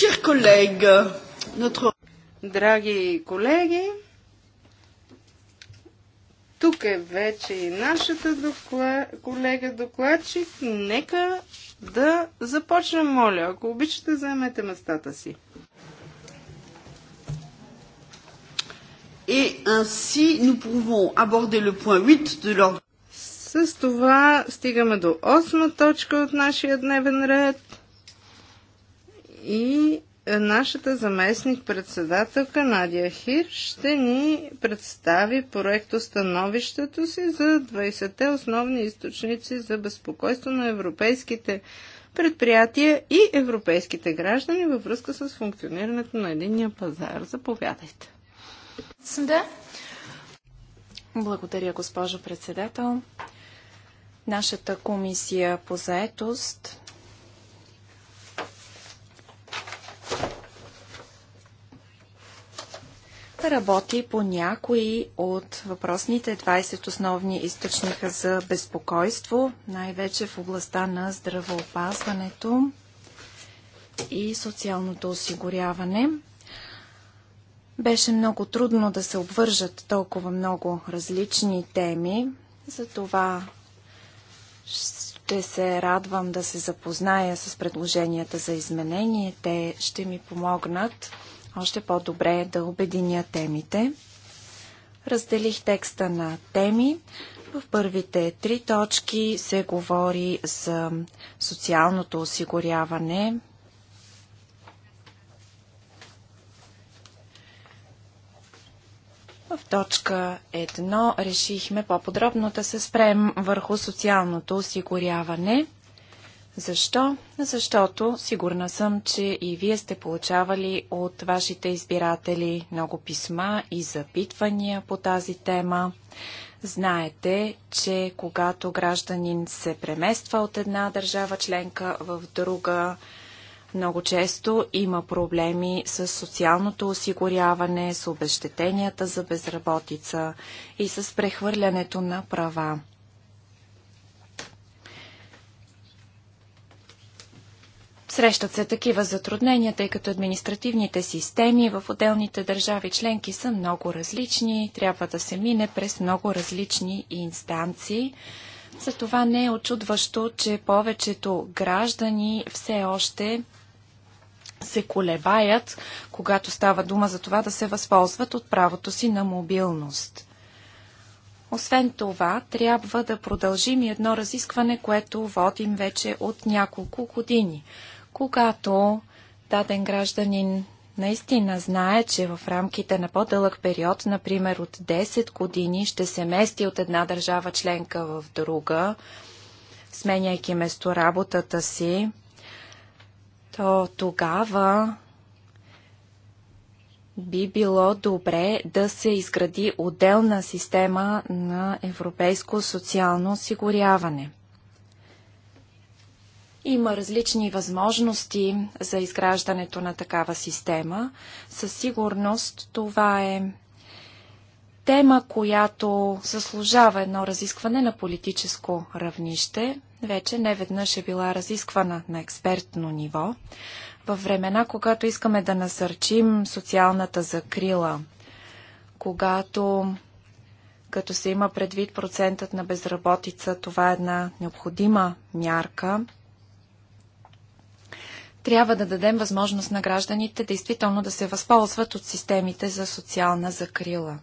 Chers collègues, notre... Драги колеги, тук е вече и нашата докла... колега докладчик. Нека да започнем, моля. Ако обичате, заемете местата си. И ainsi, nous pouvons aborder le point 8 de l'ordre. С това стигаме до 8 точка от нашия дневен ред и нашата заместник-председателка Надя Хир ще ни представи становището си за 20-те основни източници за безпокойство на европейските предприятия и европейските граждани във връзка с функционирането на единния пазар. Заповядайте. Да. Благодаря, госпожо председател. Нашата комисия по заетост работи по някои от въпросните 20 основни източника за безпокойство, най-вече в областта на здравеопазването и социалното осигуряване. Беше много трудно да се обвържат толкова много различни теми, затова ще се радвам да се запозная с предложенията за изменение. Те ще ми помогнат още по-добре е да обединя темите. Разделих текста на теми. В първите три точки се говори за социалното осигуряване, В точка 1 решихме по-подробно да се спрем върху социалното осигуряване. Защо? Защото сигурна съм, че и вие сте получавали от вашите избиратели много писма и запитвания по тази тема. Знаете, че когато гражданин се премества от една държава членка в друга, много често има проблеми с социалното осигуряване, с обещетенията за безработица и с прехвърлянето на права. Срещат се такива затруднения, тъй като административните системи в отделните държави членки са много различни, трябва да се мине през много различни инстанции. Затова не е очудващо, че повечето граждани все още се колебаят, когато става дума за това да се възползват от правото си на мобилност. Освен това, трябва да продължим и едно разискване, което водим вече от няколко години, когато даден гражданин наистина знае, че в рамките на по-дълъг период, например от 10 години, ще се мести от една държава членка в друга, сменяйки место работата си, то тогава би било добре да се изгради отделна система на европейско социално осигуряване. Има различни възможности за изграждането на такава система. Със сигурност това е тема, която заслужава едно разискване на политическо равнище. Вече не веднъж е била разисквана на експертно ниво. Във времена, когато искаме да насърчим социалната закрила, когато като се има предвид процентът на безработица, това е една необходима мярка – трябва да дадем възможност на гражданите действително да се възползват от системите за социална закрила.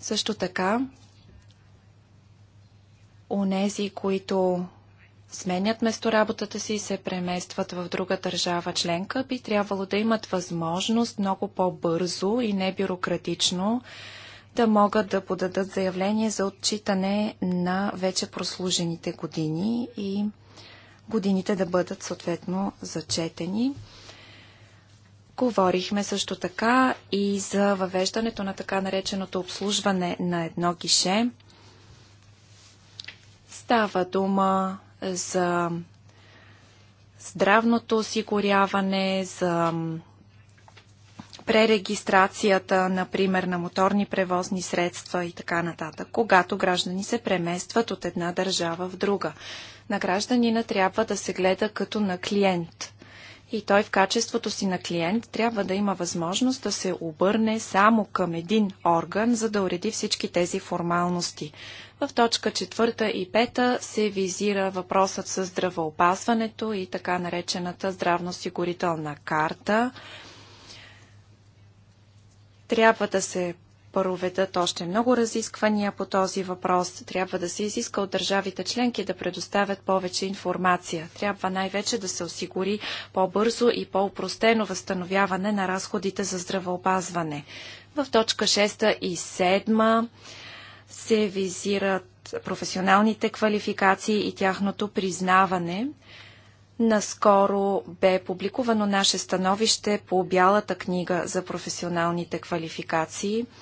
Също така, нези, които сменят работата си и се преместват в друга държава членка, би трябвало да имат възможност много по-бързо и небюрократично да могат да подадат заявление за отчитане на вече прослужените години и годините да бъдат съответно зачетени. Говорихме също така и за въвеждането на така нареченото обслужване на едно гише. Става дума за здравното осигуряване, за пререгистрацията, например, на моторни превозни средства и така нататък, когато граждани се преместват от една държава в друга на гражданина трябва да се гледа като на клиент. И той в качеството си на клиент трябва да има възможност да се обърне само към един орган, за да уреди всички тези формалности. В точка 4 и 5 се визира въпросът с здравеопазването и така наречената здравноосигурителна карта. Трябва да се проведат още е много разисквания по този въпрос. Трябва да се изиска от държавите членки да предоставят повече информация. Трябва най-вече да се осигури по-бързо и по-упростено възстановяване на разходите за здравеопазване. В точка 6 и 7 се визират професионалните квалификации и тяхното признаване. Наскоро бе публикувано наше становище по Бялата книга за професионалните квалификации –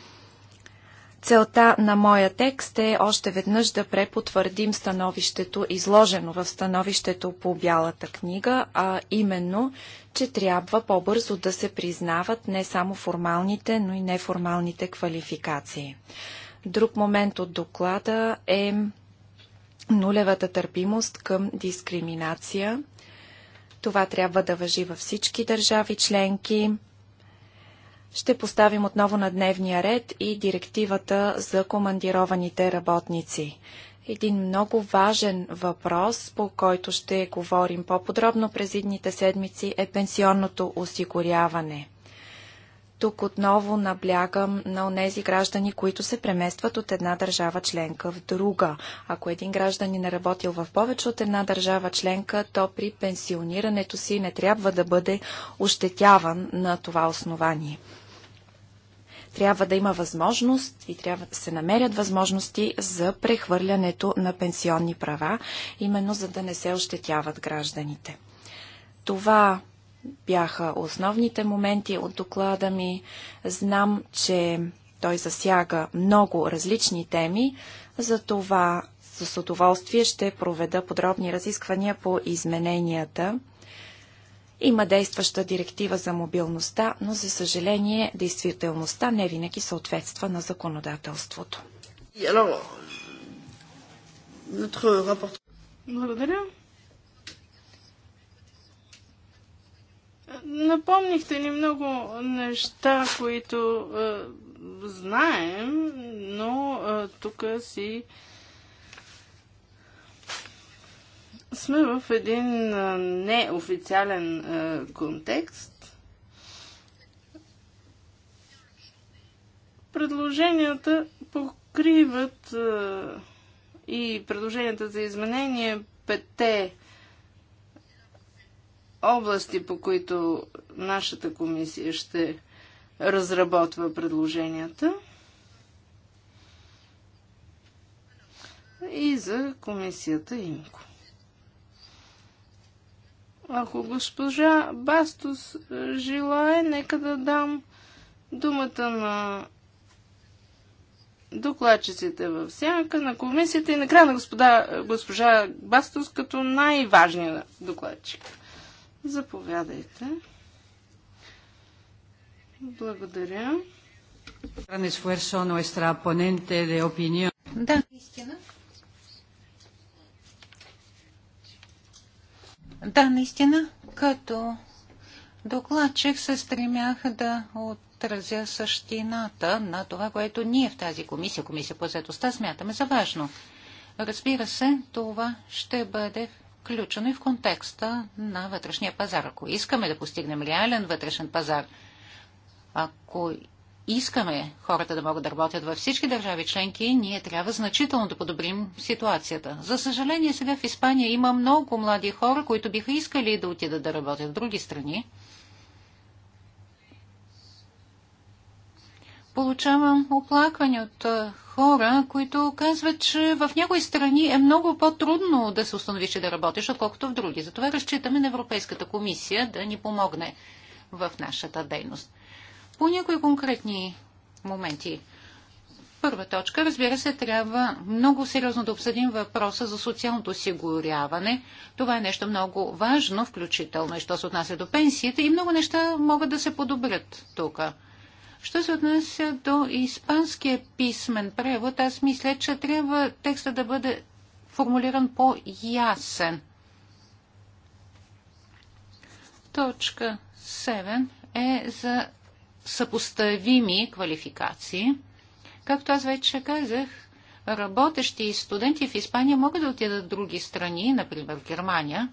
Целта на моя текст е още веднъж да препотвърдим становището, изложено в становището по Бялата книга, а именно, че трябва по-бързо да се признават не само формалните, но и неформалните квалификации. Друг момент от доклада е нулевата търпимост към дискриминация. Това трябва да въжи във всички държави членки ще поставим отново на дневния ред и директивата за командированите работници. Един много важен въпрос, по който ще говорим по-подробно през идните седмици, е пенсионното осигуряване. Тук отново наблягам на онези граждани, които се преместват от една държава членка в друга. Ако един гражданин е работил в повече от една държава членка, то при пенсионирането си не трябва да бъде ощетяван на това основание. Трябва да има възможност и трябва да се намерят възможности за прехвърлянето на пенсионни права, именно за да не се ощетяват гражданите. Това бяха основните моменти от доклада ми. Знам, че той засяга много различни теми, затова с удоволствие ще проведа подробни разисквания по измененията. Има действаща директива за мобилността, но за съжаление действителността не винаги съответства на законодателството. Благодаря. Напомнихте ни много неща, които е, знаем, но е, тук си е, сме в един неофициален контекст. Предложенията покриват и предложенията за изменение петте области, по които нашата комисия ще разработва предложенията. И за комисията ИМКО. Ако госпожа Бастос желае, нека да дам думата на докладчиците в сянка на комисията и накрая на господа, госпожа Бастос като най-важния докладчик. Заповядайте. Благодаря. Да, истина. Да, наистина, като докладчик се стремях да отразя същината на това, което ние в тази комисия, комисия по заедостта, смятаме за важно. Разбира се, това ще бъде включено и в контекста на вътрешния пазар. Ако искаме да постигнем реален вътрешен пазар, ако искаме хората да могат да работят във всички държави членки, ние трябва значително да подобрим ситуацията. За съжаление, сега в Испания има много млади хора, които биха искали да отидат да работят в други страни. Получавам оплакване от хора, които казват, че в някои страни е много по-трудно да се установиш и да работиш, отколкото в други. Затова разчитаме на Европейската комисия да ни помогне в нашата дейност по някои конкретни моменти. Първа точка, разбира се, трябва много сериозно да обсъдим въпроса за социалното осигуряване. Това е нещо много важно, включително и що се отнася до пенсията и много неща могат да се подобрят тук. Що се отнася до испанския писмен превод, аз мисля, че трябва текста да бъде формулиран по-ясен. Точка 7 е за съпоставими квалификации. Както аз вече казах, работещи студенти в Испания могат да отидат в други страни, например в Германия.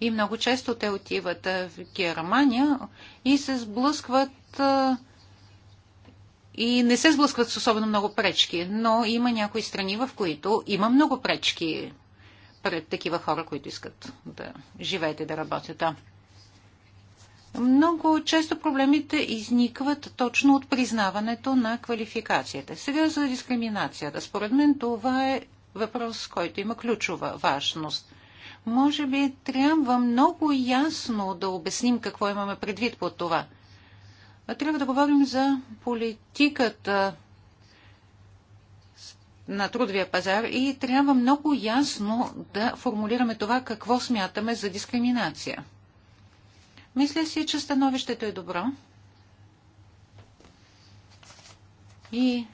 И много често те отиват в Германия и се сблъскват и не се сблъскват с особено много пречки, но има някои страни, в които има много пречки пред такива хора, които искат да живеят и да работят там. Да. Много често проблемите изникват точно от признаването на квалификацията. Сега за дискриминацията. Според мен това е въпрос, който има ключова важност. Може би трябва много ясно да обясним какво имаме предвид под това. Трябва да говорим за политиката на трудовия пазар и трябва много ясно да формулираме това какво смятаме за дискриминация. Мисля си, че становището е добро. И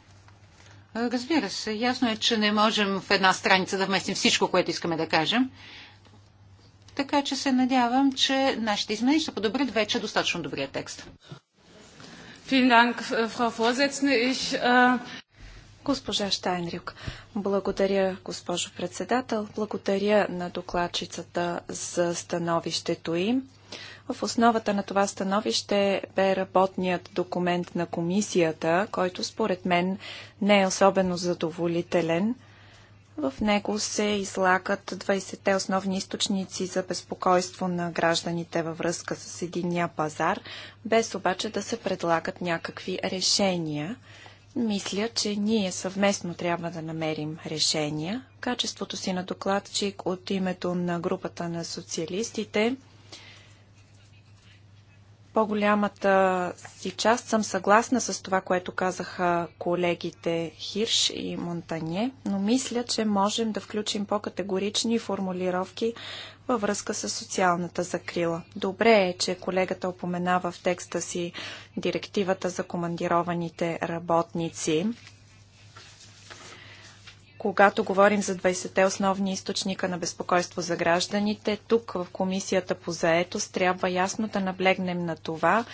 разбира се, ясно е, че не можем в една страница да вместим всичко, което искаме да кажем. Така че се надявам, че нашите изменения ще подобрят вече достатъчно добрия текст. Äh, äh, Госпожа Штайнрюк, благодаря, госпожо председател. Благодаря на докладчицата за становището им. В основата на това становище бе работният документ на комисията, който според мен не е особено задоволителен. В него се излагат 20-те основни източници за безпокойство на гражданите във връзка с единния пазар, без обаче да се предлагат някакви решения. Мисля, че ние съвместно трябва да намерим решения. Качеството си на докладчик от името на групата на социалистите – по-голямата си част съм съгласна с това, което казаха колегите Хирш и Монтанье, но мисля, че можем да включим по-категорични формулировки във връзка с социалната закрила. Добре е, че колегата упоменава в текста си директивата за командированите работници когато говорим за 20-те основни източника на безпокойство за гражданите, тук в Комисията по заетост трябва ясно да наблегнем на това,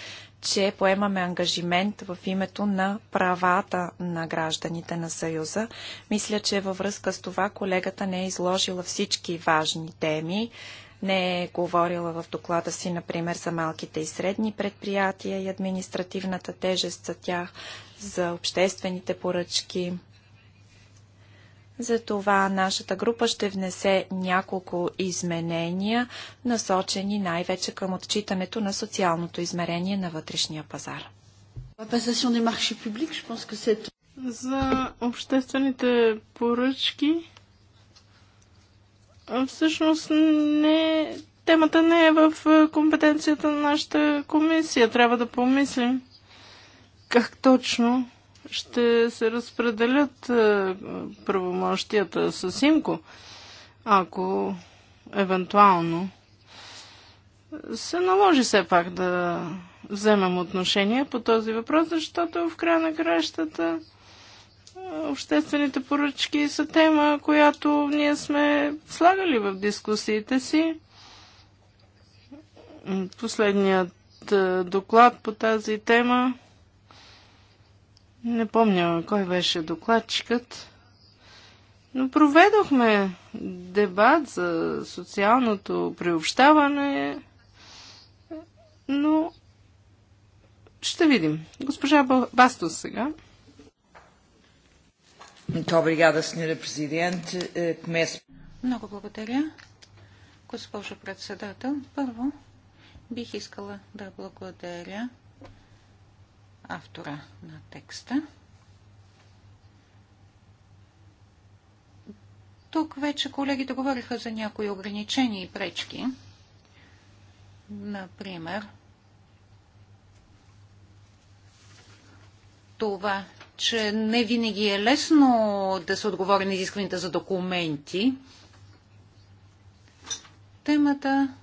че поемаме ангажимент в името на правата на гражданите на Съюза. Мисля, че във връзка с това колегата не е изложила всички важни теми. Не е говорила в доклада си, например, за малките и средни предприятия и административната тежест за тях, за обществените поръчки, затова нашата група ще внесе няколко изменения, насочени най-вече към отчитането на социалното измерение на вътрешния пазар. За обществените поръчки всъщност не, темата не е в компетенцията на нашата комисия. Трябва да помислим как точно ще се разпределят е, правомощията с Симко, ако евентуално се наложи все пак да вземем отношение по този въпрос, защото в края на кращата е, обществените поръчки са тема, която ние сме слагали в дискусиите си. Последният е, доклад по тази тема не помня кой беше докладчикът, но проведохме дебат за социалното приобщаване, но ще видим. Госпожа Бастос сега. Eh, Много благодаря, госпожо председател. Първо, бих искала да благодаря автора на текста. Тук вече колегите говориха за някои ограничения и пречки. Например, това, че не винаги е лесно да се отговори на изискванията за документи. Темата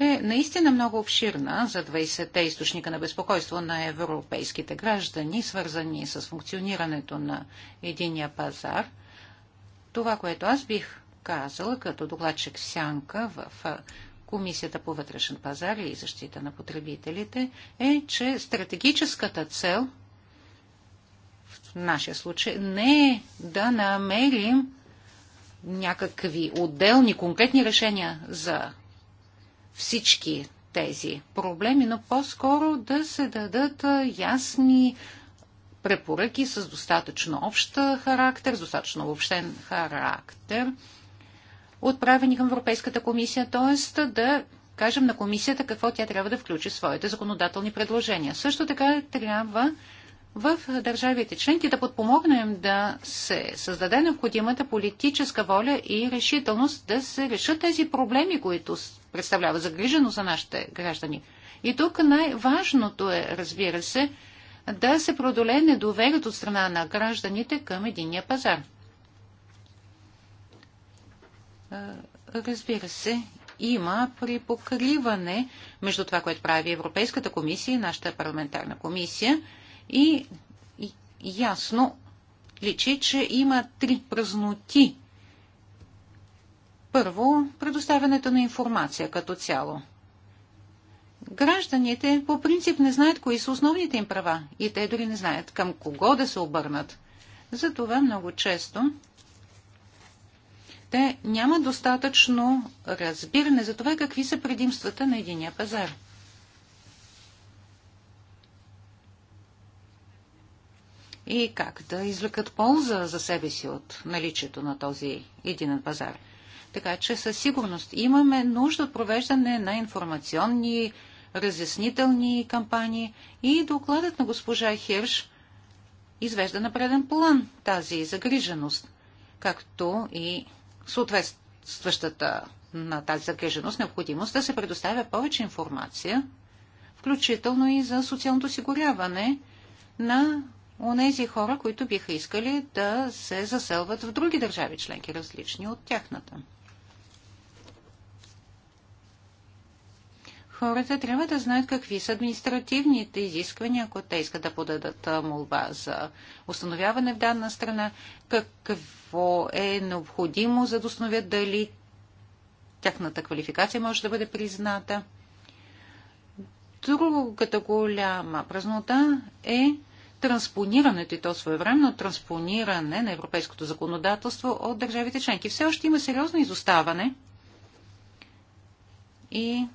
е наистина много обширна за 20-те източника на безпокойство на европейските граждани, свързани с функционирането на единия пазар. Това, което аз бих казала като докладчик Сянка в Комисията по вътрешен пазар и защита на потребителите, е, че стратегическата цел в нашия случай не е да намерим някакви отделни конкретни решения за всички тези проблеми, но по-скоро да се дадат ясни препоръки с достатъчно общ характер, с достатъчно обобщен характер, отправени към Европейската комисия, т.е. да кажем на комисията какво тя трябва да включи в своите законодателни предложения. Също така трябва в държавите членки да подпомогнем да се създаде необходимата политическа воля и решителност да се решат тези проблеми, които представляват загрижено за нашите граждани. И тук най-важното е, разбира се, да се продолее недоверието от страна на гражданите към единия пазар. Разбира се, има при покриване между това, което прави Европейската комисия и нашата парламентарна комисия – и ясно личи, че има три празноти. Първо, предоставянето на информация като цяло. Гражданите по принцип не знаят кои са основните им права и те дори не знаят към кого да се обърнат. Затова много често те нямат достатъчно разбиране за това какви са предимствата на единия пазар. и как да извлекат полза за себе си от наличието на този единен пазар. Така че със сигурност имаме нужда от провеждане на информационни, разяснителни кампании и докладът на госпожа Херш извежда на преден план тази загриженост, както и съответстващата на тази загриженост необходимост да се предоставя повече информация, включително и за социалното осигуряване на онези хора, които биха искали да се заселват в други държави членки, различни от тяхната. Хората трябва да знаят какви са административните изисквания, ако те искат да подадат молба за установяване в данна страна, какво е необходимо, за да установят дали тяхната квалификация може да бъде призната. Другата голяма празнота е транспонирането и то своевременно транспониране на европейското законодателство от държавите членки. Все още има сериозно изоставане и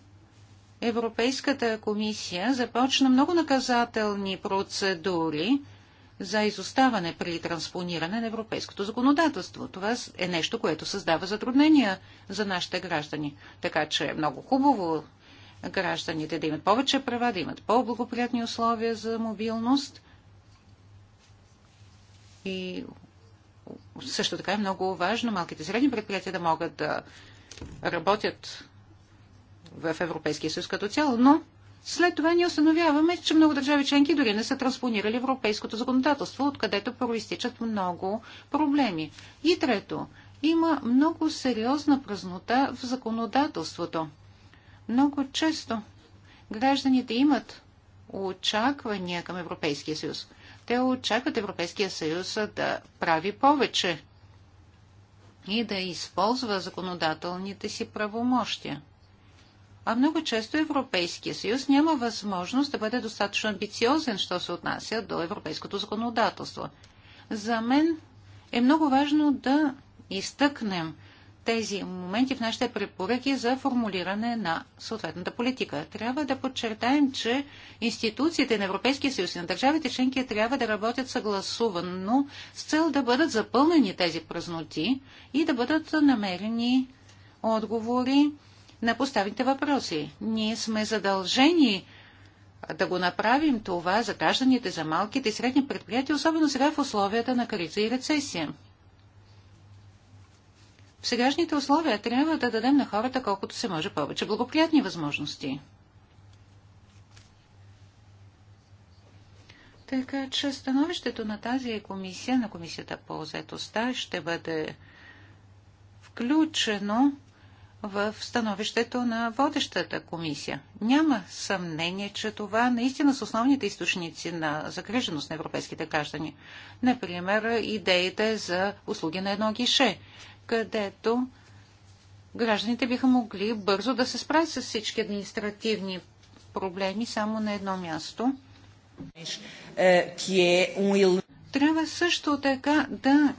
Европейската комисия започна много наказателни процедури за изоставане при транспониране на европейското законодателство. Това е нещо, което създава затруднения за нашите граждани. Така че е много хубаво гражданите да имат повече права, да имат по-благоприятни условия за мобилност, и също така е много важно малките и средни предприятия да могат да работят в Европейския съюз като цяло, но след това ние установяваме, че много държави членки дори не са транспонирали европейското законодателство, откъдето проистичат много проблеми. И трето, има много сериозна празнота в законодателството. Много често гражданите имат очаквания към Европейския съюз. Те очакват Европейския съюз да прави повече и да използва законодателните си правомощия. А много често Европейския съюз няма възможност да бъде достатъчно амбициозен, що се отнася до европейското законодателство. За мен е много важно да изтъкнем тези моменти в нашите препоръки за формулиране на съответната политика. Трябва да подчертаем, че институциите на Европейския съюз и на държавите членки трябва да работят съгласувано с цел да бъдат запълнени тези празноти и да бъдат намерени отговори на поставените въпроси. Ние сме задължени да го направим това за гражданите, за малките и средни предприятия, особено сега в условията на криза и рецесия. В сегашните условия трябва да дадем на хората колкото се може повече благоприятни възможности. Така че становището на тази комисия, на комисията по заетостта, ще бъде включено в становището на водещата комисия. Няма съмнение, че това наистина са основните източници на загриженост на европейските граждани. Например, идеите за услуги на едно гише където гражданите биха могли бързо да се справят с всички административни проблеми само на едно място. Е, е Трябва също така да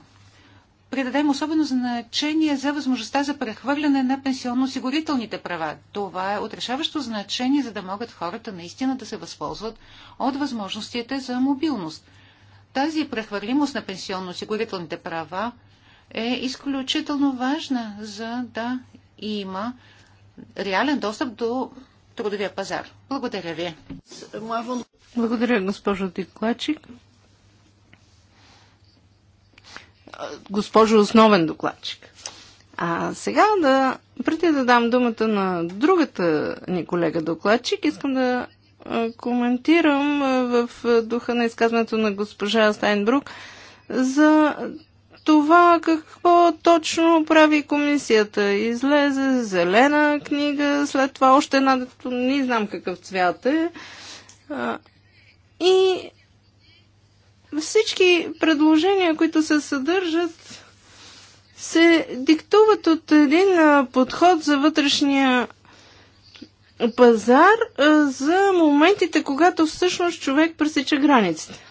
придадем особено значение за възможността за прехвърляне на пенсионно-осигурителните права. Това е отрешаващо значение, за да могат хората наистина да се възползват от възможностите за мобилност. Тази прехвърлимост на пенсионно-осигурителните права е изключително важна, за да има реален достъп до трудовия пазар. Благодаря ви. Благодаря, госпожо Дикладчик. Госпожо основен докладчик. А сега да, преди да дам думата на другата ни колега докладчик, искам да коментирам в духа на изказването на госпожа Стайнбрук за това какво точно прави комисията. Излезе зелена книга, след това още една, не знам какъв цвят е. И всички предложения, които се съдържат, се диктуват от един подход за вътрешния пазар за моментите, когато всъщност човек пресича границите.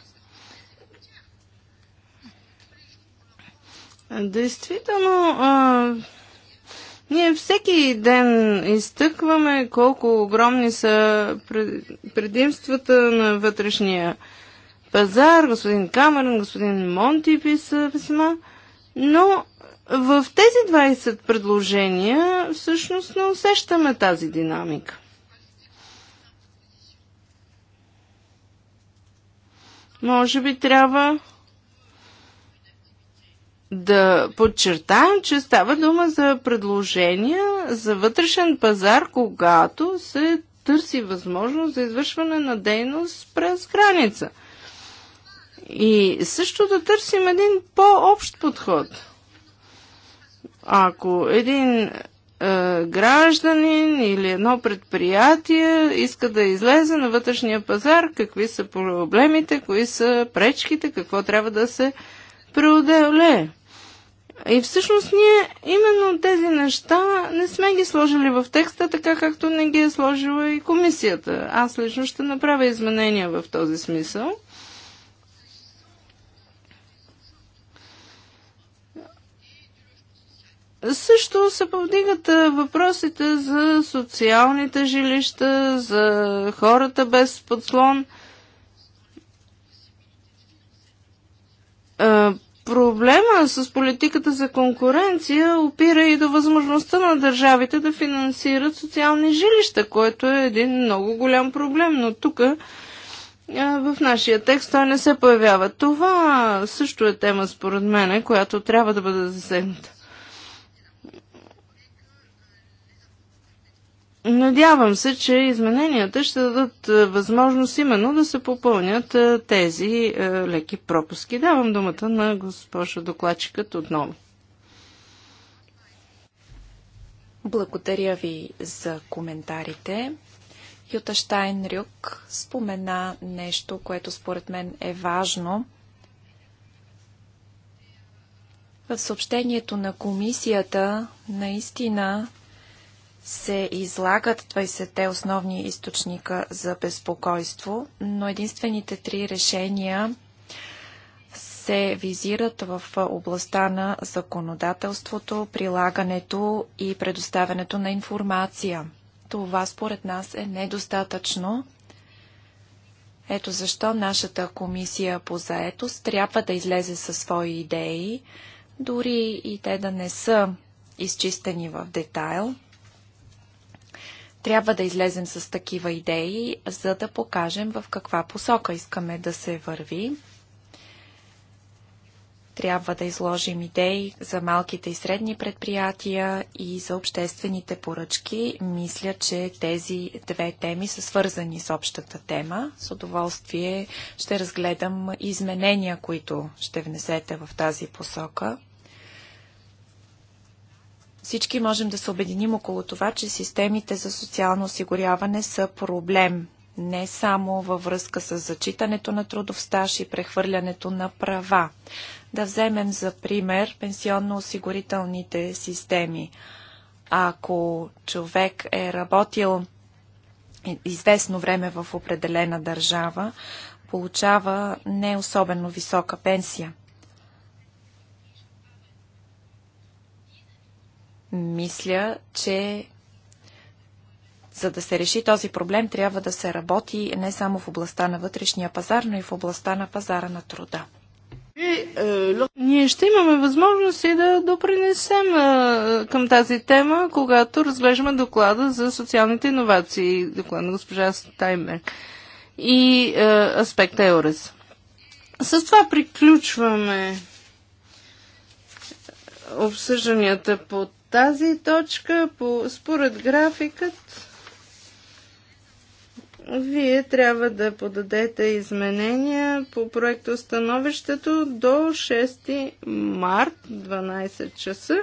Действително, а, ние всеки ден изтъкваме колко огромни са предимствата на вътрешния пазар, господин Камерон, господин Монти писа писма, но в тези 20 предложения всъщност не усещаме тази динамика. Може би трябва да подчертаем, че става дума за предложения за вътрешен пазар, когато се търси възможност за извършване на дейност през граница. И също да търсим един по-общ подход. Ако един е, гражданин или едно предприятие иска да излезе на вътрешния пазар, какви са проблемите, кои са пречките, какво трябва да се преодолее. И всъщност ние именно тези неща не сме ги сложили в текста, така както не ги е сложила и комисията. Аз лично ще направя изменения в този смисъл. Също се повдигат въпросите за социалните жилища, за хората без подслон. Проблема с политиката за конкуренция опира и до възможността на държавите да финансират социални жилища, което е един много голям проблем, но тук в нашия текст той не се появява. Това също е тема, според мен, която трябва да бъде засегната. Надявам се, че измененията ще дадат е, възможност именно да се попълнят е, тези е, леки пропуски. Давам думата на госпожа докладчикът отново. Благодаря ви за коментарите. Юта Штайнрюк спомена нещо, което според мен е важно. В съобщението на комисията наистина се излагат 20-те основни източника за безпокойство, но единствените три решения се визират в областта на законодателството, прилагането и предоставянето на информация. Това според нас е недостатъчно. Ето защо нашата комисия по заетост трябва да излезе със свои идеи, дори и те да не са изчистени в детайл – трябва да излезем с такива идеи, за да покажем в каква посока искаме да се върви. Трябва да изложим идеи за малките и средни предприятия и за обществените поръчки. Мисля, че тези две теми са свързани с общата тема. С удоволствие ще разгледам изменения, които ще внесете в тази посока. Всички можем да се обединим около това, че системите за социално осигуряване са проблем. Не само във връзка с зачитането на трудов стаж и прехвърлянето на права. Да вземем за пример пенсионно-осигурителните системи. Ако човек е работил известно време в определена държава, получава не особено висока пенсия – Мисля, че за да се реши този проблем, трябва да се работи не само в областта на вътрешния пазар, но и в областта на пазара на труда. И, е, ние ще имаме възможност и да допринесем е, към тази тема, когато разглеждаме доклада за социалните иновации, доклад на госпожа Стаймер и е, аспекта Еорес. С това приключваме обсъжданията по тази точка, по, според графикът, вие трябва да подадете изменения по проекто становището до 6 март 12 часа.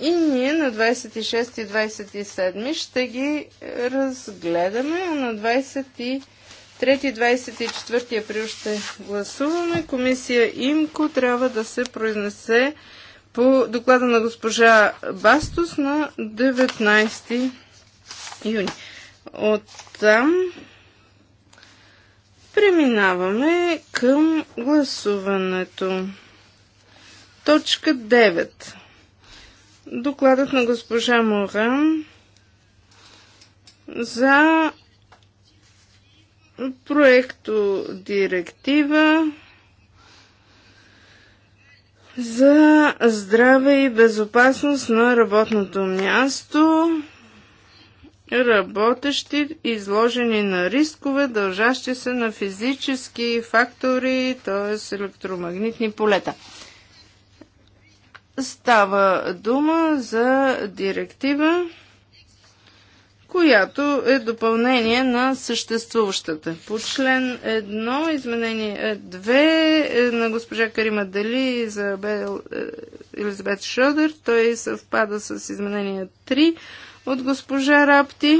И ние на 26 и 27 ще ги разгледаме, а на 23 и 24 април ще гласуваме. Комисия ИМКО трябва да се произнесе по доклада на госпожа Бастос на 19 юни. От там преминаваме към гласуването. Точка 9. Докладът на госпожа Моран за проекто директива за здраве и безопасност на работното място, работещи, изложени на рискове, дължащи се на физически фактори, т.е. електромагнитни полета. Става дума за директива която е допълнение на съществуващата. По член 1, изменение 2 е, на госпожа Карима Дали и за е, Елизабет Шодер, той съвпада с изменение 3 от госпожа Рапти.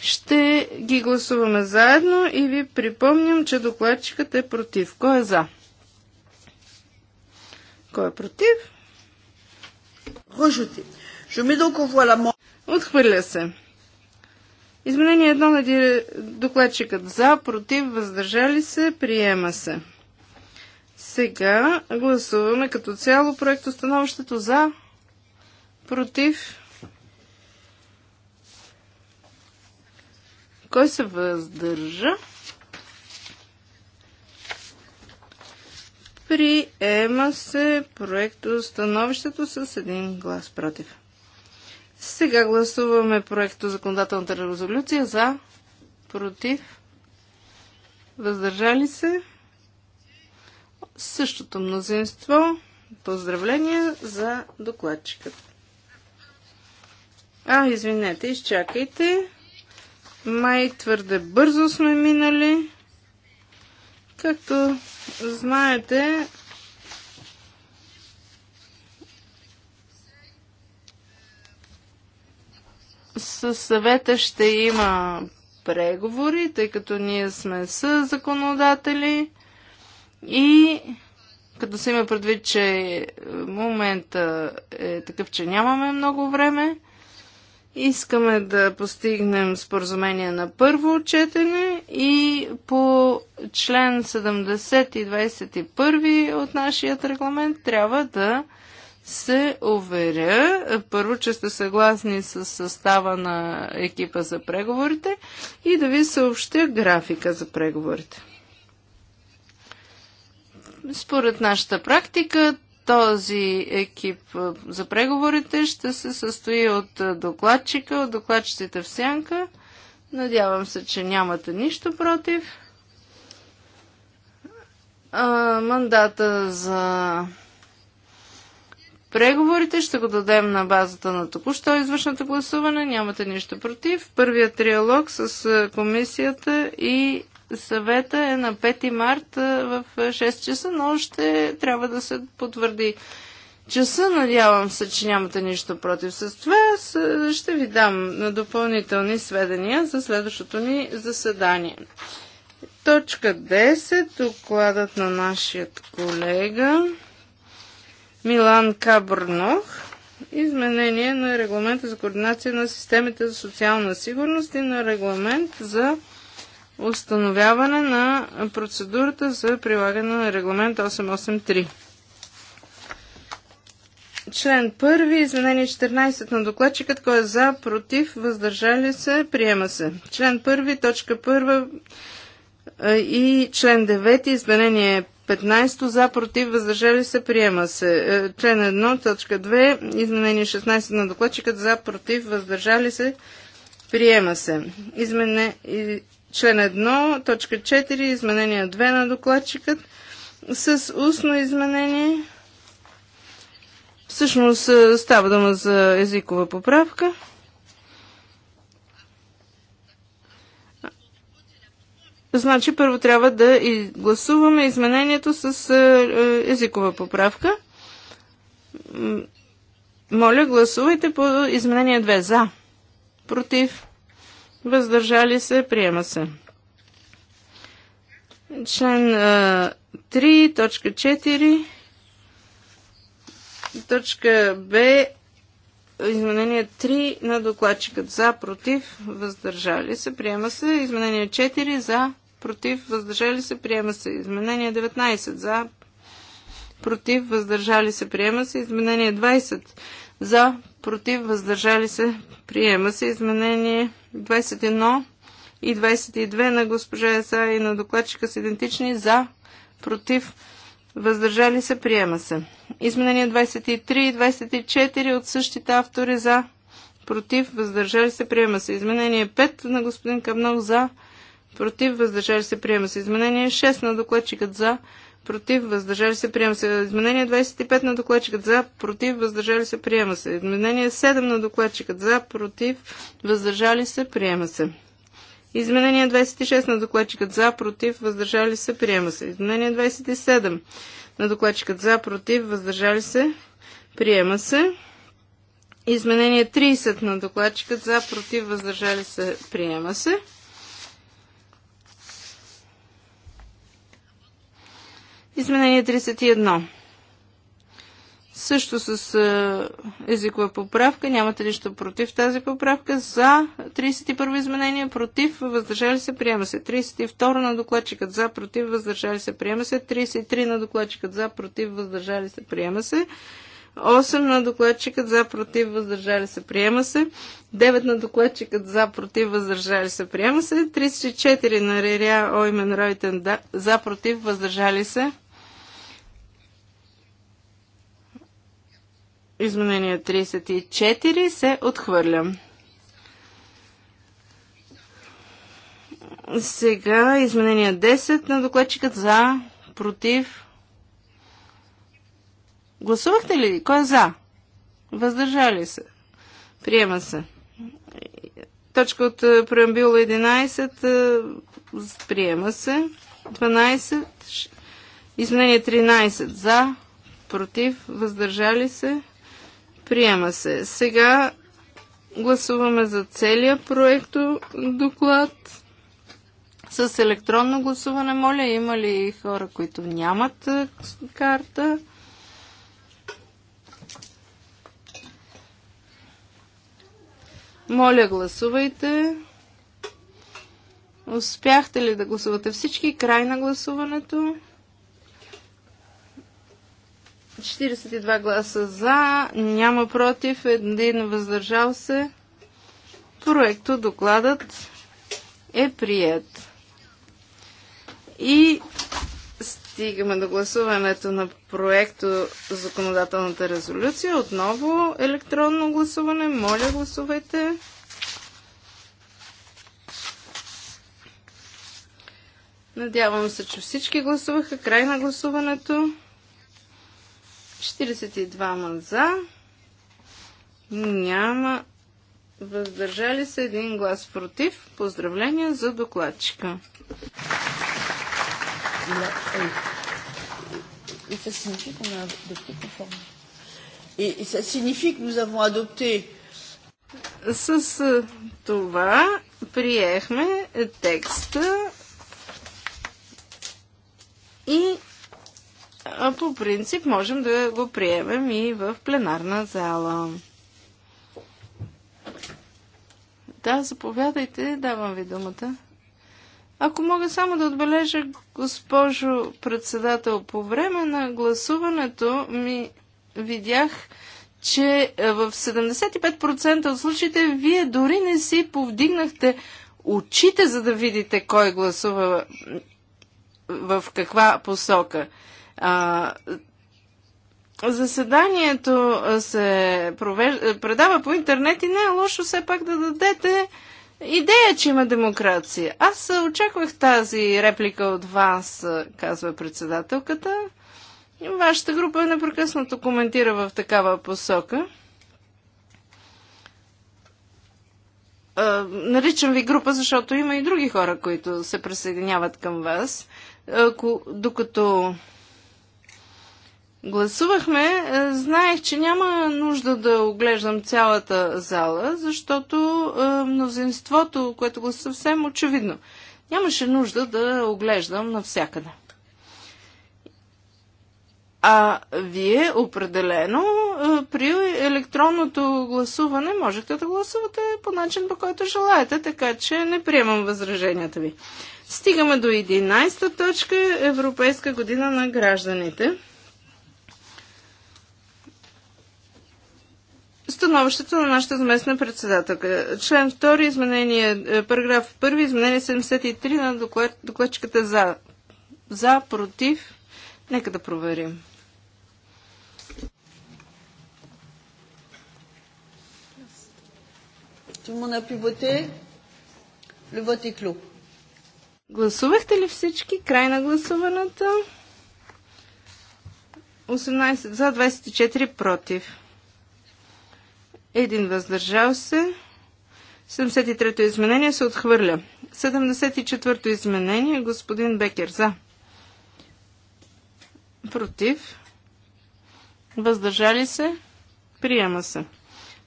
Ще ги гласуваме заедно и ви припомням, че докладчикът е против. Кой е за? Кой е против? Рожути. Je mets donc en voie la Отхвърля се. Изменение едно на докладчикът за, против, въздържали се, приема се. Сега гласуваме като цяло проект установището за, против. Кой се въздържа? Приема се проекто становището с един глас против. Сега гласуваме проекто законодателната резолюция за, против, въздържали се. Същото мнозинство. Поздравления за докладчикът. А, извинете, изчакайте. Май твърде бързо сме минали. Както знаете, С съвета ще има преговори, тъй като ние сме с законодатели и като се има предвид, че момента е такъв, че нямаме много време, искаме да постигнем споразумение на първо четене и по член 70 и 21 от нашия регламент трябва да се уверя, първо, че сте съгласни с състава на екипа за преговорите и да ви съобщя графика за преговорите. Според нашата практика, този екип за преговорите ще се състои от докладчика, от докладчиците в сянка. Надявам се, че нямате нищо против. А, мандата за преговорите. Ще го дадем на базата на току-що извършната гласуване. Нямате нищо против. Първият триалог с комисията и съвета е на 5 март в 6 часа, но ще трябва да се потвърди часа. Надявам се, че нямате нищо против с това. Ще ви дам на допълнителни сведения за следващото ни заседание. Точка 10. Докладът на нашият колега. Милан Кабрнох. Изменение на регламента за координация на системите за социална сигурност и на регламент за установяване на процедурата за прилагане на регламент 883. Член 1. Изменение 14 на докладчикът. Кой е за, против, въздържали се, приема се. Член 1. Точка 1 и член 9. Изменение 15 за, против, въздържали се, приема се. Е, член 1, точка 2, изменение 16 на докладчикът за, против, въздържали се, приема се. Измене, член 1, точка 4, изменение 2 на докладчикът с устно изменение. Всъщност е, става дума за езикова поправка. Значи първо трябва да гласуваме изменението с е, е, езикова поправка. Моля, гласувайте по изменение 2. За. Против. Въздържали се. Приема се. Член 3, е, точка 4, точка Б, изменение 3 на докладчикът за, против, въздържали се, приема се. Изменение 4 за, против, въздържали се, приема се. Изменение 19 за, против, въздържали се, приема се. Изменение 20 за, против, въздържали се, приема се. Изменение 21 и 22 на госпожа Еса и на докладчика са идентични за, против, въздържали се, приема се. Изменение 23 и 24 от същите автори за, против, въздържали се, приема се. Изменение 5 на господин Камнов за, против, против, въздържали се, приема се. Изменение 6 на докладчикът за, против, въздържали се, приема се. Изменение 25 на докладчикът за, против, въздържали се, приема се. Изменение 7 на докладчикът за, против, въздържали се, приема се. Изменение 26 на докладчикът за, против, въздържали се, приема се. Изменение 27 на докладчикът за, против, въздържали се, приема се. Изменение 30 на докладчикът за, против, въздържали се, приема се. Изменение 31. Също с е, езикова поправка. Нямате нищо против тази поправка. За 31 изменение, против, въздържали се, приема се. 32 на докладчикът за, против, въздържали се, приема се. 33 на докладчикът за, против, въздържали се, приема се. 8 на докладчикът за против въздържали се приема се. 9 на докладчикът за против въздържали се приема се. 34 на Реря Оймен Ройтен за против въздържали се Изменение 34 се отхвърля. Сега изменение 10 на докладчикът за, против. Гласувахте ли? Кой е за? Въздържали се. Приема се. Точка от е, преамбюла 11 е, приема се. 12. Изменение 13 за, против, въздържали се. Приема се. Сега гласуваме за целия проекто доклад с електронно гласуване. Моля, има ли хора, които нямат карта? Моля, гласувайте. Успяхте ли да гласувате всички? Край на гласуването. 42 гласа за, няма против, един въздържал се. Проекто докладът е прият. И стигаме до гласуването на проекто законодателната резолюция. Отново електронно гласуване. Моля, гласувайте. Надявам се, че всички гласуваха. Край на гласуването. 42 за. Няма. Въздържали се един глас против. Поздравления за докладчика. И се синифик qu'on a с това приехме текста и по принцип можем да го приемем и в пленарна зала. Да, заповядайте, давам ви думата. Ако мога само да отбележа, госпожо председател, по време на гласуването ми видях, че в 75% от случаите вие дори не си повдигнахте очите, за да видите кой гласува в каква посока. А, заседанието се провеж... предава по интернет и не е лошо все пак да дадете идея, че има демокрация. Аз очаквах тази реплика от вас, казва председателката. Вашата група непрекъснато коментира в такава посока. наричам ви група, защото има и други хора, които се присъединяват към вас. докато гласувахме, е, знаех, че няма нужда да оглеждам цялата зала, защото е, мнозинството, което го съвсем очевидно, нямаше нужда да оглеждам навсякъде. А вие определено е, при електронното гласуване можете да гласувате по начин, по който желаете, така че не приемам възраженията ви. Стигаме до 11 точка Европейска година на гражданите. Становището на нашата заместна председателка. Член 2, изменение, е, параграф 1, изменение 73 на доклад, докладчиката за. За, против. Нека да проверим. Гласувахте ли всички? Край на гласуването. 18 за, 24 против един въздържал се. 73-то изменение се отхвърля. 74-то изменение господин Бекер за. Против. Въздържали се. Приема се.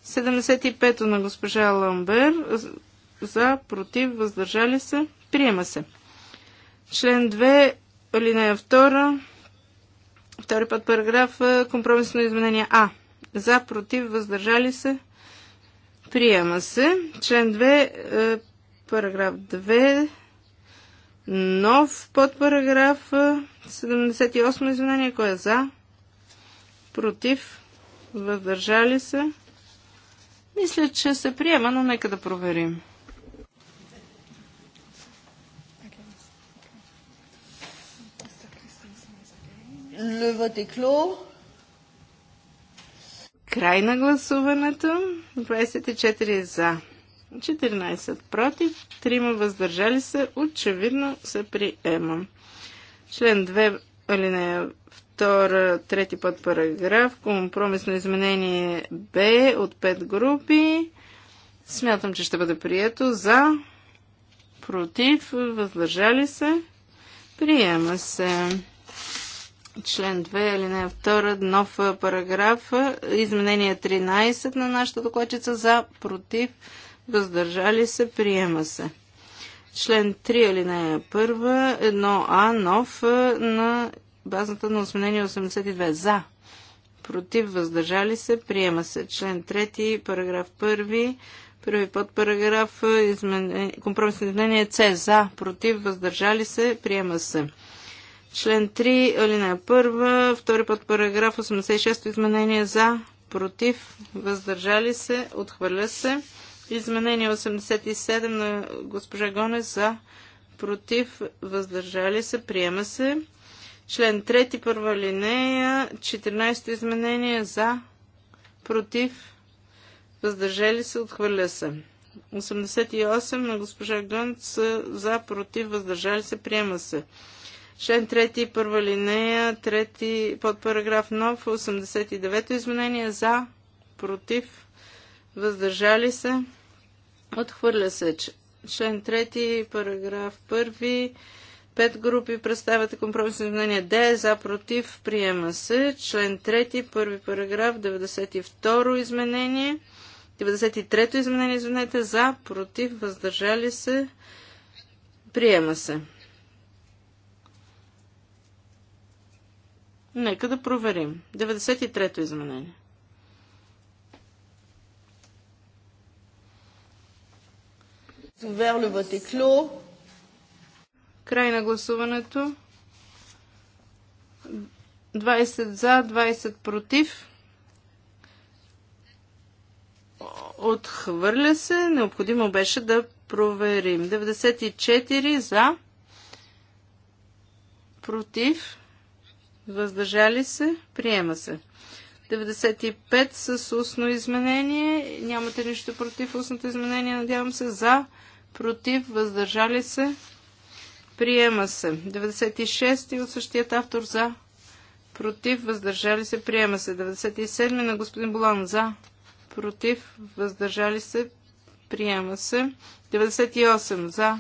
75-то на госпожа Ламбер за, против, въздържали се. Приема се. Член 2, алинея 2, втори път параграф, компромисно изменение А. За, против, въздържали се. Приема се. Член 2, е, параграф 2, нов подпараграф 78 е, извинение, Кой е за? Против, въздържали се. Мисля, че се приема, но нека да проверим. Le vote est clos. Край на гласуването. 24 за. 14 против. 3 въздържали се. Очевидно се приема. Член 2, алинея 2, трети път параграф. Компромисно изменение Б от 5 групи. Смятам, че ще бъде прието за, против, въздържали се, приема се член 2, алинея 2, нов параграф, изменение 13 на нашата докладчица за, против, въздържали се, приема се. Член 3, алинея 1, 1а, нов на базата на изменение 82 за, против, въздържали се, приема се. Член 3, параграф 1, Първи под параграф, компромисно изменение С за, против, въздържали се, приема се. Член 3, алинея 1, втори път параграф 86 изменение за, против, въздържали се, отхвърля се. Изменение 87 на госпожа Гоне за, против, въздържали се, приема се. Член 3, първа линея, 14 изменение за, против, въздържали се, отхвърля се. 88 на госпожа Гънц за, против, въздържали се, приема се. Член 3, първа линея, под подпараграф нов, 89-то изменение за, против, въздържали се, отхвърля се. Член 3, параграф 1, пет групи представят компромисно изменение Д, за, против, приема се. Член 3, първи параграф, 92 то изменение, 93-то изменение, извинете, за, против, въздържали се, приема се. Нека да проверим. 93-то изменение. Край на гласуването. 20 за, 20 против. Отхвърля се. Необходимо беше да проверим. 94 за, против въздържали се, приема се. 95 с устно изменение. Нямате нищо против устното изменение, надявам се. За, против, въздържали се, приема се. 96 и от същият автор за, против, въздържали се, приема се. 97 на господин Болан за, против, въздържали се, приема се. 98 за,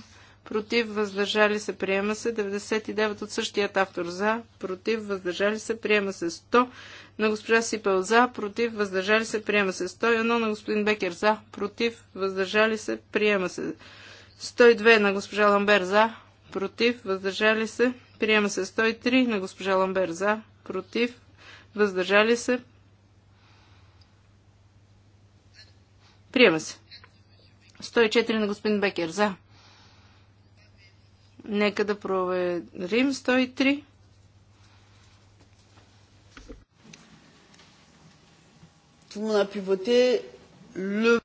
против, въздържали се, приема се. 99 от същият автор за, против, въздържали се, приема се. 100 на госпожа Сипел за, против, въздържали се, приема се. 101 на господин Бекер за, против, въздържали се, приема се. 102 на госпожа Ламбер за, против, въздържали се, приема се. 103 на госпожа Ламбер за, против, въздържали се, приема се. 104 на господин Бекер за, Нека да проверим 103.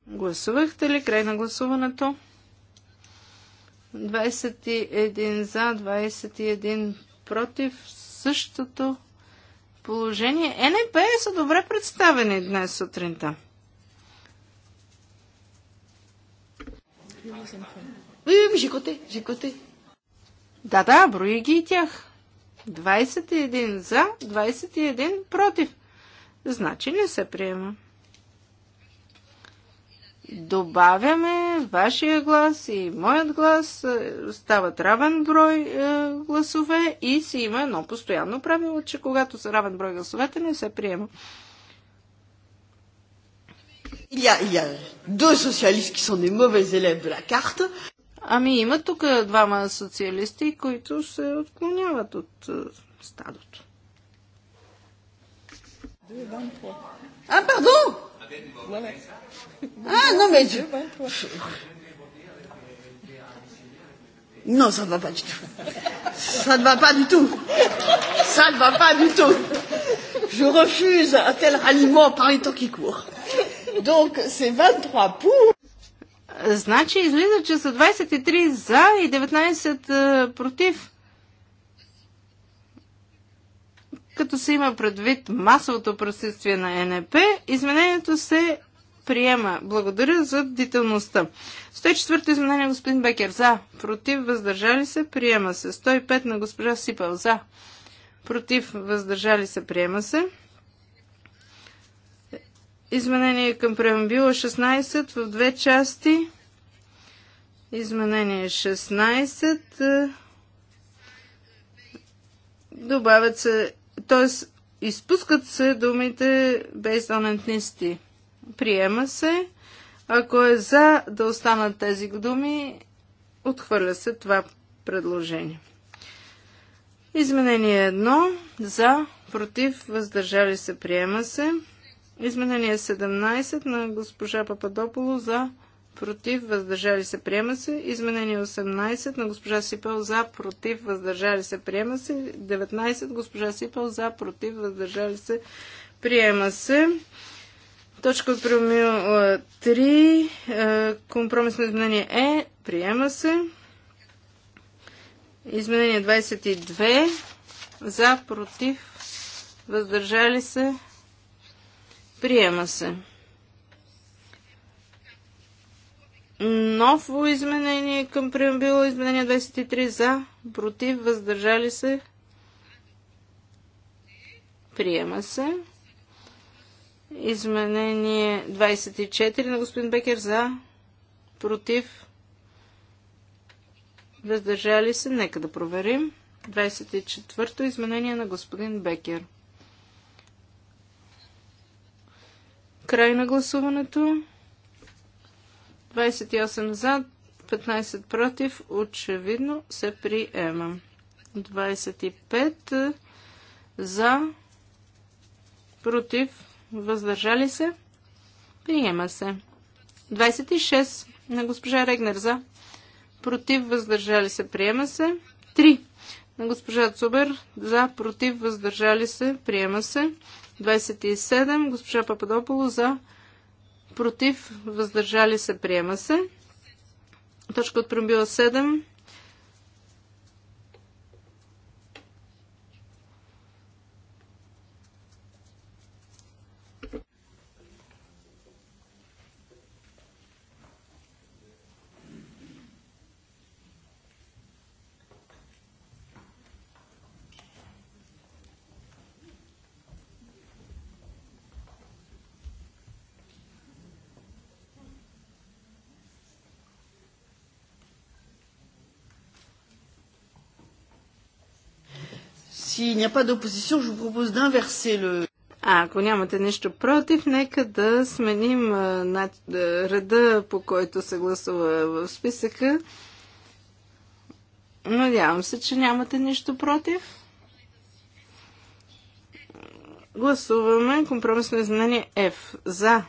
Гласувахте ли край на гласуването? 21 за, 21 против. Същото положение. НП са добре представени днес сутринта. Oui, oui, mais да, да, брои ги и тях. 21 за, 21 против. Значи не се приема. Добавяме вашия глас и моят глас, стават равен брой е, гласове и си има едно постоянно правило, че когато са равен брой гласовете не се приема. Il y a, il y a deux socialistes qui sont des mauvais élèves de la carte. Ами има тук двама социалисти, които се отклоняват от стадото. А, пардон! А, но вече. Non, ça ne va pas du tout. Ça ne va pas du tout. Ça ne va pas du tout. Je refuse un tel ralliement par les temps qui courent. Donc, c'est 23 pour, Значи излиза, че са 23 за и 19 е, против. Като се има предвид масовото присъствие на НП, изменението се приема. Благодаря за бдителността. 104-то изменение господин Бекер за. Против въздържали се приема се. 105 на госпожа Сипал за. Против въздържали се приема се. Изменение към преамбила 16 в две части. Изменение 16. Е, добавят се, т.е. изпускат се думите based on ethnicity. Приема се. Ако е за да останат тези думи, отхвърля се това предложение. Изменение 1. За, против, въздържали се, приема се. Изменение 17 на госпожа Пападополо за против, въздържали се, приема се. Изменение 18 на госпожа Сипел за против, въздържали се, приема се. 19 госпожа Сипел за против, въздържали се, приема се. Точка от правило 3. Компромисно изменение Е. Приема се. Изменение 22. За, против, въздържали се, Приема се. Ново изменение към преамбила, изменение 23 за, против, въздържали се. Приема се. Изменение 24 на господин Бекер за, против, въздържали се. Нека да проверим. 24-то изменение на господин Бекер. Край на гласуването. 28 за, 15 против. Очевидно се приема. 25 за, против, въздържали се. Приема се. 26 на госпожа Регнер за, против, въздържали се. Приема се. 3 на госпожа Цубер за, против, въздържали се. Приема се. 27. Госпожа Пападополо за против, въздържали се, приема се. Точка от прембила 7. S'il n'y a pas d'opposition, je vous propose d'inverser le... А ако нямате нищо против, нека да сменим а, на, реда, по който се гласува в списъка. Надявам се, че нямате нищо против. Гласуваме компромисно изменение F. За.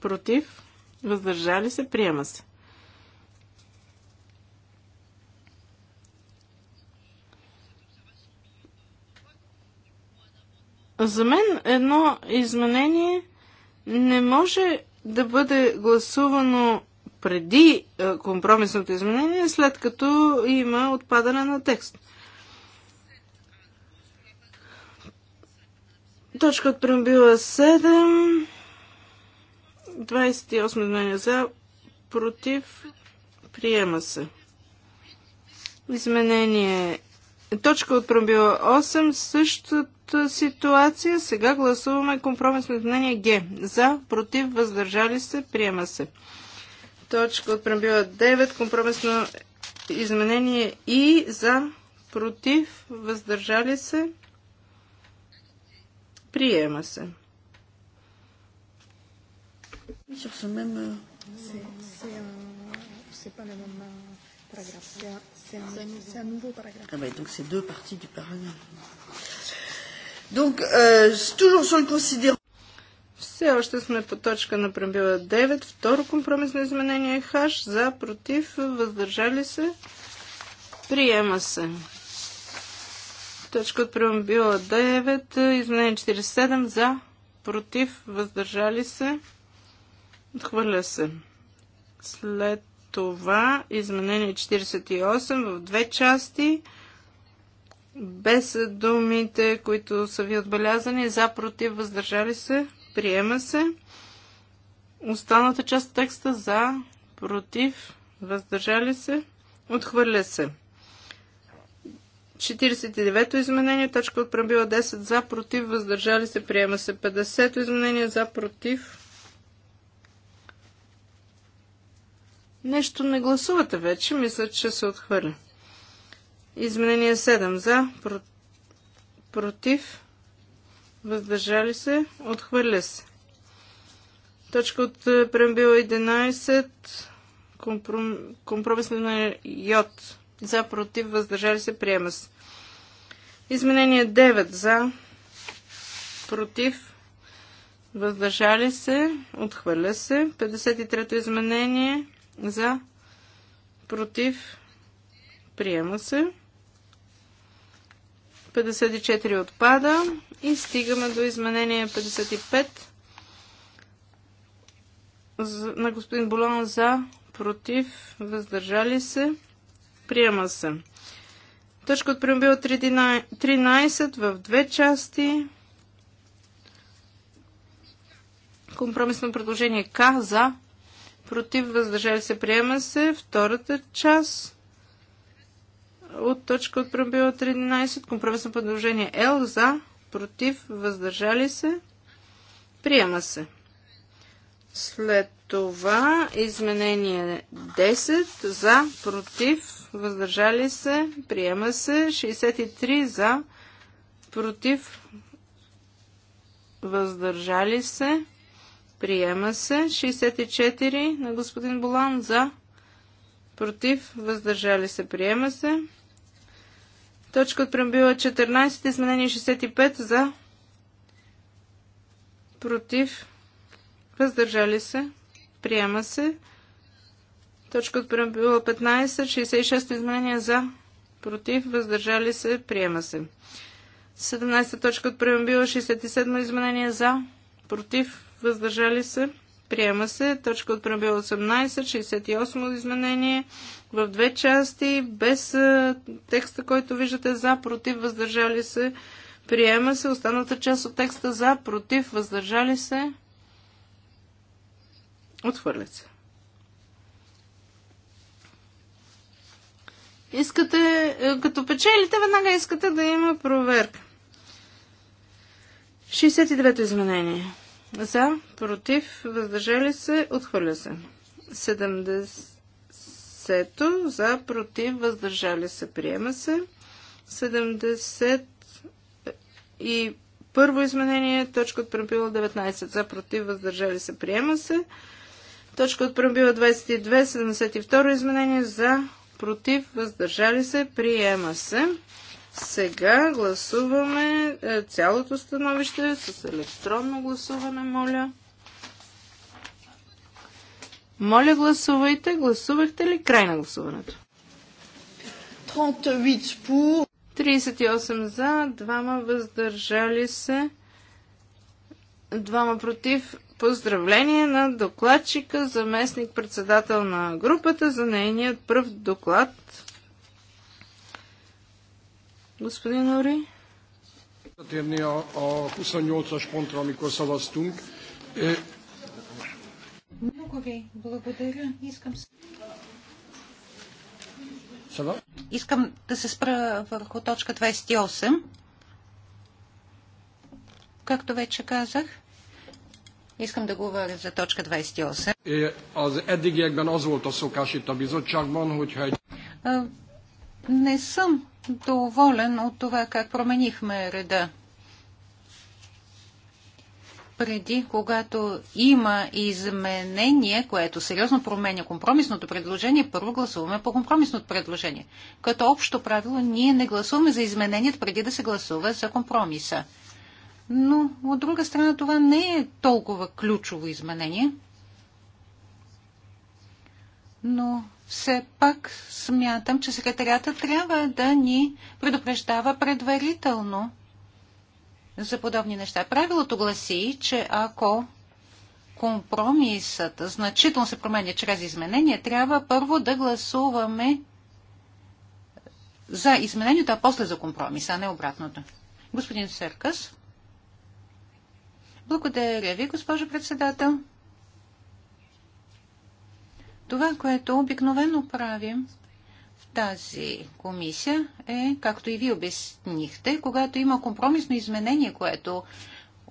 Против. Въздържали се. Приема се. За мен едно изменение не може да бъде гласувано преди е, компромисното изменение, след като има отпадане на текст. Точка от преамбила 7, 28 изменения за, против, приема се. Изменение Точка от пробила 8, също ситуация. Сега гласуваме компромисно изменение Г. За, против, въздържали се, приема се. Точка от прембила 9, компромисно изменение И. За, против, въздържали се, приема се. Euh, c'est pas le même paragraphe. C'est un, un nouveau paragraphe. Ah, bah, donc c'est deux parties du paragraphe. Donc, euh, toujours sur le considérant. Все още сме по точка на правила 9, второ компромисно изменение е хаш, за, против, въздържали се, приема се. Точка от правила 9, изменение 47, за, против, въздържали се, отхвърля се. След това изменение 48 в две части – без думите, които са ви отбелязани, за, против, въздържали се, приема се. Останата част от текста за, против, въздържали се, отхвърля се. 49-то изменение, точка от правила 10 за, против, въздържали се, приема се. 50-то изменение за, против. Нещо не гласувате вече, мисля, че се отхвърля. Изменение 7 за, против, въздържали се, отхвърля се. Точка от е, преамбила 11, компромис на йод. За, против, въздържали се, приема се. Изменение 9 за, против, въздържали се, отхвърля се. 53-то изменение за, против, приема се. 54 отпада и стигаме до изменение 55 на господин Болон за, против, въздържали се, приема се. Точка от преамбил 13 в две части. Компромисно предложение К за, против, въздържали се, приема се. Втората част от точка от пробива 13, компромисно предложение Л за, против, въздържали се, приема се. След това изменение 10 за, против, въздържали се, приема се, 63 за, против, въздържали се, приема се, 64 на господин Болан за, против, против, въздържали се, приема се. Точка от преамбила 14, изменение 65 за, против, въздържали се, приема се. Точка от преамбила 15, 66 изменение за, против, въздържали се, приема се. 17 точка от преамбила 67 изменение за, против, въздържали се, Приема се точка от правил 18, 68 изменение в две части, без текста, който виждате за, против, въздържали се. Приема се останата част от текста за, против, въздържали се. Отхвърля се. Искате, е, като печелите, веднага искате да има проверка. 69-то изменение. За, против, въздържали се, отхвърля се. 70-то за, против, въздържали се, приема се. 70 и първо изменение, точка от правила 19 за, против, въздържали се, приема се. Точка от правила 22, 72 изменение за, против, въздържали се, приема се. Сега гласуваме е, цялото становище с електронно гласуване, моля. Моля, гласувайте. Гласувахте ли край на гласуването? 38 за, двама въздържали се, двама против. Поздравление на докладчика, заместник председател на групата за нейният първ доклад. Господин Ори. Térni a, 28 контра ми косава стунг. Много ви благодаря. Искам... Искам да се спра върху точка 28. Както вече казах, Искам да говоря за точка 28. Az eddigiekben az volt a szokás itt a bizottságban, hogyha egy... Не съм доволен от това как променихме реда преди, когато има изменение, което сериозно променя компромисното предложение, първо гласуваме по компромисното предложение. Като общо правило, ние не гласуваме за изменението преди да се гласува за компромиса. Но, от друга страна, това не е толкова ключово изменение. Но все пак смятам, че секретарята трябва да ни предупреждава предварително за подобни неща. Правилото гласи, че ако компромисът значително се променя чрез изменение, трябва първо да гласуваме за изменението, а после за компромиса, а не обратното. Господин Серкас. Благодаря ви, госпожо председател. Това, което обикновено правим, тази комисия е, както и вие обяснихте, когато има компромисно изменение, което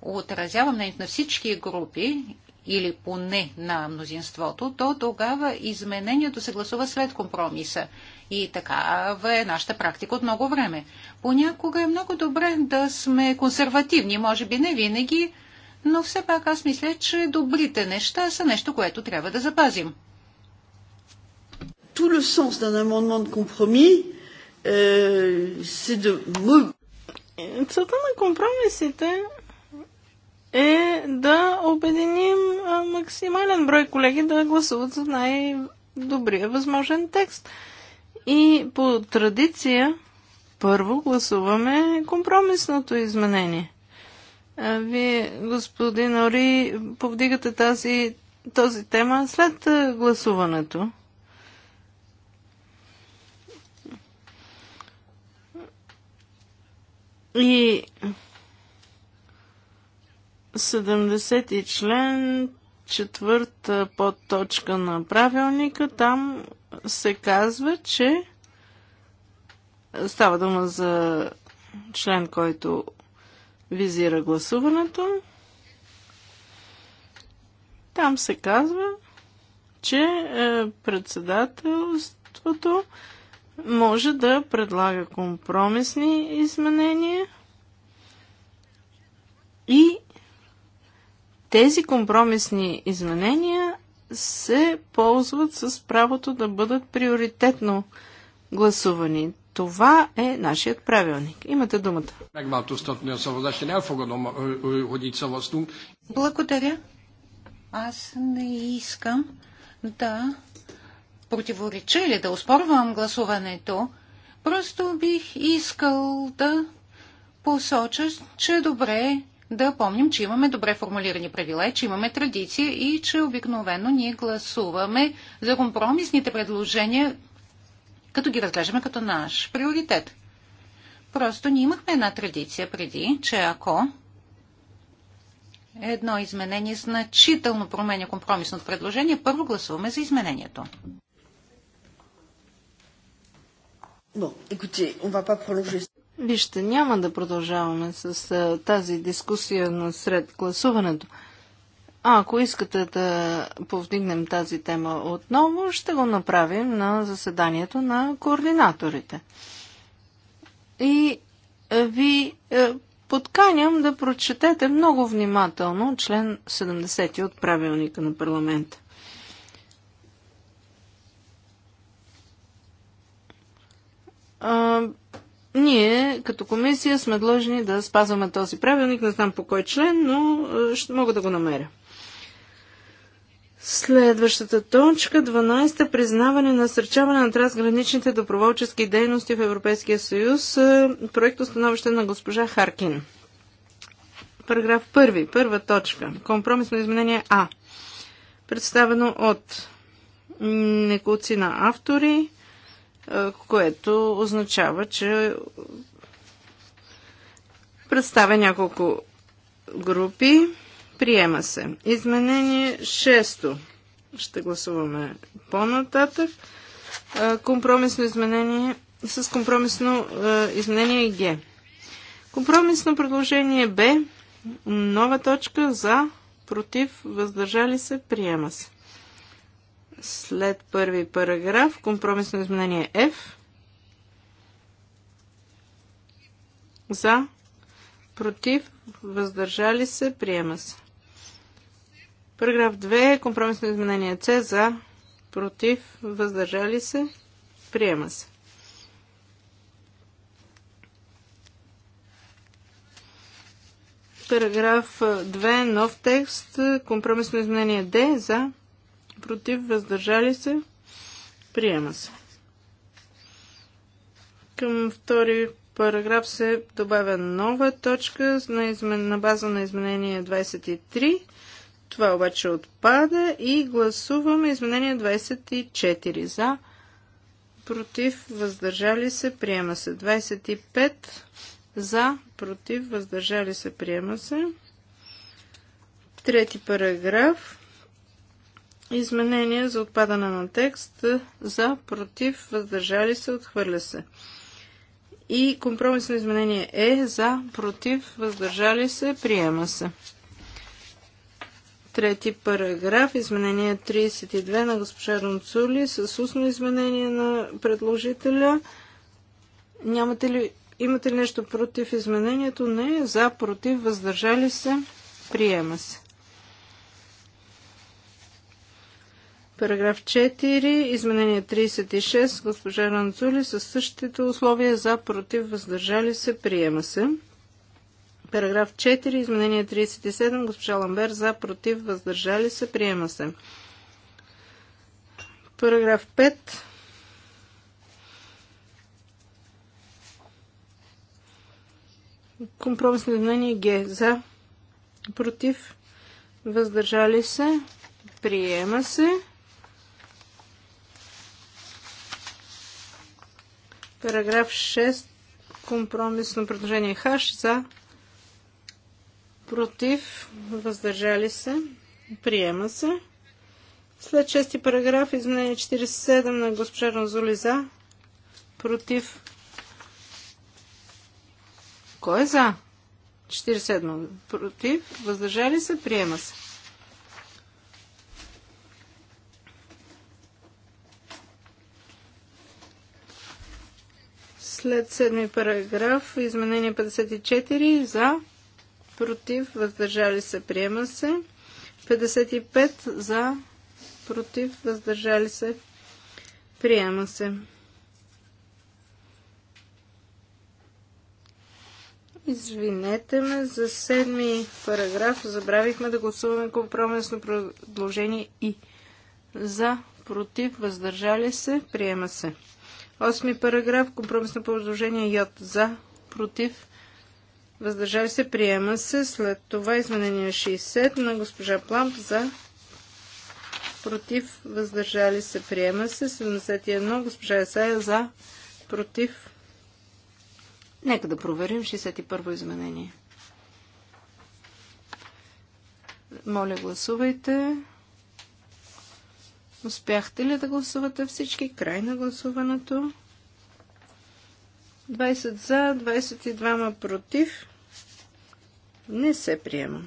отразява мнението на всички групи или поне на мнозинството, то тогава изменението се гласува след компромиса. И такава е нашата практика от много време. Понякога е много добре да сме консервативни, може би не винаги, но все пак аз мисля, че добрите неща са нещо, което трябва да запазим tout le sens d'un amendement de compromis, euh, c'est de... Целта на компромисите е да обединим максимален брой колеги да гласуват за най-добрия възможен текст. И по традиция първо гласуваме компромисното изменение. вие, господин Ори, повдигате тази, този тема след гласуването. И 70 член, четвърта подточка на правилника, там се казва, че става дума за член, който визира гласуването. Там се казва, че е, председателството може да предлага компромисни изменения и тези компромисни изменения се ползват с правото да бъдат приоритетно гласувани. Това е нашият правилник. Имате думата. Благодаря. Аз не искам да противореча или да успорвам гласуването, просто бих искал да посоча, че е добре да помним, че имаме добре формулирани правила, че имаме традиция и че обикновено ние гласуваме за компромисните предложения, като ги разглеждаме като наш приоритет. Просто ние имахме една традиция преди, че ако едно изменение значително променя компромисното предложение, първо гласуваме за изменението. Bon, écoutez, on va pas prolonger. Вижте, няма да продължаваме с а, тази дискусия на сред гласуването. А ако искате да повдигнем тази тема отново, ще го направим на заседанието на координаторите. И ви подканям да прочетете много внимателно член 70 от правилника на парламента. а, ние като комисия сме длъжни да спазваме този правилник. Не знам по кой член, но ще мога да го намеря. Следващата точка, 12. Признаване на насърчаване на трансграничните доброволчески дейности в Европейския съюз. Проект установище на госпожа Харкин. Параграф 1. Първа точка. Компромисно изменение А. Представено от некоцина автори което означава, че представя няколко групи. Приема се. Изменение 6. Ще гласуваме по-нататък. Компромисно изменение с компромисно изменение Г. Компромисно предложение Б. Нова точка за против въздържали се приема се след първи параграф, компромисно изменение F. За, против, въздържали се, приема се. Параграф 2, компромисно изменение С. За, против, въздържали се, приема се. Параграф 2, нов текст, компромисно изменение Д. За, против, въздържали се, приема се. Към втори параграф се добавя нова точка на, измен... на база на изменение 23. Това обаче отпада и гласуваме изменение 24 за, против, въздържали се, приема се. 25 за, против, въздържали се, приема се. Трети параграф Изменение за отпадане на текст за, против, въздържали се, отхвърля се. И компромисно изменение е за, против, въздържали се, приема се. Трети параграф, изменение 32 на госпожа Ронцули с устно изменение на предложителя. Нямате ли, имате ли нещо против изменението? Не. За, против, въздържали се, приема се. Параграф 4, изменение 36, госпожа Ранцули, със същите условия за, против, въздържали се, приема се. Параграф 4, изменение 37, госпожа Ламбер, за, против, въздържали се, приема се. Параграф 5. Компромисно изменение Г. За, против, въздържали се, приема се. Параграф 6. Компромисно предложение Хаш за против, въздържали се, приема се. След 6 параграф, изменение 47 на госпожа Ранзули за, против. Кой е за? 47. Против, въздържали се, приема се. След седми параграф, изменение 54 за, против, въздържали се, приема се. 55 за, против, въздържали се, приема се. Извинете ме, за седми параграф забравихме да гласуваме компромисно предложение и за, против, въздържали се, приема се. Осми параграф, компромисно положение Йод за, против, въздържали се, приема се. След това изменение 60 на госпожа Пламп за, против, въздържали се, приема се. 71, госпожа Есая за, против. Нека да проверим 61 изменение. Моля, гласувайте. Успяхте ли да гласувате всички? Край на гласуването. 20 за, 22 против. Не се приема.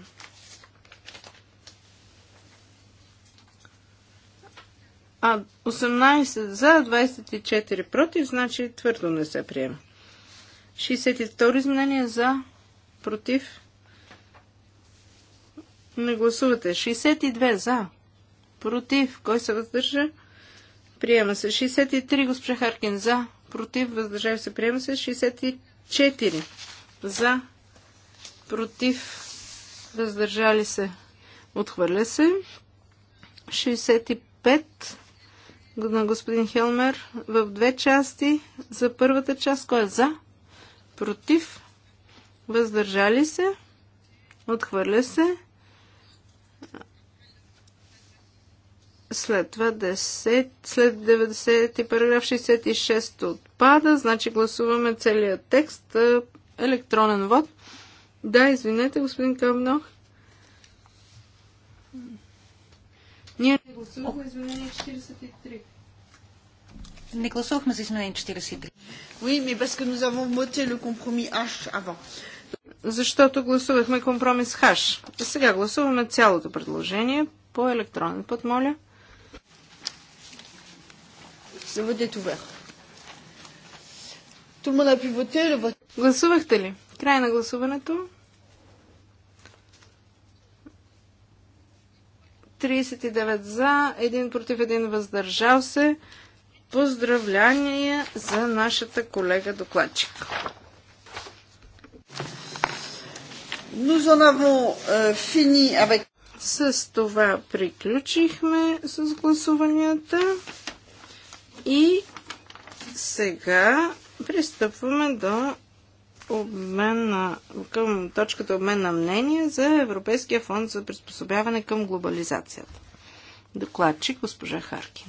А 18 за, 24 против, значи твърдо не се приема. 62 изменение за, против. Не гласувате. 62 за против, кой се въздържа? Приема се 63, госпожа Харкин за, против, въздържава се, приема се 64 за, против, въздържали се, отхвърля се 65 на господин Хелмер в две части. За първата част, кой е за, против, въздържали се, отхвърля се. След това 10, след 90 и параграф 66 отпада, значи гласуваме целият текст, електронен вод. Да, извинете, господин Камнох. Ние не гласувахме изменение 43. Не гласувахме за изменение 43. Oui, mais parce que nous avons voté le compromis H avant. Защото гласувахме компромис Хаш. Сега гласуваме цялото предложение по електронен път, моля. Le vote est ouvert. Tout le monde a pu voter. Le vote... Гласувахте ли? Край на гласуването. 39 за, 1 против 1 въздържал се. Поздравляния за нашата колега докладчик. Nous en avons euh, fini avec... С това приключихме с гласуванията. И сега пристъпваме до обмен на, към точката обмен на мнение за Европейския фонд за приспособяване към глобализацията. Докладчик госпожа Харкин.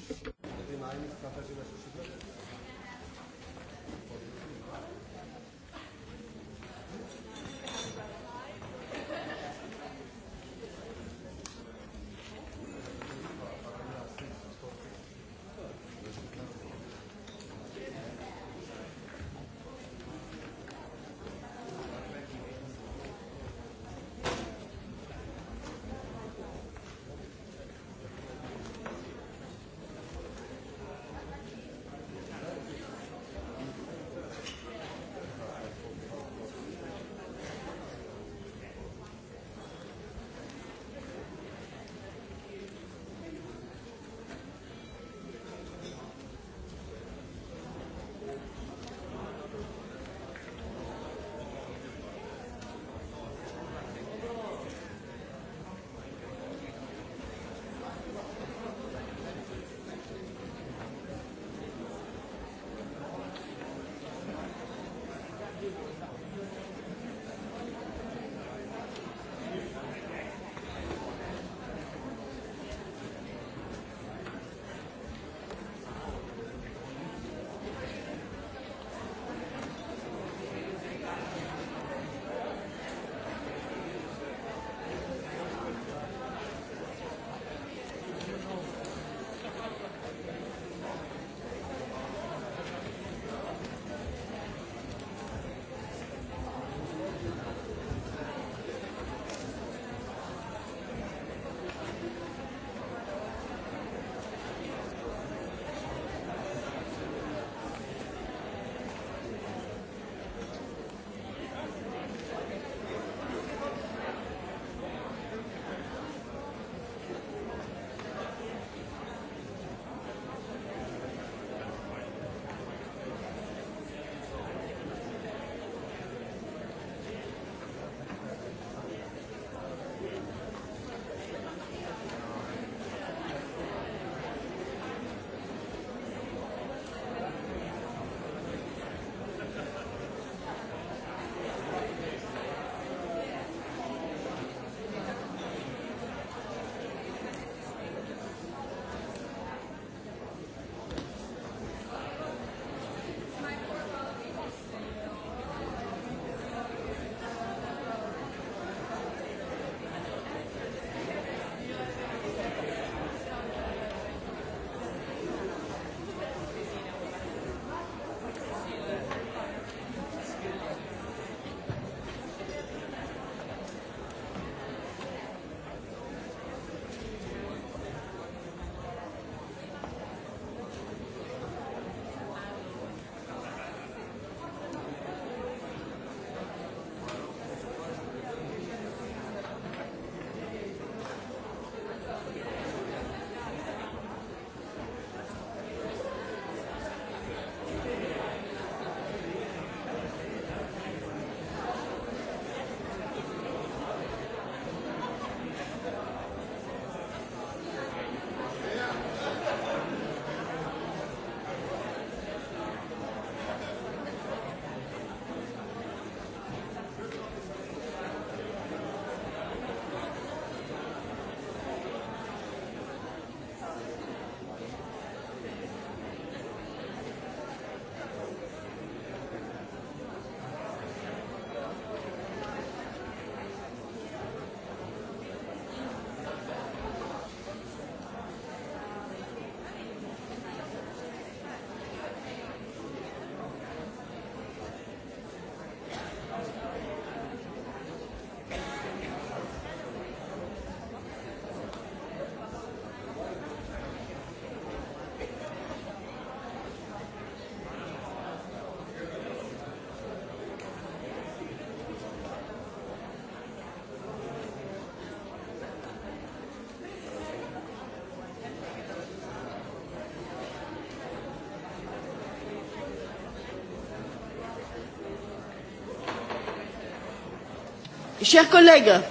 Chers collègues,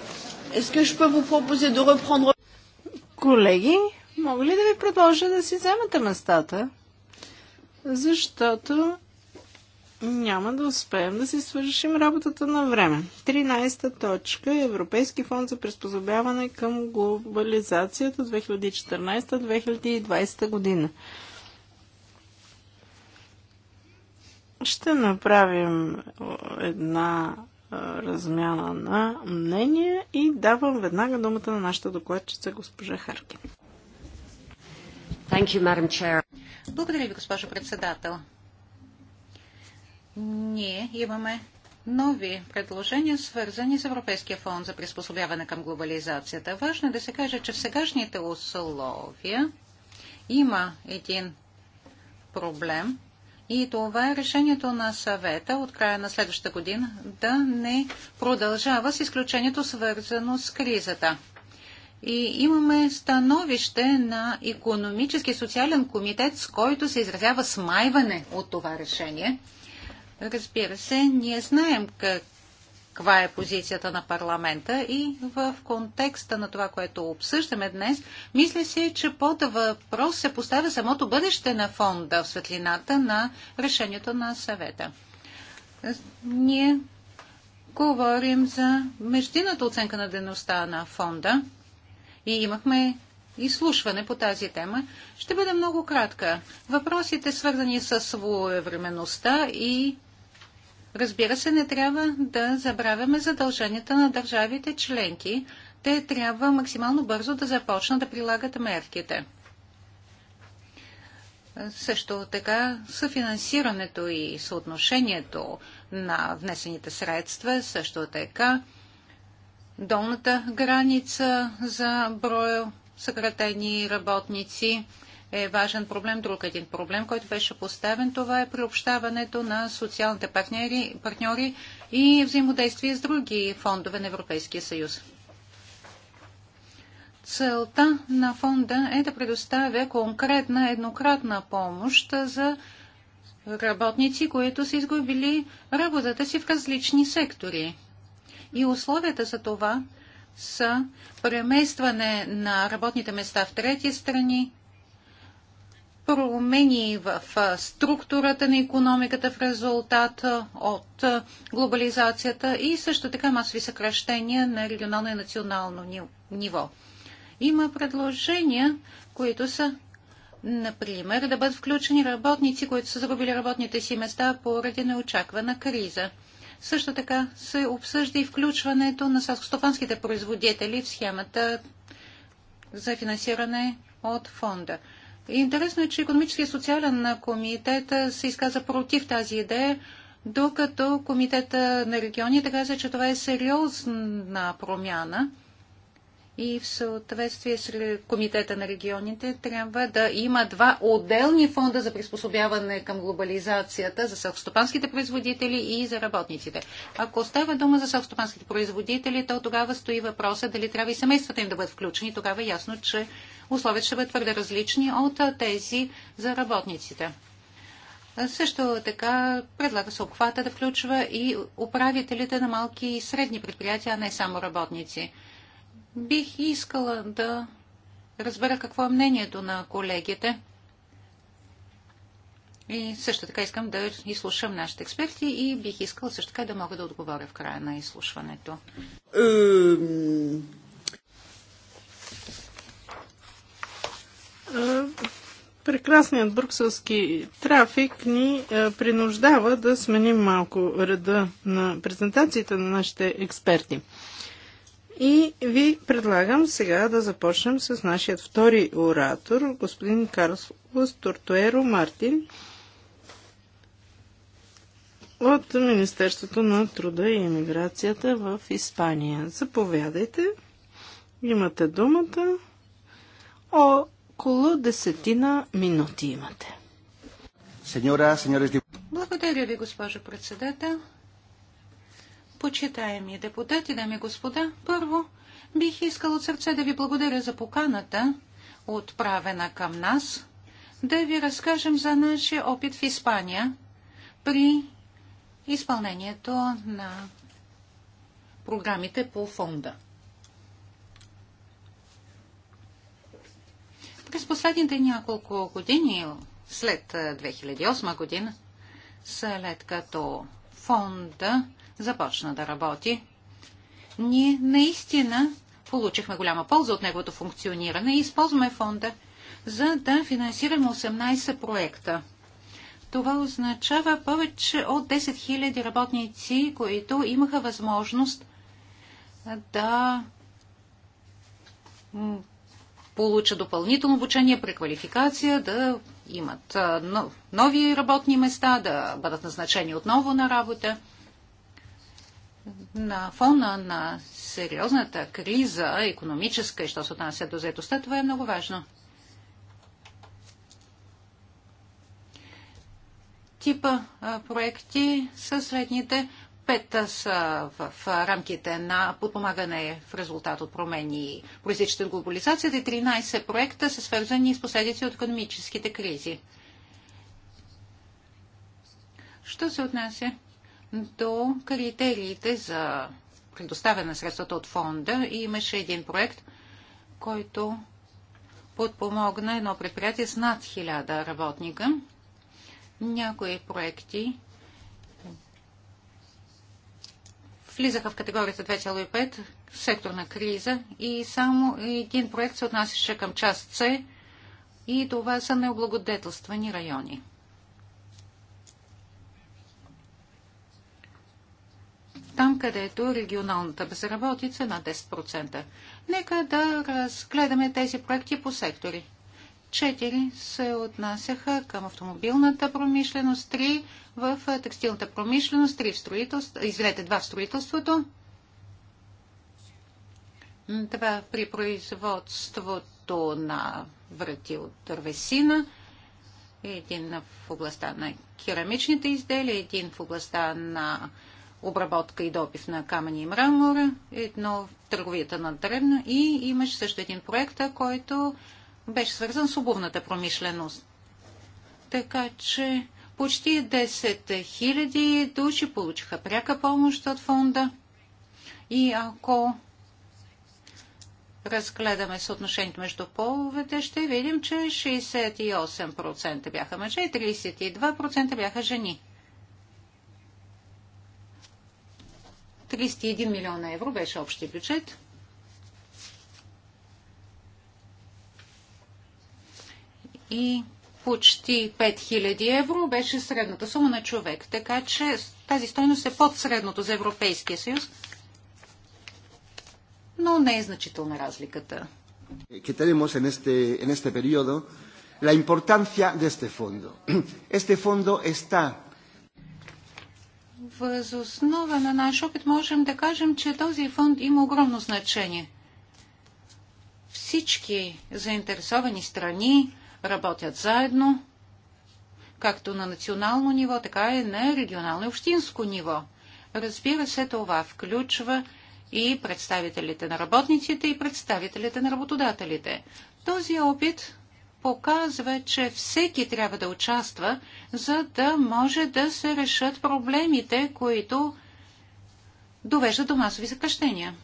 est-ce que je peux vous proposer de reprendre... Колеги, мога ли да ви продължа да си вземете местата? Защото няма да успеем да си свършим работата на време. 13-та точка е Европейски фонд за приспособяване към глобализацията 2014-2020 година. Ще направим една размяна на мнения и давам веднага думата на нашата докладчица госпожа Харкин. You, Благодаря ви, госпожо председател. Ние имаме нови предложения, свързани с Европейския фонд за приспособяване към глобализацията. Важно е да се каже, че в сегашните условия има един проблем, и това е решението на съвета от края на следващата година да не продължава с изключението свързано с кризата. И имаме становище на економически и социален комитет, с който се изразява смайване от това решение. Разбира се, ние знаем как каква е позицията на парламента и в контекста на това, което обсъждаме днес, мисля се, че под въпрос се поставя самото бъдеще на фонда в светлината на решението на съвета. Ние говорим за междинната оценка на дейността на фонда и имахме изслушване по тази тема. Ще бъде много кратка. Въпросите, свързани с своевременността и Разбира се, не трябва да забравяме задълженията на държавите членки. Те трябва максимално бързо да започнат да прилагат мерките. Също така съфинансирането и съотношението на внесените средства, също така долната граница за броя съкратени работници – е важен проблем. Друг един проблем, който беше поставен, това е приобщаването на социалните партнери, партньори и взаимодействие с други фондове на Европейския съюз. Целта на фонда е да предоставя конкретна еднократна помощ за работници, които са изгубили работата си в различни сектори. И условията за това са преместване на работните места в трети страни, промени в структурата на економиката в резултат от глобализацията и също така масови съкръщения на регионално и национално ниво. Има предложения, които са Например, да бъдат включени работници, които са загубили работните си места поради неочаквана криза. Също така се обсъжда и включването на селскостопанските производители в схемата за финансиране от фонда. Интересно е, че економически и социален комитет се изказа против тази идея, докато комитета на регионите каза, че това е сериозна промяна – и в съответствие с Комитета на регионите трябва да има два отделни фонда за приспособяване към глобализацията за селхостопанските производители и за работниците. Ако става дума за селхостопанските производители, то тогава стои въпроса дали трябва и семействата им да бъдат включени. Тогава е ясно, че условията ще бъдат твърде различни от тези за работниците. Също така предлага се обхвата да включва и управителите на малки и средни предприятия, а не само работници. Бих искала да разбера какво е мнението на колегите. И също така искам да изслушам нашите експерти и бих искала също така да мога да отговоря в края на изслушването. Прекрасният брукселски трафик ни е, принуждава да сменим малко реда на презентациите на нашите експерти. И ви предлагам сега да започнем с нашия втори оратор, господин Карлос Тортуеро Мартин от Министерството на труда и емиграцията в Испания. Заповядайте, имате думата. Около десетина минути имате. Благодаря ви, госпожо председател. Почитаеми депутати, дами и господа, първо бих искал от сърце да ви благодаря за поканата, отправена към нас, да ви разкажем за нашия опит в Испания при изпълнението на програмите по фонда. През последните няколко години, след 2008 година, след като фонда започна да работи. Ние наистина получихме голяма полза от неговото функциониране и използваме фонда, за да финансираме 18 проекта. Това означава повече от 10 000 работници, които имаха възможност да получат допълнително обучение, преквалификация, да имат нови работни места, да бъдат назначени отново на работа на фона на сериозната криза, економическа и що се отнася до заедостта, това е много важно. Типа проекти са средните. Пет са в, рамките на подпомагане в резултат от промени, произличат от глобализацията и 13 проекта са свързани с последици от економическите кризи. Що се отнася до критериите за предоставяне на средствата от фонда и имаше един проект, който подпомогна едно предприятие с над 1000 работника. Някои проекти влизаха в категорията 2,5, секторна криза и само един проект се отнасяше към част С и това са необлагодетелствани райони. там където регионалната безработица е на 10%. Нека да разгледаме тези проекти по сектори. Четири се отнасяха към автомобилната промишленост, три в текстилната промишленост, три в строителство, извинете, два в строителството, два при производството на врати от дървесина, един в областта на керамичните изделия, един в областта на обработка и допис на камъни и мрамора, едно търговията на древно и имаше също един проект, който беше свързан с обувната промишленост. Така че почти 10 000 души получиха пряка помощ от фонда. И ако разгледаме съотношението между половете, ще видим, че 68% бяха мъже и 32% бяха жени. 31 милиона евро беше общия бюджет. И почти 5000 евро беше средната сума на човек. Така че тази стойност е под средното за Европейския съюз. Но не е значителна разликата. Que tenemos en este, en este periodo la importancia de este fondo. Este fondo está въз основа на наш опит можем да кажем, че този фонд има огромно значение. Всички заинтересовани страни работят заедно, както на национално ниво, така и на регионално и общинско ниво. Разбира се, това включва и представителите на работниците, и представителите на работодателите. Този опит показва, че всеки трябва да участва, за да може да се решат проблемите, които довеждат до масови съкръщения.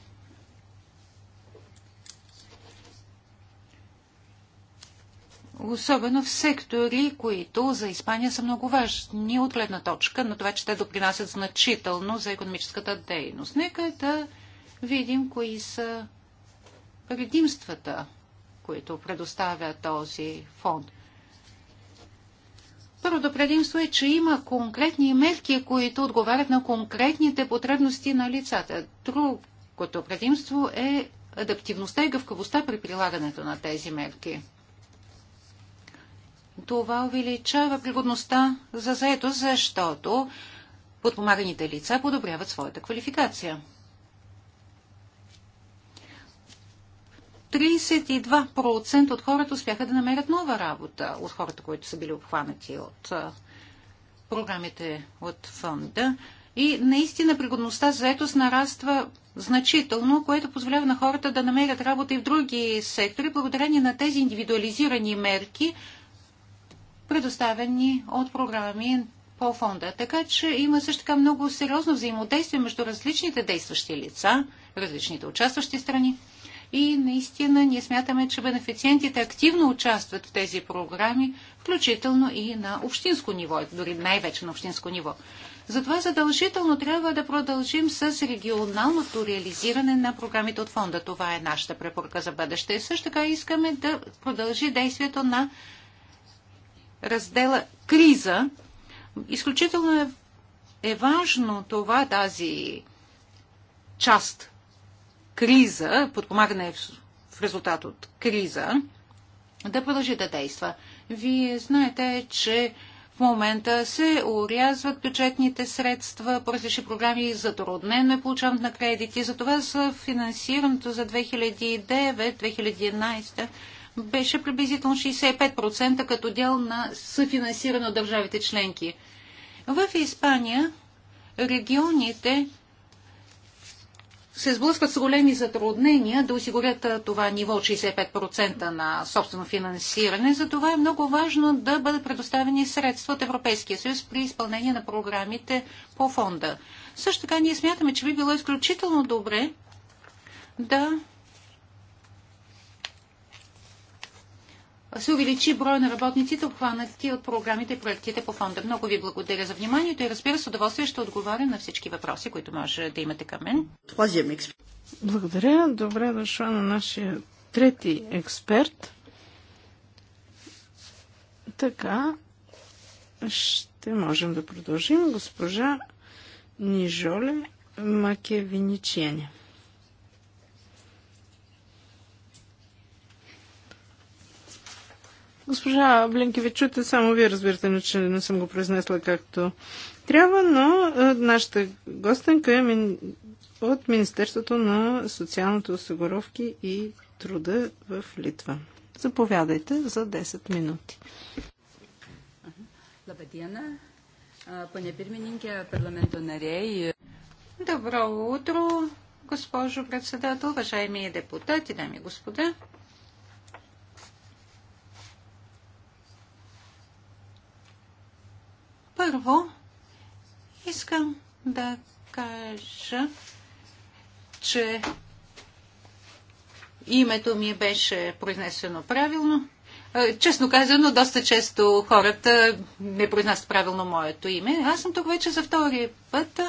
Особено в сектори, които за Испания са много важни от гледна точка на това, че те допринасят значително за економическата дейност. Нека да видим кои са предимствата които предоставя този фонд. Първото предимство е, че има конкретни мерки, които отговарят на конкретните потребности на лицата. Другото предимство е адаптивността и гъвкавостта при прилагането на тези мерки. Това увеличава пригодността за заето, защото подпомаганите лица подобряват своята квалификация. 32% от хората успяха да намерят нова работа, от хората, които са били обхванати от програмите от фонда. И наистина пригодността за заетост нараства значително, което позволява на хората да намерят работа и в други сектори, благодарение на тези индивидуализирани мерки, предоставени от програми по фонда. Така че има също така много сериозно взаимодействие между различните действащи лица, различните участващи страни. И наистина ние смятаме, че бенефициентите активно участват в тези програми, включително и на общинско ниво, дори най-вече на общинско ниво. Затова задължително трябва да продължим с регионалното реализиране на програмите от фонда. Това е нашата препоръка за бъдеще. И също така искаме да продължи действието на раздела криза. Изключително е, е важно това, тази част криза, подпомагане в резултат от криза, да продължи да действа. Вие знаете, че в момента се урязват бюджетните средства по различни програми, затруднено е получаването на кредити. Затова за финансирането за 2009-2011 беше приблизително 65% като дел на съфинансиране от държавите членки. В Испания регионите се сблъскват с големи затруднения да осигурят това ниво от 65% на собствено финансиране. Затова е много важно да бъдат предоставени средства от Европейския съюз при изпълнение на програмите по фонда. Също така ние смятаме, че би било изключително добре да се увеличи броя на работниците, обхванати от програмите и проектите по фонда. Много ви благодаря за вниманието и разбира с удоволствие ще отговаря на всички въпроси, които може да имате към мен. Благодаря. Добре дошла на нашия трети експерт. Така, ще можем да продължим. Госпожа Нижоле Макевиничене. Госпожа Блинкевичуте, само вие разбирате, че не съм го произнесла както трябва, но нашата гостенка е от Министерството на социалните осигуровки и труда в Литва. Заповядайте за 10 минути. пане парламенто Добро утро, госпожо председател, уважаеми депутати, дами и господа. Първо, искам да кажа, че името ми беше произнесено правилно. Е, честно казано, доста често хората не произнасят правилно моето име. Аз съм тук вече за втори път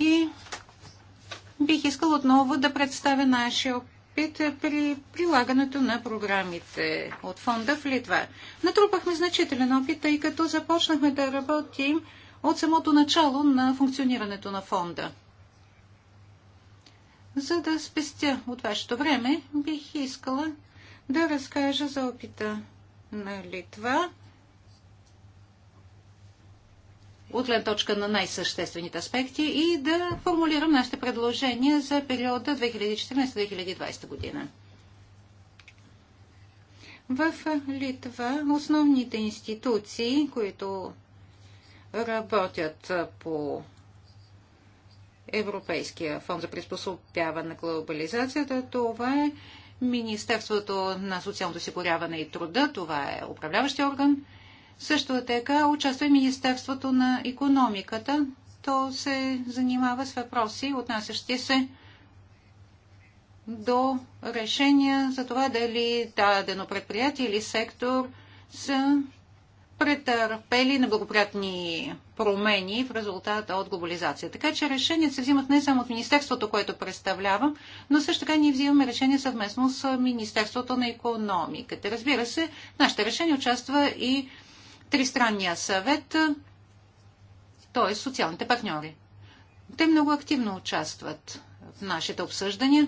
и бих искал отново да представя нашия опит при прилагането на програмите от фонда в Литва. Натрупахме значителен опит, тъй като започнахме да работим от самото начало на функционирането на фонда. За да спестя от вашето време, бих искала да разкажа за опита на Литва от гледна точка на най-съществените аспекти и да формулирам нашите предложения за периода 2014-2020 година. В Литва основните институции, които работят по Европейския фонд за приспособяване на глобализацията, това е Министерството на социалното осигуряване и труда, това е управляващия орган, също така участва и Министерството на економиката. То се занимава с въпроси, отнасящи се до решения за това дали дадено предприятие или сектор са претърпели неблагоприятни промени в резултат от глобализация. Така че решения се взимат не само от Министерството, което представлявам, но също така ние взимаме решения съвместно с Министерството на економиката. Разбира се, нашите решения участва и Тристранния съвет, т.е. социалните партньори. Те много активно участват в нашите обсъждания,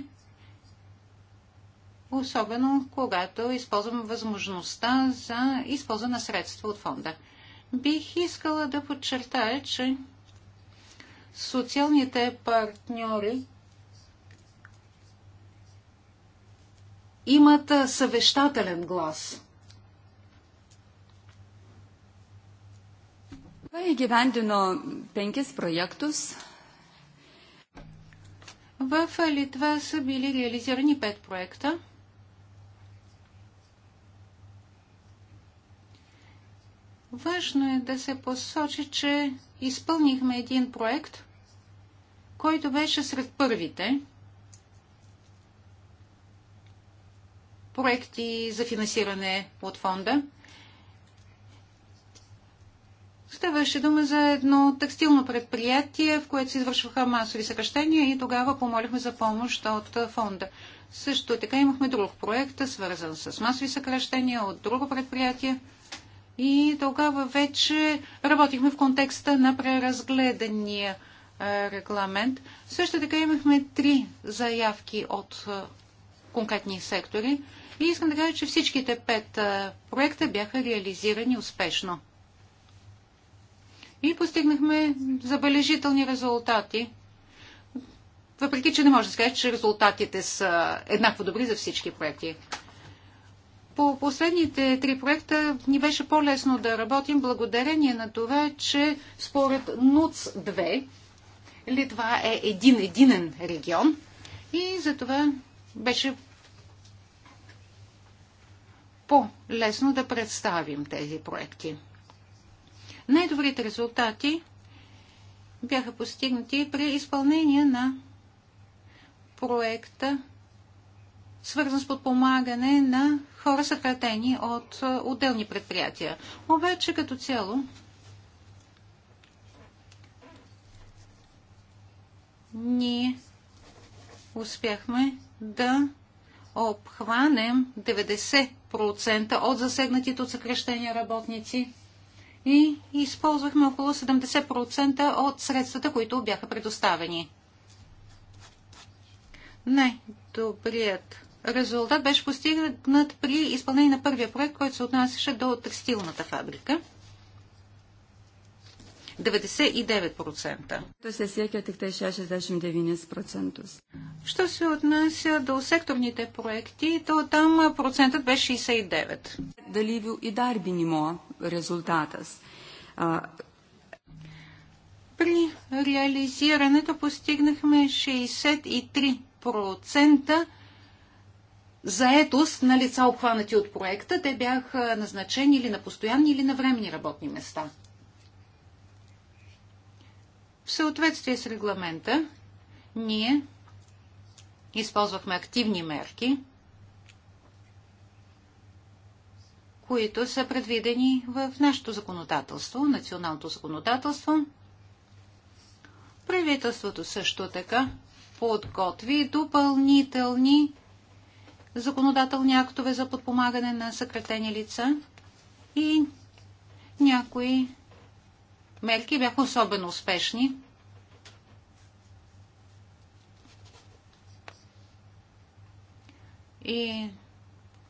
особено когато използвам възможността за използване на средства от фонда. Бих искала да подчертая, че социалните партньори имат съвещателен глас. Įgyvendino penkis проектus. В Литва са били реализирани пет проекта. Важно е да се посочи, че изпълнихме един проект, който беше сред първите проекти за финансиране от фонда – Ставаше дума за едно текстилно предприятие, в което се извършваха масови съкръщения и тогава помолихме за помощ от фонда. Също така имахме друг проект, свързан с масови съкръщения от друго предприятие. И тогава вече работихме в контекста на преразгледания регламент. Също така имахме три заявки от конкретни сектори. И искам да кажа, че всичките пет проекта бяха реализирани успешно и постигнахме забележителни резултати. Въпреки, че не може да се каже, че резултатите са еднакво добри за всички проекти. По последните три проекта ни беше по-лесно да работим благодарение на това, че според НУЦ-2 Литва е един единен регион и затова беше по-лесно да представим тези проекти. Най-добрите резултати бяха постигнати при изпълнение на проекта, свързан с подпомагане на хора съкратени от отделни предприятия. Обаче като цяло ние успяхме да обхванем 90% от засегнатите от съкрещения работници и използвахме около 70% от средствата, които бяха предоставени. Най-добрият резултат беше постигнат при изпълнение на първия проект, който се отнасяше до текстилната фабрика – 99%. се 69%. Е Що се отнася до секторните проекти, то там процентът беше 69. ви и дарбинимо резултата? При реализирането постигнахме 63% заетост на лица обхванати от проекта. Те бяха назначени или на постоянни, или на времени работни места. В съответствие с регламента, ние използвахме активни мерки, които са предвидени в нашето законодателство, националното законодателство. Правителството също така подготви допълнителни законодателни актове за подпомагане на съкратени лица и някои мерки бяха особено успешни. И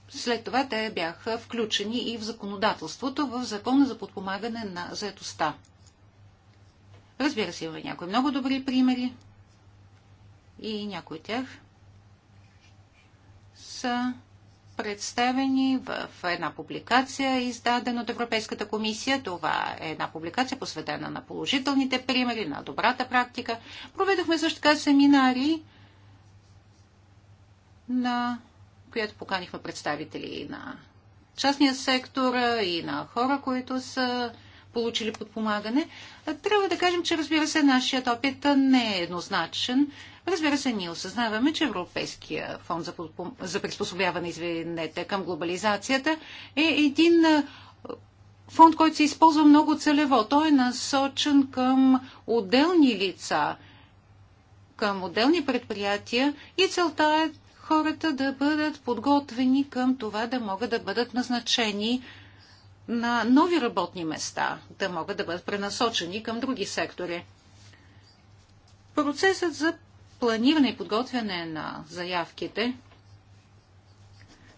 след това те бяха включени и в законодателството, в закона за подпомагане на заетостта. Разбира се, има някои много добри примери и някои от тях са представени в една публикация, издадена от Европейската комисия. Това е една публикация, посветена на положителните примери, на добрата практика. Проведохме също така семинари, на която поканихме представители на частния сектор и на хора, които са получили подпомагане. Трябва да кажем, че разбира се, нашият опит не е еднозначен. Разбира се, ние осъзнаваме, че Европейския фонд за, подпом... за приспособяване извинете, към глобализацията е един фонд, който се използва много целево. Той е насочен към отделни лица, към отделни предприятия и целта е хората да бъдат подготвени към това да могат да бъдат назначени на нови работни места, да могат да бъдат пренасочени към други сектори. Процесът за планиране и подготвяне на заявките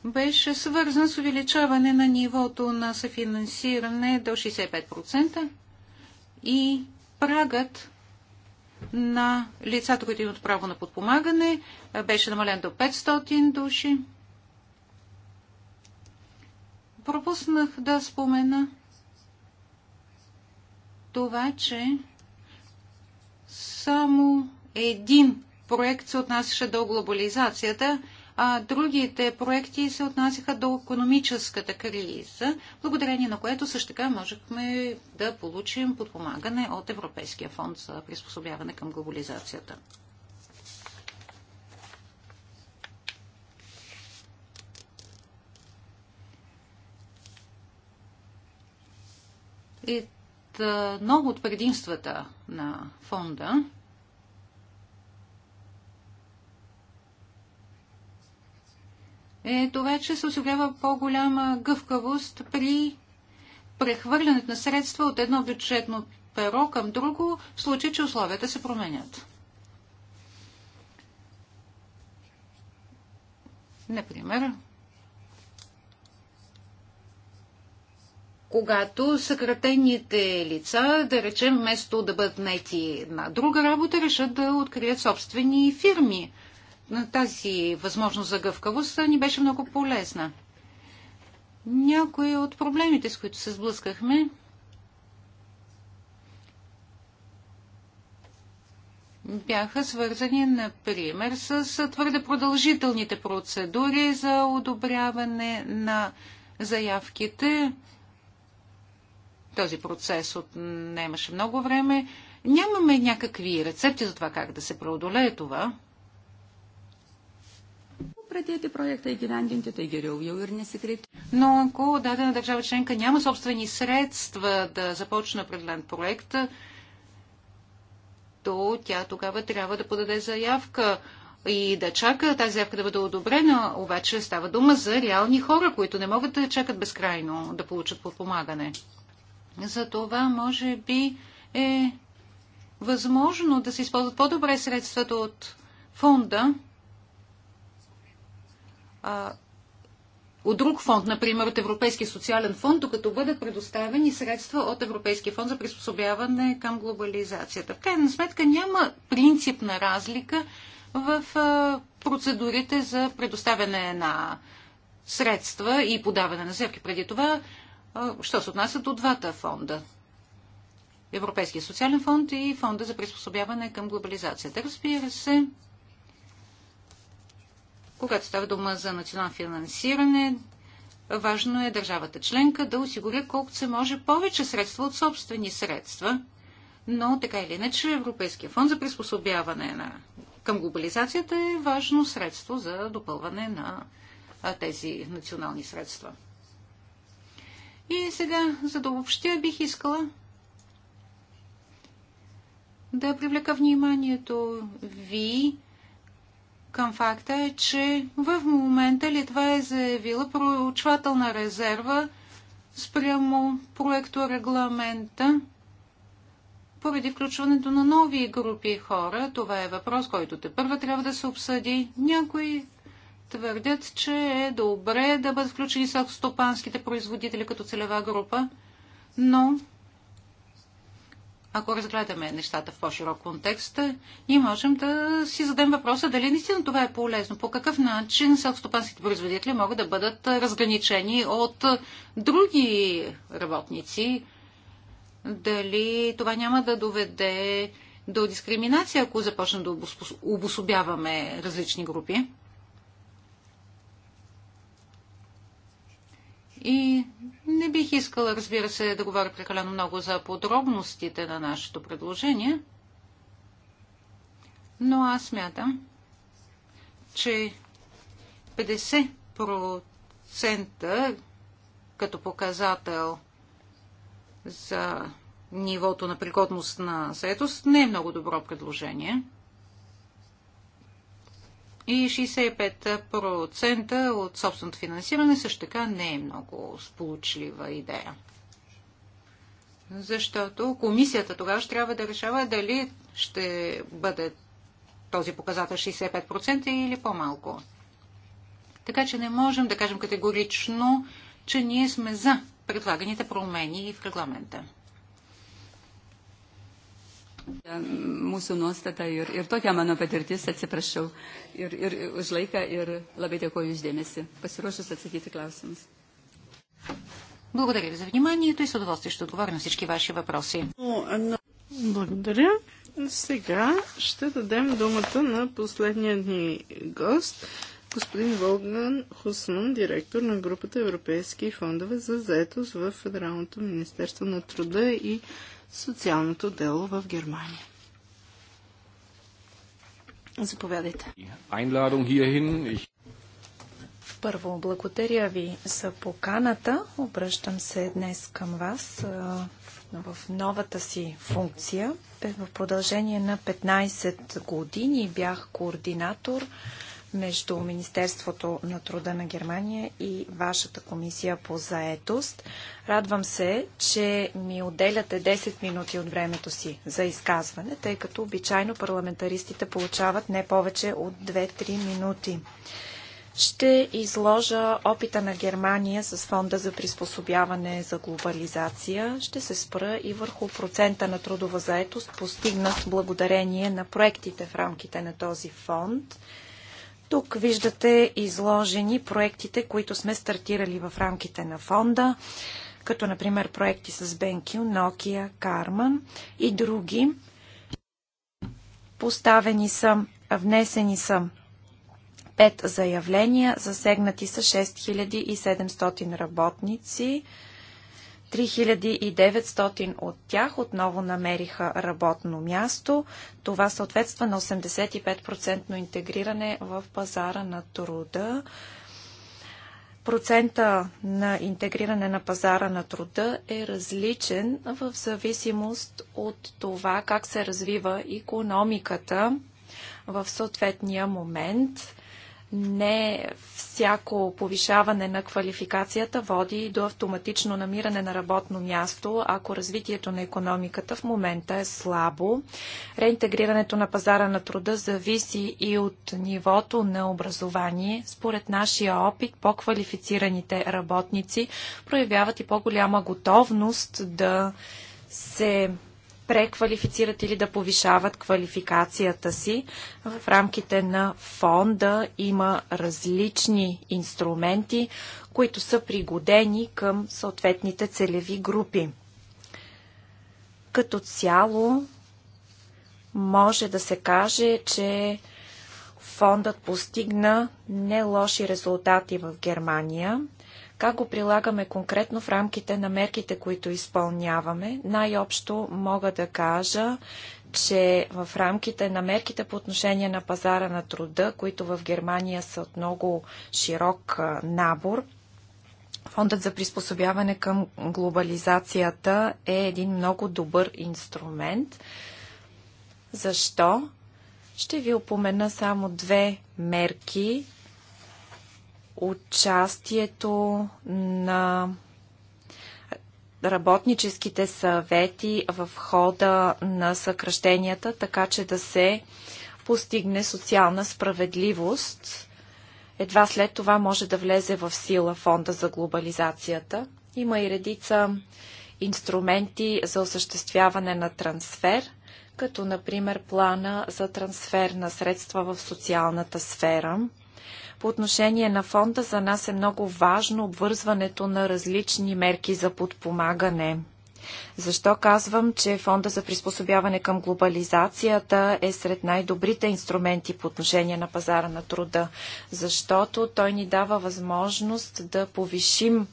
беше свързан с увеличаване на нивото на съфинансиране до 65% и прагът на лицата, които имат право на подпомагане, беше намален до 500 души. Пропуснах да спомена това, че само един проект се отнасяше до глобализацията, а другите проекти се отнасяха до економическата криза, благодарение на което също така можехме да получим подпомагане от Европейския фонд за приспособяване към глобализацията. И много от предимствата на фонда е това, че се осигурява по-голяма гъвкавост при прехвърлянето на средства от едно бюджетно перо към друго, в случай, че условията се променят. Например, когато съкратените лица, да речем, вместо да бъдат найти на друга работа, решат да открият собствени фирми тази възможност за гъвкавост ни беше много полезна. Някои от проблемите, с които се сблъскахме, бяха свързани, например, с твърде продължителните процедури за одобряване на заявките. Този процес отнемаше много време. Нямаме някакви рецепти за това как да се преодолее това pradėti projektą įgyvendinti, tai geriau jau ir nesikreipti. Но ако дадена държава членка няма собствени средства да започне определен проект, то тя тогава трябва да подаде заявка и да чака тази заявка да бъде одобрена, обаче става дума за реални хора, които не могат да чакат безкрайно да получат подпомагане. За това, може би, е възможно да се използват по-добре средствата от фонда, а, от друг фонд, например от Европейския социален фонд, докато бъдат предоставени средства от Европейския фонд за приспособяване към глобализацията. В крайна сметка няма принципна разлика в процедурите за предоставяне на средства и подаване на заявки преди това, що се отнася до двата фонда. Европейския социален фонд и фонда за приспособяване към глобализацията. Разбира се, когато става дума за национално финансиране, важно е държавата членка да осигури колкото се може повече средства от собствени средства, но така или иначе Европейския фонд за приспособяване на... към глобализацията е важно средство за допълване на тези национални средства. И сега, за да обобщя, бих искала да привлека вниманието ви към факта е, че в момента Литва е заявила проучвателна резерва спрямо проекто регламента поради включването на нови групи хора. Това е въпрос, който те първа трябва да се обсъди. Някои твърдят, че е добре да бъдат включени селскостопанските производители като целева група, но ако разгледаме нещата в по-широк контекст, ние можем да си зададем въпроса дали наистина това е полезно. По какъв начин селскостопанските производители могат да бъдат разграничени от други работници? Дали това няма да доведе до дискриминация, ако започнем да обособяваме различни групи? И не бих искала, разбира се, да говоря прекалено много за подробностите на нашето предложение, но аз смятам, че 50% като показател за нивото на пригодност на заетост не е много добро предложение – и 65% от собственото финансиране също така не е много сполучлива идея. Защото комисията тогава ще трябва да решава дали ще бъде този показател 65% или по-малко. Така че не можем да кажем категорично, че ние сме за предлаганите промени в регламента. Mūsų nuostata ir, ir tokia mano patirtis, atsiprašau, ir, ir už laiką ir labai dėkoju uždėmesi. Pasiruošus atsakyti klausimus. Благодаря за вниманието и с удоволствие ще отговоря на всички ваши въпроси. Благодаря. Сега ще дадем думата на последния ни гост, господин Волган Хусман, директор на групата Европейски фондове за заетост в Федералното министерство на труда и социалното дело в Германия. Заповядайте. Първо, благодаря ви за поканата. Обръщам се днес към вас в новата си функция. В продължение на 15 години бях координатор между Министерството на труда на Германия и вашата комисия по заетост. Радвам се, че ми отделяте 10 минути от времето си за изказване, тъй като обичайно парламентаристите получават не повече от 2-3 минути. Ще изложа опита на Германия с фонда за приспособяване за глобализация. Ще се спра и върху процента на трудова заетост, постигнат благодарение на проектите в рамките на този фонд. Тук виждате изложени проектите, които сме стартирали в рамките на фонда, като например проекти с BenQ, Nokia, Carman и други. Поставени са, внесени са 5 заявления, засегнати са 6700 работници. 3900 от тях отново намериха работно място. Това съответства на 85% интегриране в пазара на труда. Процента на интегриране на пазара на труда е различен в зависимост от това как се развива економиката в съответния момент не всяко повишаване на квалификацията води до автоматично намиране на работно място, ако развитието на економиката в момента е слабо. Реинтегрирането на пазара на труда зависи и от нивото на образование. Според нашия опит, по-квалифицираните работници проявяват и по-голяма готовност да се преквалифицират или да повишават квалификацията си. В рамките на фонда има различни инструменти, които са пригодени към съответните целеви групи. Като цяло може да се каже, че фондът постигна не лоши резултати в Германия. Как го прилагаме конкретно в рамките на мерките, които изпълняваме? Най-общо мога да кажа, че в рамките на мерките по отношение на пазара на труда, които в Германия са от много широк набор, Фондът за приспособяване към глобализацията е един много добър инструмент. Защо? Ще ви опомена само две мерки, участието на работническите съвети в хода на съкръщенията, така че да се постигне социална справедливост. Едва след това може да влезе в сила фонда за глобализацията. Има и редица инструменти за осъществяване на трансфер, като например плана за трансфер на средства в социалната сфера – по отношение на фонда за нас е много важно обвързването на различни мерки за подпомагане. Защо казвам, че фонда за приспособяване към глобализацията е сред най-добрите инструменти по отношение на пазара на труда? Защото той ни дава възможност да повишим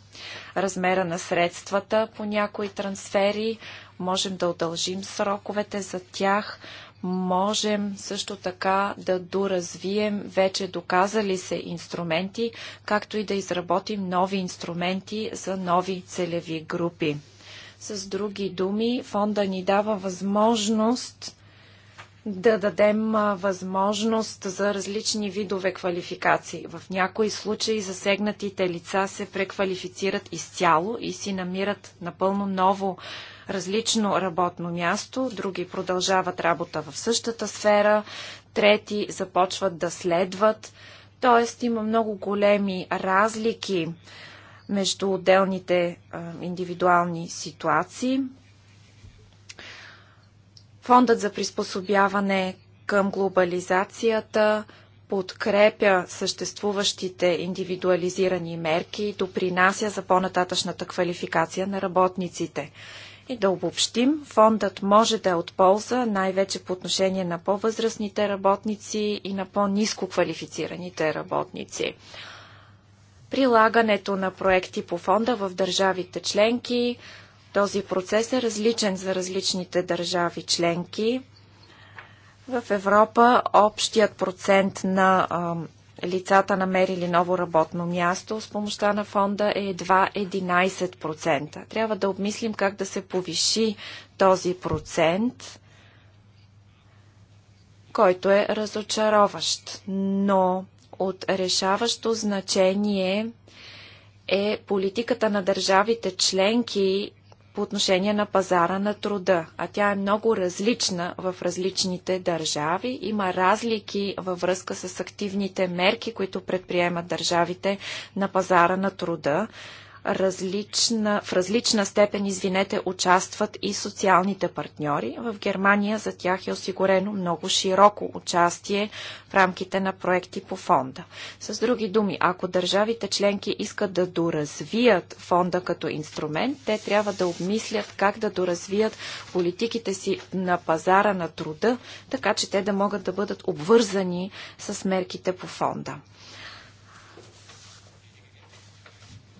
размера на средствата по някои трансфери, можем да удължим сроковете за тях, можем също така да доразвием вече доказали се инструменти, както и да изработим нови инструменти за нови целеви групи. С други думи, фонда ни дава възможност да дадем възможност за различни видове квалификации. В някои случаи засегнатите лица се преквалифицират изцяло и си намират напълно ново различно работно място, други продължават работа в същата сфера, трети започват да следват. Тоест има много големи разлики между отделните а, индивидуални ситуации. Фондът за приспособяване към глобализацията подкрепя съществуващите индивидуализирани мерки и допринася за по-нататъчната квалификация на работниците. И да обобщим, фондът може да е от полза, най-вече по отношение на по-възрастните работници и на по-низко квалифицираните работници. Прилагането на проекти по фонда в държавите членки, този процес е различен за различните държави членки. В Европа общият процент на лицата намерили ново работно място с помощта на фонда е едва 11%. Трябва да обмислим как да се повиши този процент, който е разочароващ. Но от решаващо значение е политиката на държавите членки по отношение на пазара на труда, а тя е много различна в различните държави. Има разлики във връзка с активните мерки, които предприемат държавите на пазара на труда различна, в различна степен, извинете, участват и социалните партньори. В Германия за тях е осигурено много широко участие в рамките на проекти по фонда. С други думи, ако държавите членки искат да доразвият фонда като инструмент, те трябва да обмислят как да доразвият политиките си на пазара на труда, така че те да могат да бъдат обвързани с мерките по фонда.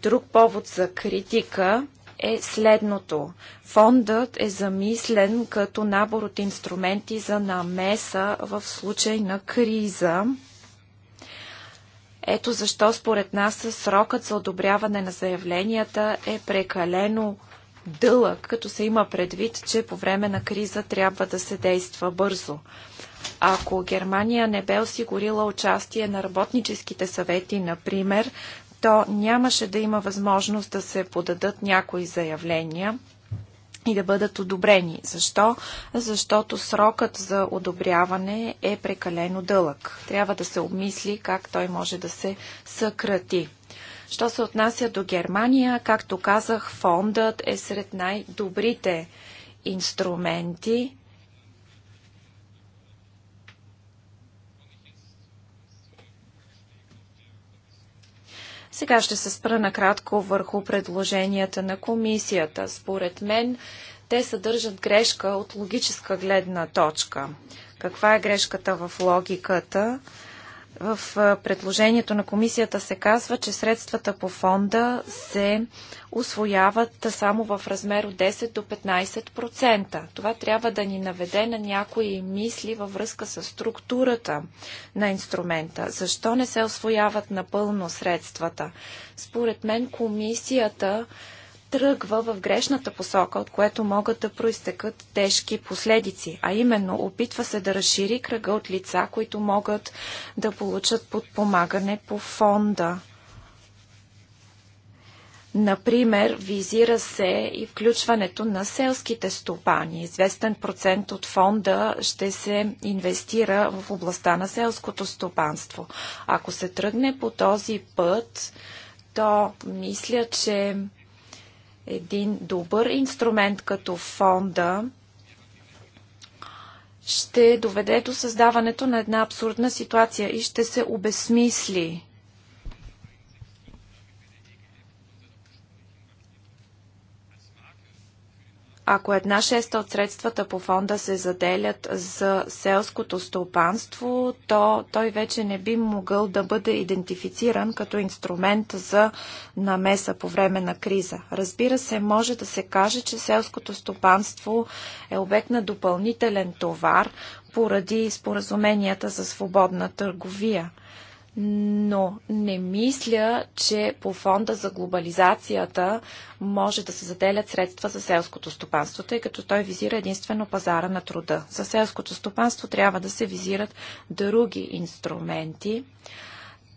Друг повод за критика е следното. Фондът е замислен като набор от инструменти за намеса в случай на криза. Ето защо според нас срокът за одобряване на заявленията е прекалено дълъг, като се има предвид, че по време на криза трябва да се действа бързо. Ако Германия не бе осигурила участие на работническите съвети, например, то нямаше да има възможност да се подадат някои заявления и да бъдат одобрени. Защо? Защото срокът за одобряване е прекалено дълъг. Трябва да се обмисли как той може да се съкрати. Що се отнася до Германия, както казах, фондът е сред най-добрите инструменти. Сега ще се спра накратко върху предложенията на комисията. Според мен те съдържат грешка от логическа гледна точка. Каква е грешката в логиката? В предложението на комисията се казва, че средствата по фонда се освояват само в размер от 10 до 15%. Това трябва да ни наведе на някои мисли във връзка с структурата на инструмента. Защо не се освояват напълно средствата? Според мен комисията тръгва в грешната посока, от което могат да проистекат тежки последици, а именно опитва се да разшири кръга от лица, които могат да получат подпомагане по фонда. Например, визира се и включването на селските стопани. Известен процент от фонда ще се инвестира в областта на селското стопанство. Ако се тръгне по този път, то мисля, че един добър инструмент като фонда ще доведе до създаването на една абсурдна ситуация и ще се обесмисли Ако една шеста от средствата по фонда се заделят за селското стопанство, то той вече не би могъл да бъде идентифициран като инструмент за намеса по време на криза. Разбира се, може да се каже, че селското стопанство е обект на допълнителен товар поради споразуменията за свободна търговия но не мисля, че по фонда за глобализацията може да се заделят средства за селското стопанство, тъй като той визира единствено пазара на труда. За селското стопанство трябва да се визират други инструменти.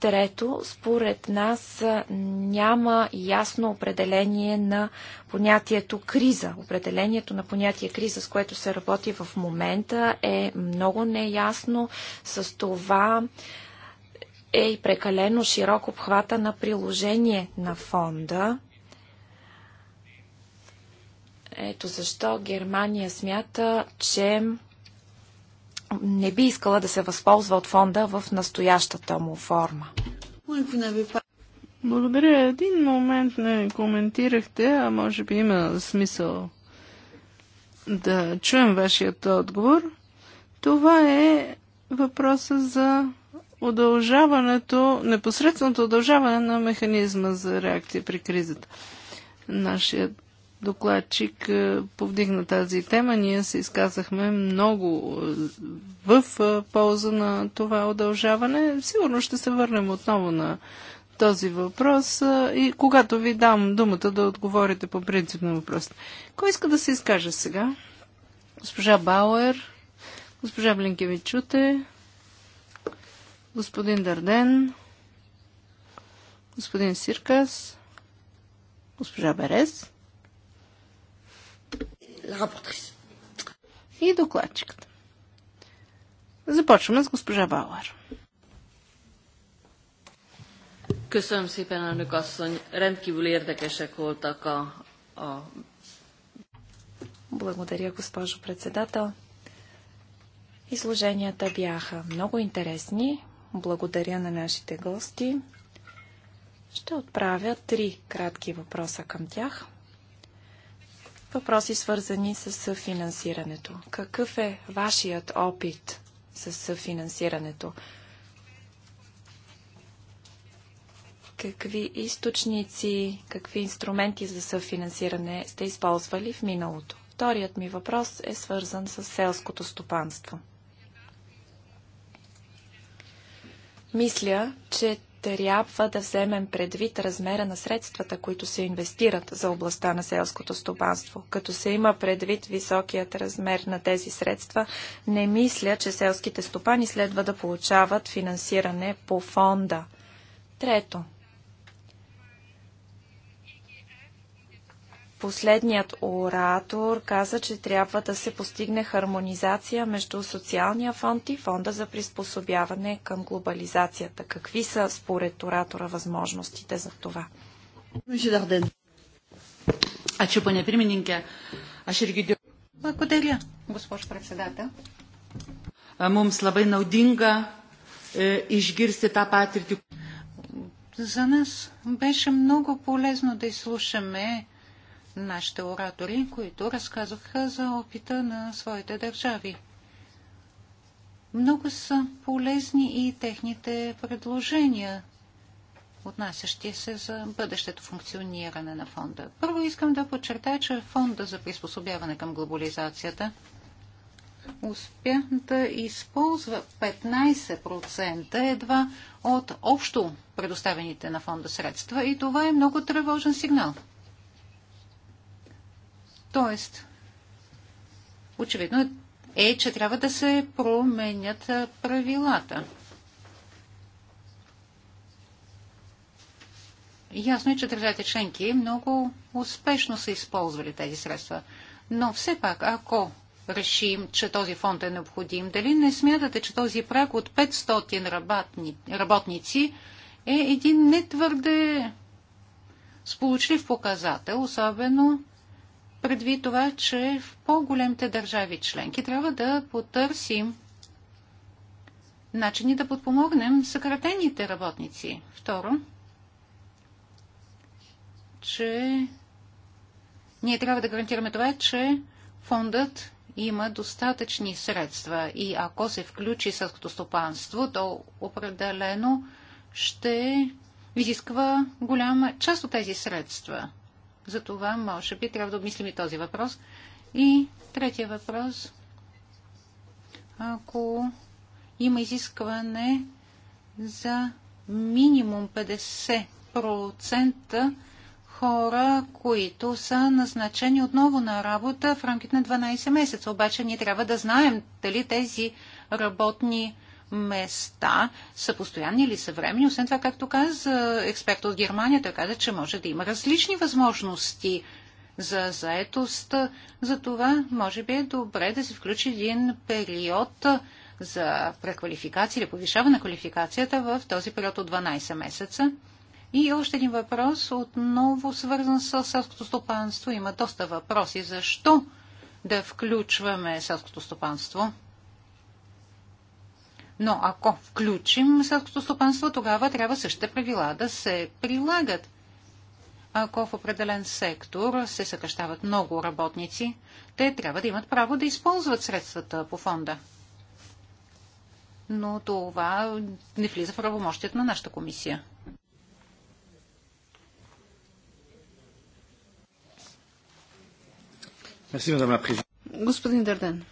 Трето, според нас няма ясно определение на понятието криза. Определението на понятие криза, с което се работи в момента, е много неясно. С това е и прекалено широк обхвата на приложение на фонда. Ето защо Германия смята, че не би искала да се възползва от фонда в настоящата му форма. Благодаря. Един момент не коментирахте, а може би има смисъл да чуем вашият отговор. Това е въпроса за удължаването, непосредственото удължаване на механизма за реакция при кризата. Нашият докладчик е, повдигна тази тема. Ние се изказахме много е, в е, полза на това удължаване. Сигурно ще се върнем отново на този въпрос и когато ви дам думата да отговорите по принцип на въпроса. Кой иска да се изкаже сега? Госпожа Бауер, госпожа Блинкевичуте, господин Дарден, господин Сиркас, госпожа Берез и докладчиката. Започваме с госпожа Бауер. Köszönöm szépen, elnök asszony. Rendkívül érdekesek voltak a, a... Благодаря, госпожо председател. Изложенията бяха много интересни. Благодаря на нашите гости. Ще отправя три кратки въпроса към тях. Въпроси свързани с финансирането. Какъв е вашият опит с финансирането? какви източници, какви инструменти за съфинансиране сте използвали в миналото? Вторият ми въпрос е свързан с селското стопанство. Мисля, че трябва да вземем предвид размера на средствата, които се инвестират за областта на селското стопанство. Като се има предвид високият размер на тези средства, не мисля, че селските стопани следва да получават финансиране по фонда. Трето, Последният оратор каза, че трябва да се постигне хармонизация между социалния фонд и фонда за приспособяване към глобализацията. Какви са според оратора възможностите за това? Благодаря, госпожо председател. Mums labai naudinga изгирсте та патрити. За нас беше много полезно да изслушаме нашите оратори, които разказваха за опита на своите държави. Много са полезни и техните предложения, отнасящи се за бъдещето функциониране на фонда. Първо искам да подчертая, че фонда за приспособяване към глобализацията успя да използва 15% едва от общо предоставените на фонда средства и това е много тревожен сигнал. Тоест, очевидно е, че трябва да се променят правилата. Ясно е, че държавите членки много успешно са използвали тези средства. Но все пак, ако решим, че този фонд е необходим, дали не смятате, че този прак от 500 работници е един не твърде сполучлив показател, особено предвид това, че в по-големите държави членки трябва да потърсим начини да подпомогнем съкратените работници. Второ, че ние трябва да гарантираме това, че фондът има достатъчни средства и ако се включи сърското стопанство, то определено ще изисква голяма част от тези средства. Затова, може би, трябва да обмислим и този въпрос. И третия въпрос. Ако има изискване за минимум 50% хора, които са назначени отново на работа в рамките на 12 месеца. Обаче ние трябва да знаем дали тези работни места са постоянни или са временни. Освен това, както каза експерт от Германия, той каза, че може да има различни възможности за заетост. За това, може би е добре да се включи един период за преквалификация или повишаване на квалификацията в този период от 12 месеца. И още един въпрос, отново свързан с селското стопанство. Има доста въпроси. Защо да включваме селското стопанство? Но ако включим селското стопанство, тогава трябва същите правила да се прилагат. Ако в определен сектор се съкъщават много работници, те трябва да имат право да използват средствата по фонда. Но това не влиза в правомощието на нашата комисия. Господин Дърден,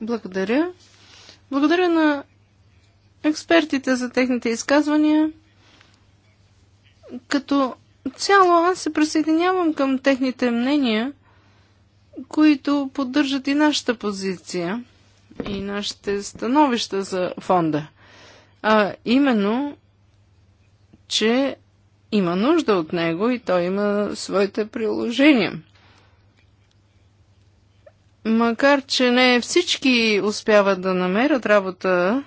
благодаря. Благодаря на експертите за техните изказвания. Като цяло аз се присъединявам към техните мнения, които поддържат и нашата позиция и нашите становища за фонда. А именно, че има нужда от него и той има своите приложения. Макар, че не всички успяват да намерят работа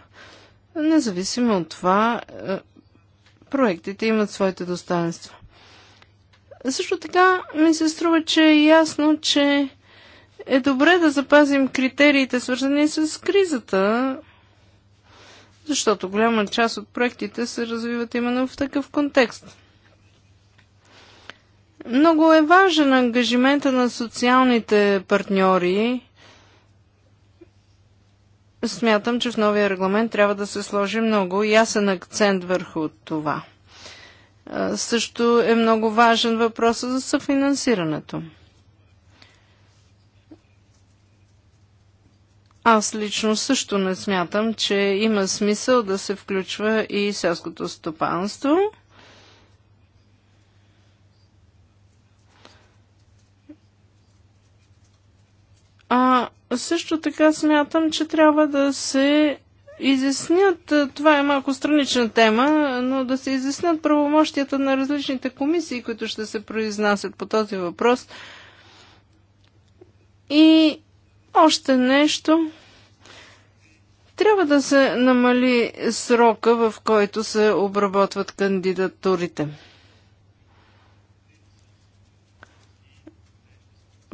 Независимо от това, е, проектите имат своите достоинства. Също така ми се струва, че е ясно, че е добре да запазим критериите, свързани с кризата, защото голяма част от проектите се развиват именно в такъв контекст. Много е важен ангажимента на социалните партньори смятам, че в новия регламент трябва да се сложи много ясен акцент върху това. Също е много важен въпрос за съфинансирането. Аз лично също не смятам, че има смисъл да се включва и селското стопанство. А също така смятам, че трябва да се изяснят, е, това е малко странична тема, но да се изяснят правомощията на различните комисии, които ще се произнасят по този въпрос. И още нещо. Трябва да се намали срока, в който се обработват кандидатурите.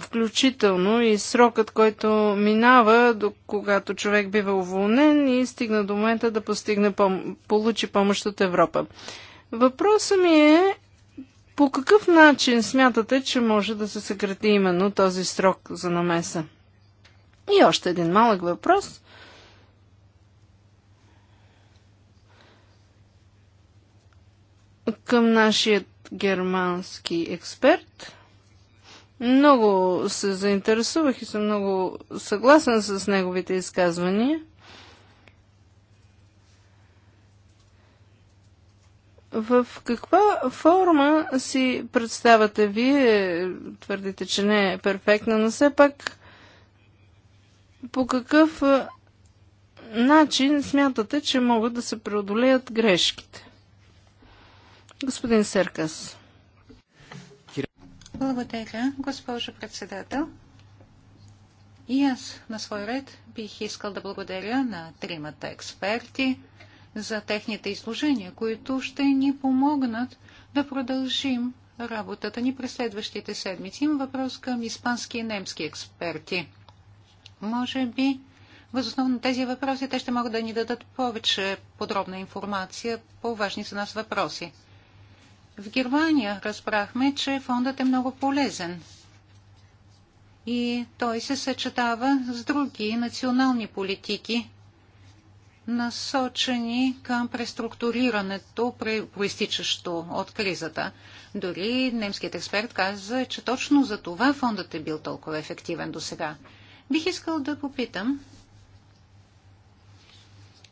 включително и срокът, който минава, до когато човек бива уволнен и стигна до момента да постигне пом- получи помощ от Европа. Въпросът ми е по какъв начин смятате, че може да се съкрати именно този срок за намеса? И още един малък въпрос. Към нашият германски експерт – много се заинтересувах и съм много съгласен с неговите изказвания. В каква форма си представяте вие, твърдите, че не е перфектна, но все пак по какъв начин смятате, че могат да се преодолеят грешките? Господин Серкас. Благодаря, госпожо председател. И аз на свой ред бих искал да благодаря на тримата експерти за техните изложения, които ще ни помогнат да продължим работата ни през следващите седмици. Има въпрос към испански и немски експерти. Може би, възоснова на тези въпроси, те ще могат да ни дадат повече подробна информация по важни за нас въпроси. В Германия разбрахме, че фондът е много полезен и той се съчетава с други национални политики, насочени към преструктурирането, проистичащо от кризата. Дори немският експерт каза, че точно за това фондът е бил толкова ефективен до сега. Бих искал да попитам,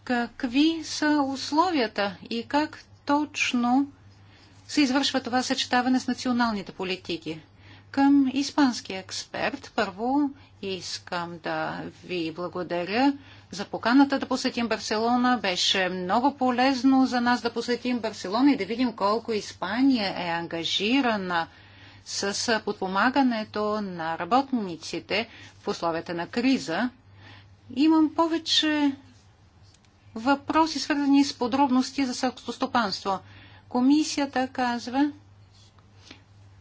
какви са условията и как точно се извършва това съчетаване с националните политики. Към испанския експерт първо искам да ви благодаря за поканата да посетим Барселона. Беше много полезно за нас да посетим Барселона и да видим колко Испания е ангажирана с подпомагането на работниците в условията на криза. Имам повече въпроси, свързани с подробности за селското стопанство. Комисията казва,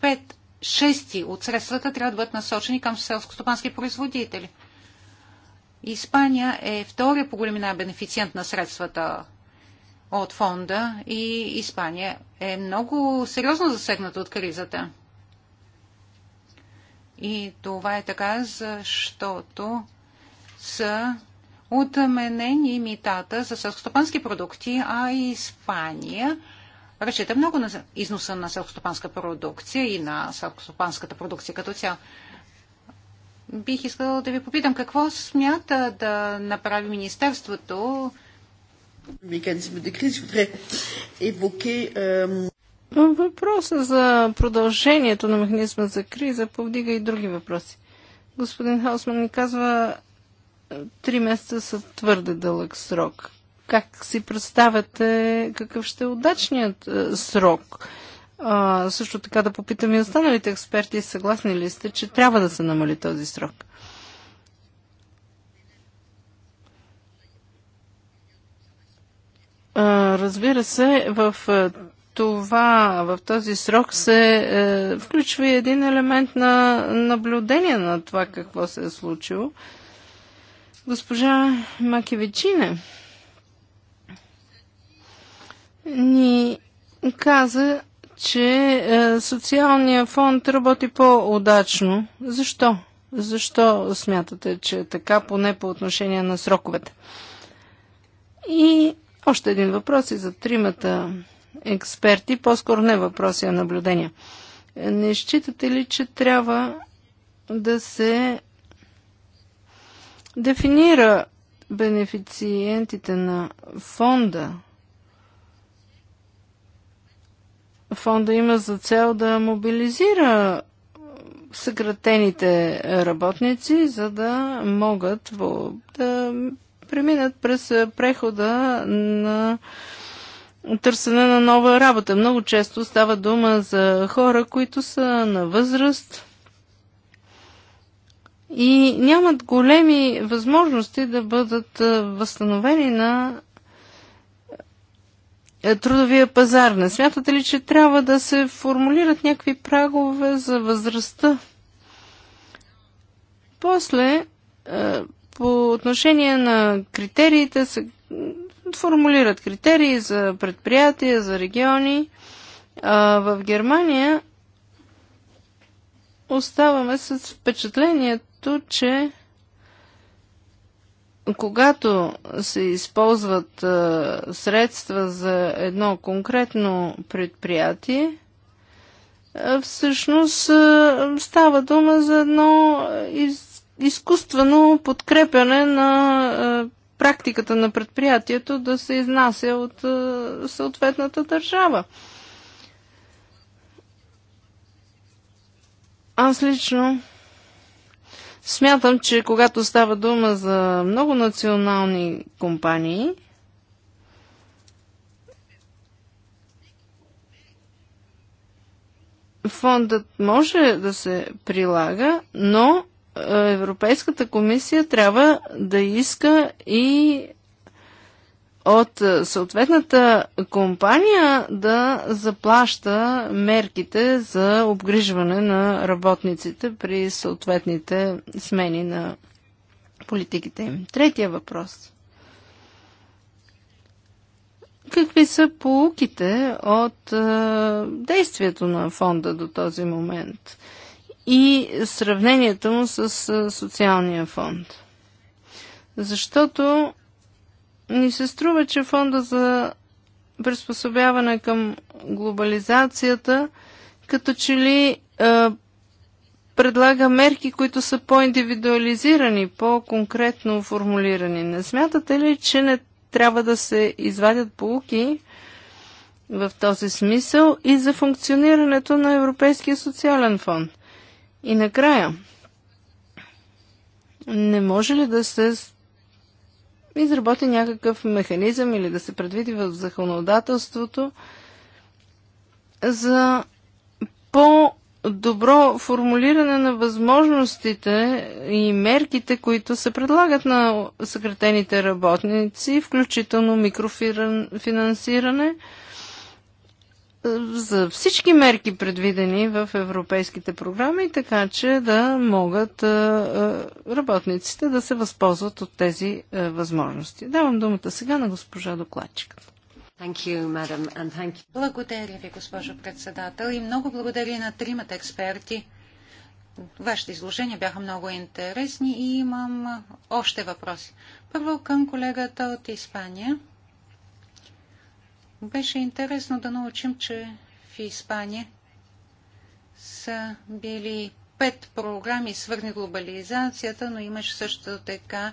5 шести от средствата трябва да бъдат насочени към селскостопански производители. Испания е втория по големина бенефициент на средствата от фонда и Испания е много сериозно засегната от кризата. И това е така, защото са отменени митата за селскостопански продукти, а Испания – разчита много на износа на селкостопанска продукция и на селкостопанската продукция като цяло. Бих искала да ви попитам какво смята да направи Министерството. Въпроса за продължението на механизма за криза повдига и други въпроси. Господин Хаусман ни казва, е, три месеца са твърде дълъг срок как си представяте какъв ще е удачният е, срок? А, също така да попитам и останалите експерти, съгласни ли сте, че трябва да се намали този срок? А, разбира се, в е, това, в този срок се е, включва и един елемент на наблюдение на това какво се е случило. Госпожа Макевичине, ни каза, че е, социалният фонд работи по-удачно. Защо? Защо смятате, че е така, поне по отношение на сроковете? И още един въпрос и за тримата експерти, по-скоро не въпроси, а наблюдения. Не считате ли, че трябва да се дефинира бенефициентите на фонда фонда има за цел да мобилизира съкратените работници, за да могат да преминат през прехода на търсене на нова работа. Много често става дума за хора, които са на възраст и нямат големи възможности да бъдат възстановени на е, трудовия пазар. Не смятате ли, че трябва да се формулират някакви прагове за възрастта? После, е, по отношение на критериите, се формулират критерии за предприятия, за региони. Е, в Германия оставаме с впечатлението, че когато се използват а, средства за едно конкретно предприятие, а, всъщност а, става дума за едно из, изкуствено подкрепяне на практиката на предприятието да се изнася от съответната държава. Аз лично Смятам, че когато става дума за много национални компании, фондът може да се прилага, но Европейската комисия трябва да иска и от е, съответната компания да заплаща мерките за обгрижване на работниците при съответните смени на политиките им. Третия въпрос. Какви са полуките от е, действието на фонда до този момент и сравнението му с е, социалния фонд? Защото ни се струва, че фонда за приспособяване към глобализацията като че ли а, предлага мерки, които са по-индивидуализирани, по-конкретно формулирани. Не смятате ли, че не трябва да се извадят полуки в този смисъл и за функционирането на Европейския социален фонд? И накрая, не може ли да се изработи някакъв механизъм или да се предвиди в законодателството за по-добро формулиране на възможностите и мерките, които се предлагат на съкратените работници, включително микрофинансиране, за всички мерки предвидени в европейските програми, така че да могат работниците да се възползват от тези възможности. Давам думата сега на госпожа докладчиката. You, madam, благодаря ви, госпожо председател, и много благодаря на тримата експерти. Вашите изложения бяха много интересни и имам още въпроси. Първо към колегата от Испания. Беше интересно да научим, че в Испания са били пет програми свърни глобализацията, но имаше също така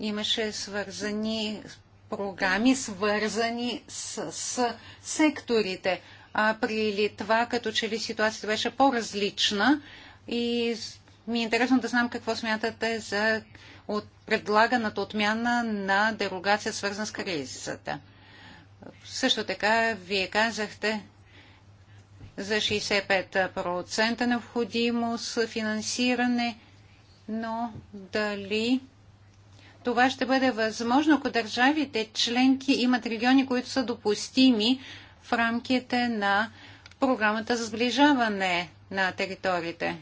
имаше свързани програми, свързани с, с секторите. А при Литва, като че ли ситуацията беше по-различна и ми е интересно да знам какво смятате за от предлаганата отмяна на дерогация, свързана с кризата. Също така, вие казахте за 65% необходимо с финансиране, но дали това ще бъде възможно, ако държавите членки имат региони, които са допустими в рамките на програмата за сближаване на териториите.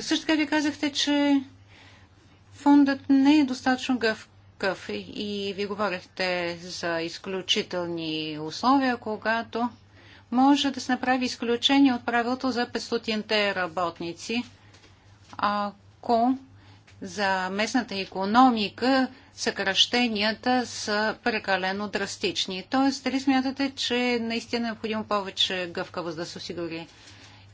Също така ви казахте, че фондът не е достатъчно гъвкъв и ви говорихте за изключителни условия, когато може да се направи изключение от правилото за 500-те работници, ако за местната економика съкръщенията са прекалено драстични. Тоест, дали смятате, че наистина е необходимо повече гъвкавост да се осигури?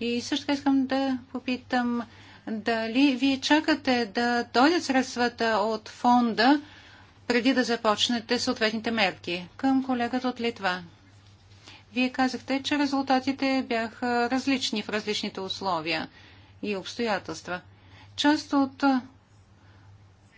И също така искам да попитам дали вие чакате да дойдат средствата от фонда преди да започнете съответните мерки? Към колегата от Литва. Вие казахте, че резултатите бяха различни в различните условия и обстоятелства. Част от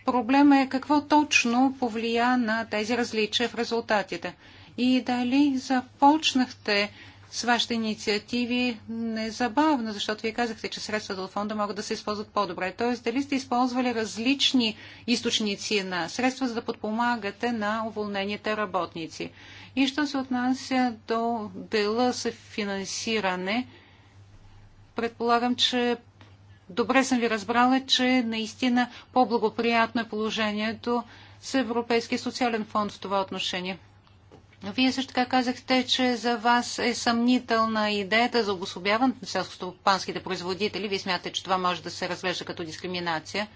проблема е какво точно повлия на тези различия в резултатите. И дали започнахте с вашите инициативи незабавно, защото вие казахте, че средствата от фонда могат да се използват по-добре. Тоест, дали сте използвали различни източници на средства, за да подпомагате на уволнените работници? И що се отнася до дела за финансиране, предполагам, че добре съм ви разбрала, че наистина по-благоприятно е положението с Европейския социален фонд в това отношение. Вие също така казахте, че за вас е съмнителна идеята за обособяването на селскостопанските производители. Вие смятате, че това може да се разглежда като дискриминация.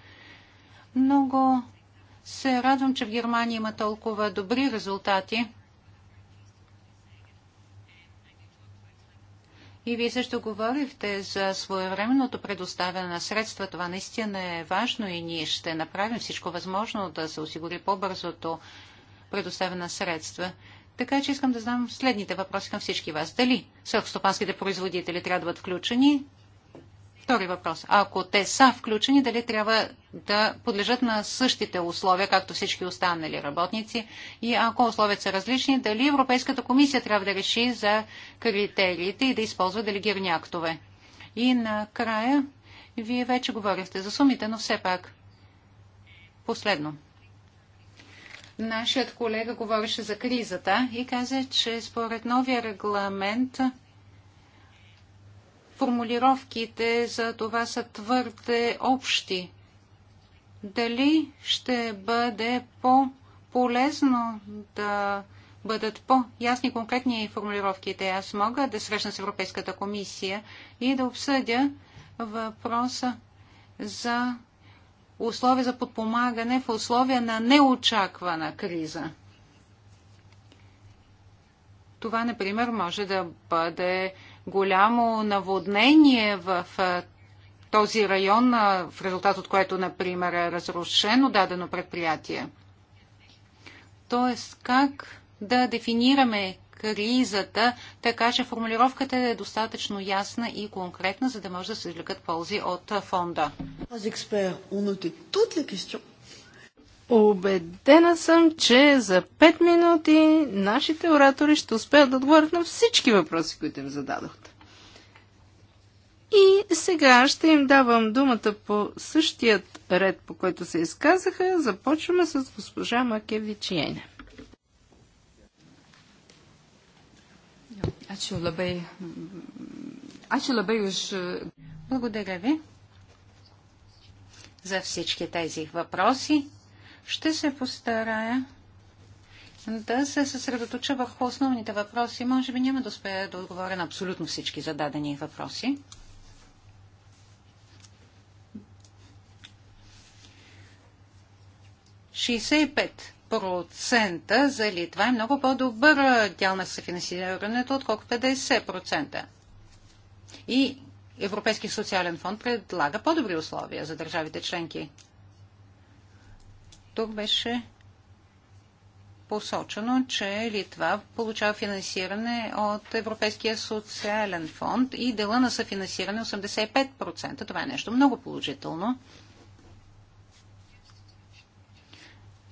Много се радвам, че в Германия има толкова добри резултати. И вие също говорихте за своевременното предоставяне на средства. Това наистина е важно и ние ще направим всичко възможно да се осигури по-бързото предоставяне на средства. Така че искам да знам следните въпроси към всички вас. Дали селскостопанските производители трябва да бъдат включени? Втори въпрос. Ако те са включени, дали трябва да подлежат на същите условия, както всички останали работници? И ако условията са различни, дали Европейската комисия трябва да реши за критериите и да използва делегирани актове? И накрая, вие вече говорихте за сумите, но все пак последно. Нашият колега говореше за кризата и каза, че според новия регламент формулировките за това са твърде общи. Дали ще бъде по-полезно да бъдат по-ясни конкретни формулировките. Аз мога да срещна с Европейската комисия и да обсъдя въпроса за условия за подпомагане в условия на неочаквана криза. Това, например, може да бъде голямо наводнение в този район, в резултат от което, например, е разрушено дадено предприятие. Тоест, как да дефинираме кризата, така че формулировката е достатъчно ясна и конкретна, за да може да се извлекат ползи от фонда. Обедена съм, че за 5 минути нашите оратори ще успеят да отговорят на всички въпроси, които им зададохте. И сега ще им давам думата по същият ред, по който се изказаха. Започваме с госпожа Макевичиене. Ačiū labai. Ačiū labai už. Благодаря ви за всички тези въпроси. Ще се постарая да се съсредоточа върху основните въпроси. Може би няма да успея да отговоря на абсолютно всички зададени въпроси. Шестдесет 50% за Литва е много по-добър дял на съфинансирането, отколкото 50%. И Европейски социален фонд предлага по-добри условия за държавите членки. Тук беше посочено, че Литва получава финансиране от Европейския социален фонд и дела на съфинансиране 85%. Това е нещо много положително.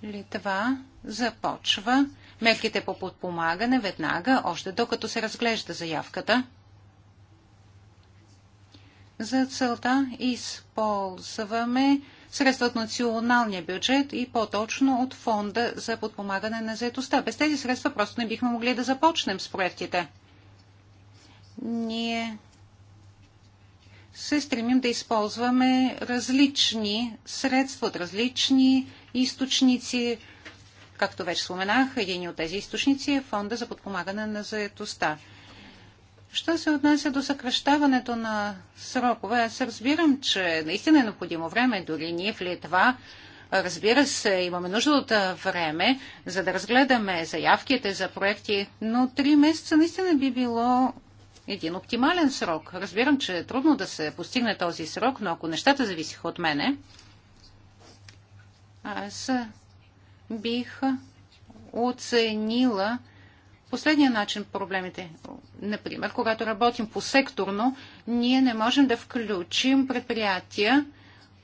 Литва започва мерките по подпомагане веднага, още докато се разглежда заявката. За целта използваме средства от националния бюджет и по-точно от фонда за подпомагане на заедостта. Без тези средства просто не бихме могли да започнем с проектите. Ние се стремим да използваме различни средства от различни източници. Както вече споменах, един от тези източници е фонда за подпомагане на заетостта. Що се отнася до съкръщаването на срокове, аз разбирам, че наистина е необходимо време, дори ние в Литва Разбира се, имаме нужда от време, за да разгледаме заявките за проекти, но три месеца наистина би било един оптимален срок. Разбирам, че е трудно да се постигне този срок, но ако нещата зависиха от мене, аз бих оценила последния начин проблемите. Например, когато работим по секторно, ние не можем да включим предприятия,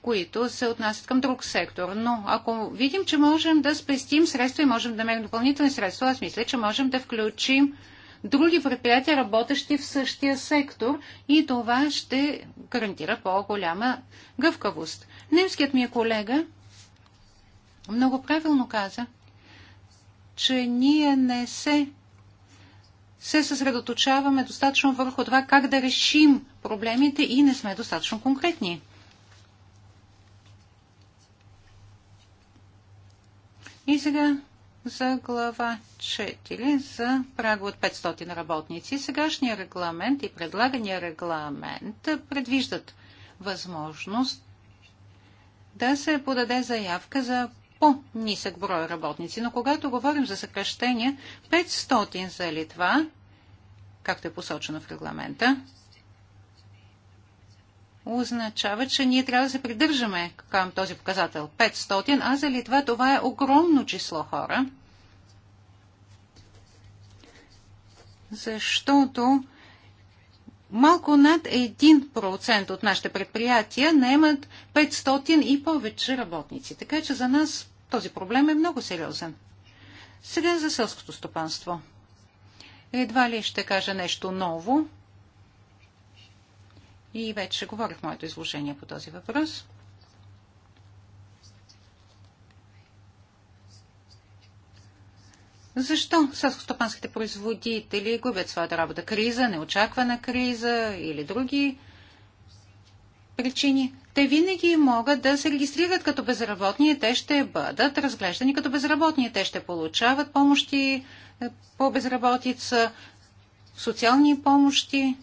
които се отнасят към друг сектор. Но ако видим, че можем да спестим средства и можем да намерим допълнителни средства, аз мисля, че можем да включим други предприятия, работещи в същия сектор и това ще гарантира по-голяма гъвкавост. Немският ми колега много правилно каза, че ние не се се съсредоточаваме достатъчно върху това как да решим проблемите и не сме достатъчно конкретни. И сега за глава 4 за праг от 500 работници. Сегашния регламент и предлагания регламент предвиждат възможност да се подаде заявка за по-нисък брой работници. Но когато говорим за съкрещения, 500 за Литва, както е посочено в регламента, означава, че ние трябва да се придържаме към този показател 500, а за Литва това е огромно число хора, защото малко над 1% от нашите предприятия наемат 500 и повече работници. Така че за нас този проблем е много сериозен. Сега за селското стопанство. Едва ли ще кажа нещо ново. И вече говорих моето изложение по този въпрос. Защо селскостопанските производители губят своята работа? Криза, неочаквана криза или други причини? Те винаги могат да се регистрират като безработни и те ще бъдат разглеждани като безработни. Те ще получават помощи е, по безработица, социални помощи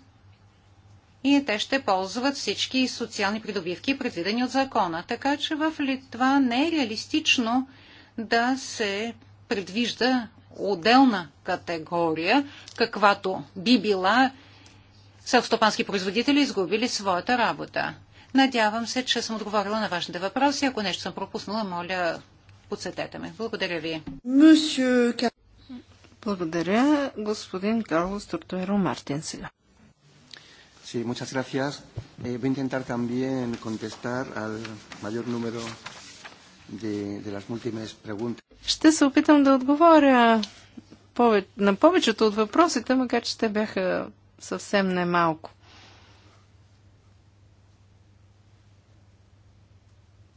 и те ще ползват всички социални придобивки, предвидени от закона. Така че в Литва не е реалистично да се предвижда отделна категория, каквато би била селстопански производители, изгубили своята работа. Надявам се, че съм отговорила на вашите въпроси. Ако нещо съм пропуснала, моля, подсетете ме. Благодаря ви. Благодаря, господин Карлос Тортуеро Мартин сега. Sí, muchas gracias. Eh, voy a intentar también contestar al mayor número ще се опитам да отговоря на повечето от въпросите, макар че те бяха съвсем немалко.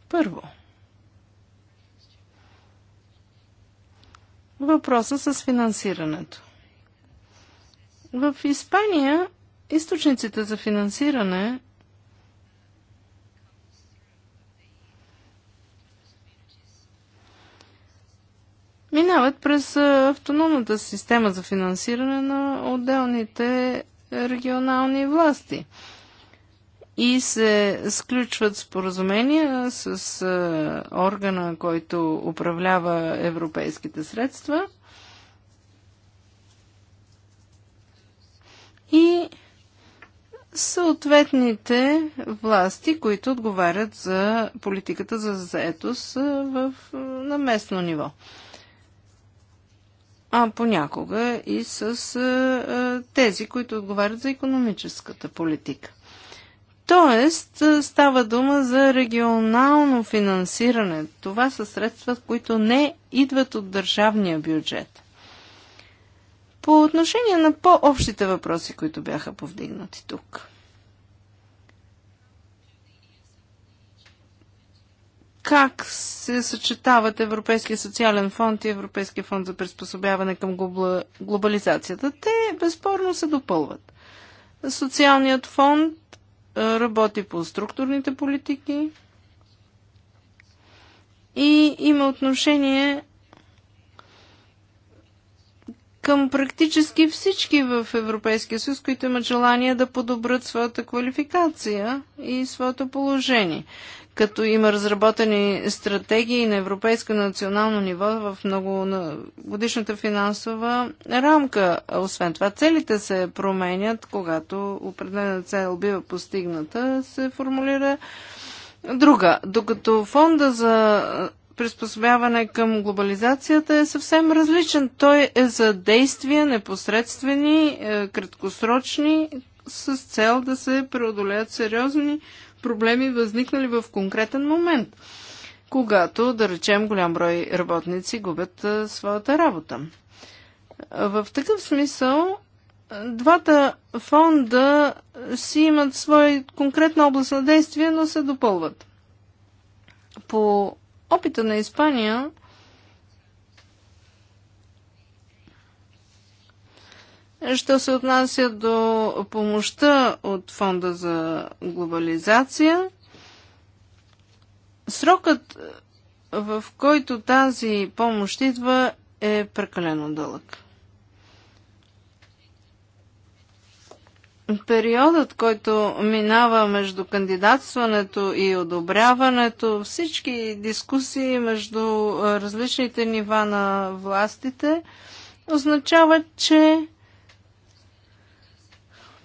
Първо. Въпроса с финансирането. В Испания източниците за финансиране минават през автономната система за финансиране на отделните регионални власти и се сключват споразумения с а, органа, който управлява европейските средства. И съответните власти, които отговарят за политиката за заетост в, на местно ниво а понякога и с тези, които отговарят за економическата политика. Тоест, става дума за регионално финансиране. Това са средства, които не идват от държавния бюджет. По отношение на по-общите въпроси, които бяха повдигнати тук. как се съчетават Европейския социален фонд и Европейския фонд за приспособяване към глобализацията? Те безспорно се допълват. Социалният фонд работи по структурните политики и има отношение към практически всички в Европейския съюз, които имат желание да подобрят своята квалификация и своето положение като има разработени стратегии на европейско и национално ниво в много годишната финансова рамка. Освен това, целите се променят, когато определена цел бива постигната, се формулира друга. Докато фонда за приспособяване към глобализацията е съвсем различен. Той е за действия непосредствени, е, краткосрочни, с цел да се преодолеят сериозни проблеми възникнали в конкретен момент, когато, да речем, голям брой работници губят а, своята работа. В такъв смисъл, двата фонда си имат своя конкретна област на действие, но се допълват. По опита на Испания, Що се отнася до помощта от Фонда за глобализация, срокът, в който тази помощ идва, е прекалено дълъг. Периодът, който минава между кандидатстването и одобряването, всички дискусии между различните нива на властите, означава, че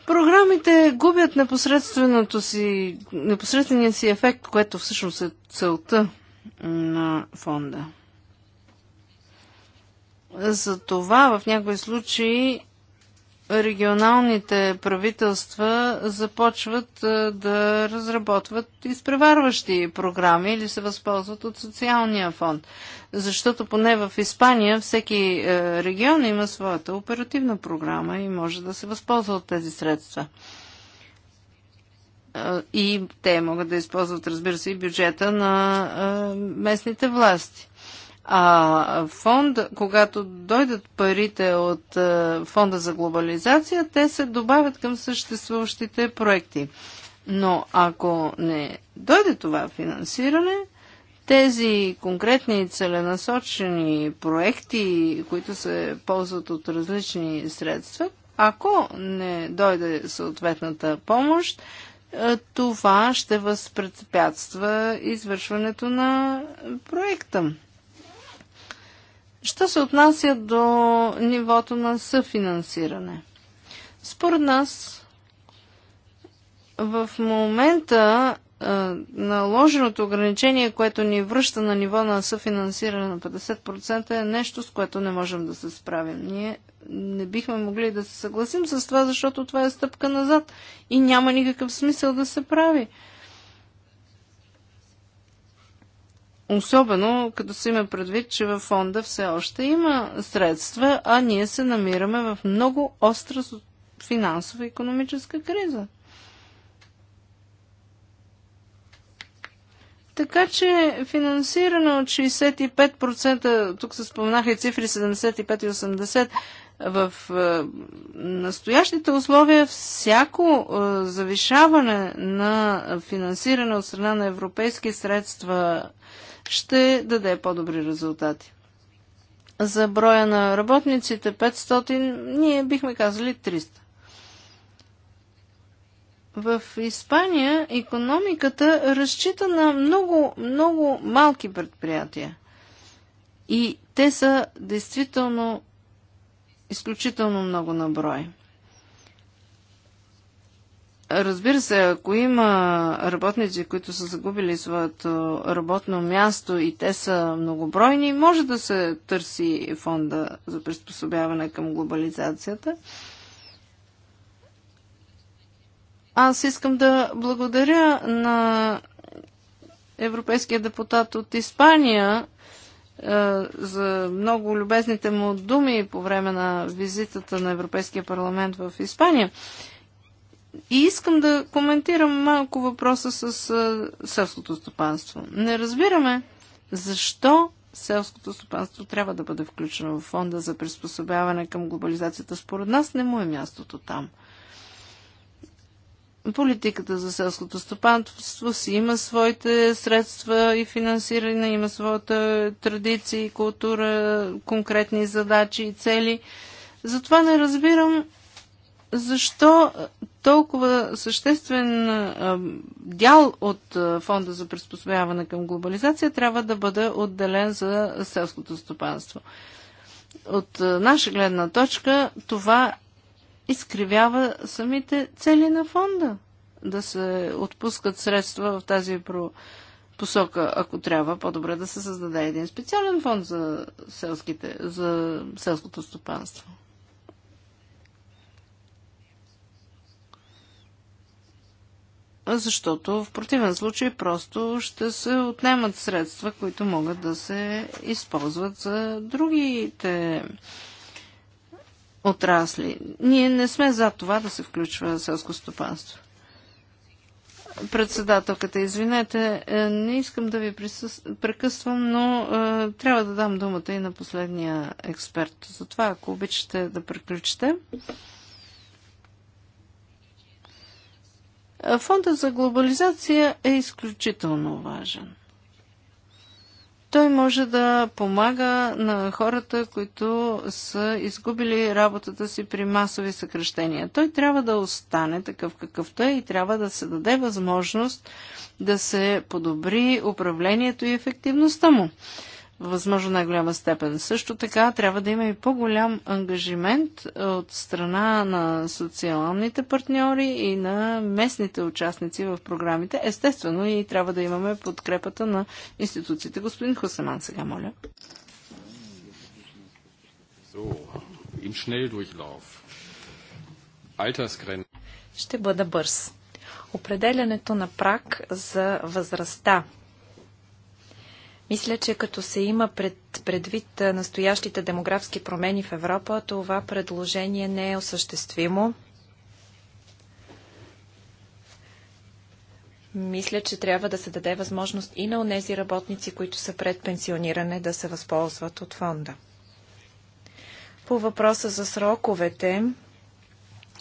Програмите губят непосредственото си, непосредствения си ефект, което всъщност е целта на фонда. За това в някои случаи регионалните правителства започват да разработват изпреварващи програми или се възползват от социалния фонд защото поне в Испания всеки е, регион има своята оперативна програма и може да се възползва от тези средства. Е, и те могат да използват, разбира се, и бюджета на е, местните власти. А фонд, когато дойдат парите от фонда за глобализация, те се добавят към съществуващите проекти. Но ако не дойде това финансиране, тези конкретни целенасочени проекти, които се ползват от различни средства, ако не дойде съответната помощ, това ще възпрепятства извършването на проекта. Що се отнася до нивото на съфинансиране? Според нас в момента е, наложеното ограничение, което ни връща на ниво на съфинансиране на 50%, е нещо, с което не можем да се справим. Ние не бихме могли да се съгласим с това, защото това е стъпка назад и няма никакъв смисъл да се прави. Особено като се има предвид, че във фонда все още има средства, а ние се намираме в много остра финансова и економическа криза. Така че финансиране от 65%, тук се спомнаха и цифри 75 и 80%, в е, настоящите условия всяко е, завишаване на финансиране от страна на европейски средства ще даде по-добри резултати. За броя на работниците 500, ние бихме казали 300. В Испания економиката разчита на много, много малки предприятия. И те са действително изключително много на брой. Разбира се, ако има работници, които са загубили своето работно място и те са многобройни, може да се търси фонда за приспособяване към глобализацията. Аз искам да благодаря на европейския депутат от Испания е, за много любезните му думи по време на визитата на Европейския парламент в Испания. И искам да коментирам малко въпроса с е, селското стопанство. Не разбираме защо селското стопанство трябва да бъде включено в фонда за приспособяване към глобализацията. Според нас не му е мястото там – Политиката за селското стопанство си има своите средства и финансиране, има своята традиция и култура, конкретни задачи и цели. Затова не разбирам защо толкова съществен дял от фонда за приспособяване към глобализация трябва да бъде отделен за селското стопанство. От наша гледна точка това изкривява самите цели на фонда. Да се отпускат средства в тази про посока, ако трябва, по-добре да се създаде един специален фонд за, селските, за селското стопанство. Защото в противен случай просто ще се отнемат средства, които могат да се използват за другите отрасли. Ние не сме за това да се включва селско стопанство. Председателката, извинете, е, не искам да ви присъс... прекъсвам, но е, трябва да дам думата и на последния експерт. Затова, ако обичате да приключите. Е, фонда за глобализация е изключително важен. Той може да помага на хората, които са изгубили работата си при масови съкръщения. Той трябва да остане такъв какъвто е и трябва да се даде възможност да се подобри управлението и ефективността му възможно най-голяма степен. Също така трябва да има и по-голям ангажимент от страна на социалните партньори и на местните участници в програмите. Естествено и трябва да имаме подкрепата на институциите. Господин Хусаман, сега моля. Ще бъда бърз. Определянето на прак за възрастта мисля, че като се има пред, предвид настоящите демографски промени в Европа, това предложение не е осъществимо. Мисля, че трябва да се даде възможност и на онези работници, които са пред пенсиониране, да се възползват от фонда. По въпроса за сроковете,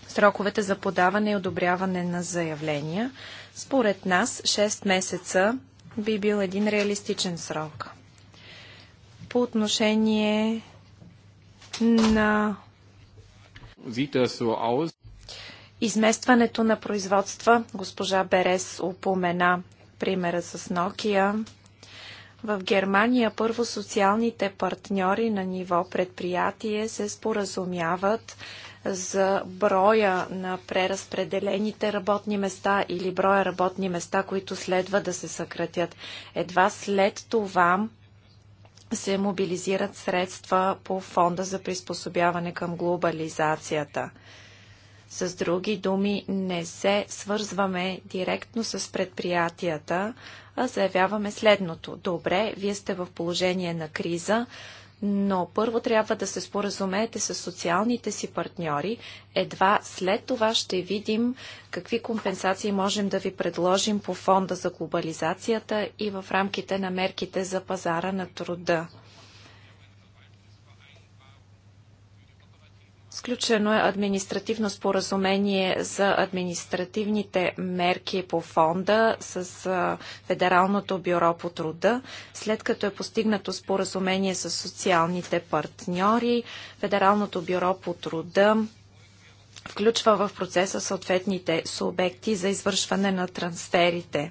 сроковете за подаване и одобряване на заявления, според нас 6 месеца би бил един реалистичен срок. По отношение на изместването на производства, госпожа Берес упомена примера с Nokia. В Германия първо социалните партньори на ниво предприятие се споразумяват за броя на преразпределените работни места или броя работни места, които следва да се съкратят. Едва след това се мобилизират средства по фонда за приспособяване към глобализацията. С други думи, не се свързваме директно с предприятията, а заявяваме следното. Добре, вие сте в положение на криза, но първо трябва да се споразумеете с социалните си партньори. Едва след това ще видим какви компенсации можем да ви предложим по фонда за глобализацията и в рамките на мерките за пазара на труда. Сключено е административно споразумение за административните мерки по фонда с Федералното бюро по труда. След като е постигнато споразумение с социалните партньори, Федералното бюро по труда включва в процеса съответните субекти за извършване на трансферите.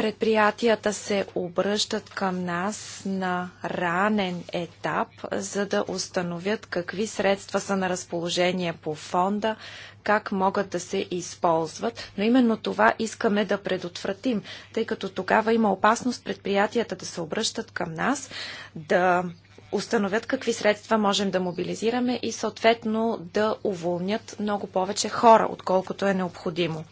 Предприятията се обръщат към нас на ранен етап, за да установят какви средства са на разположение по фонда, как могат да се използват. Но именно това искаме да предотвратим, тъй като тогава има опасност предприятията да се обръщат към нас, да установят какви средства можем да мобилизираме и съответно да уволнят много повече хора, отколкото е необходимо.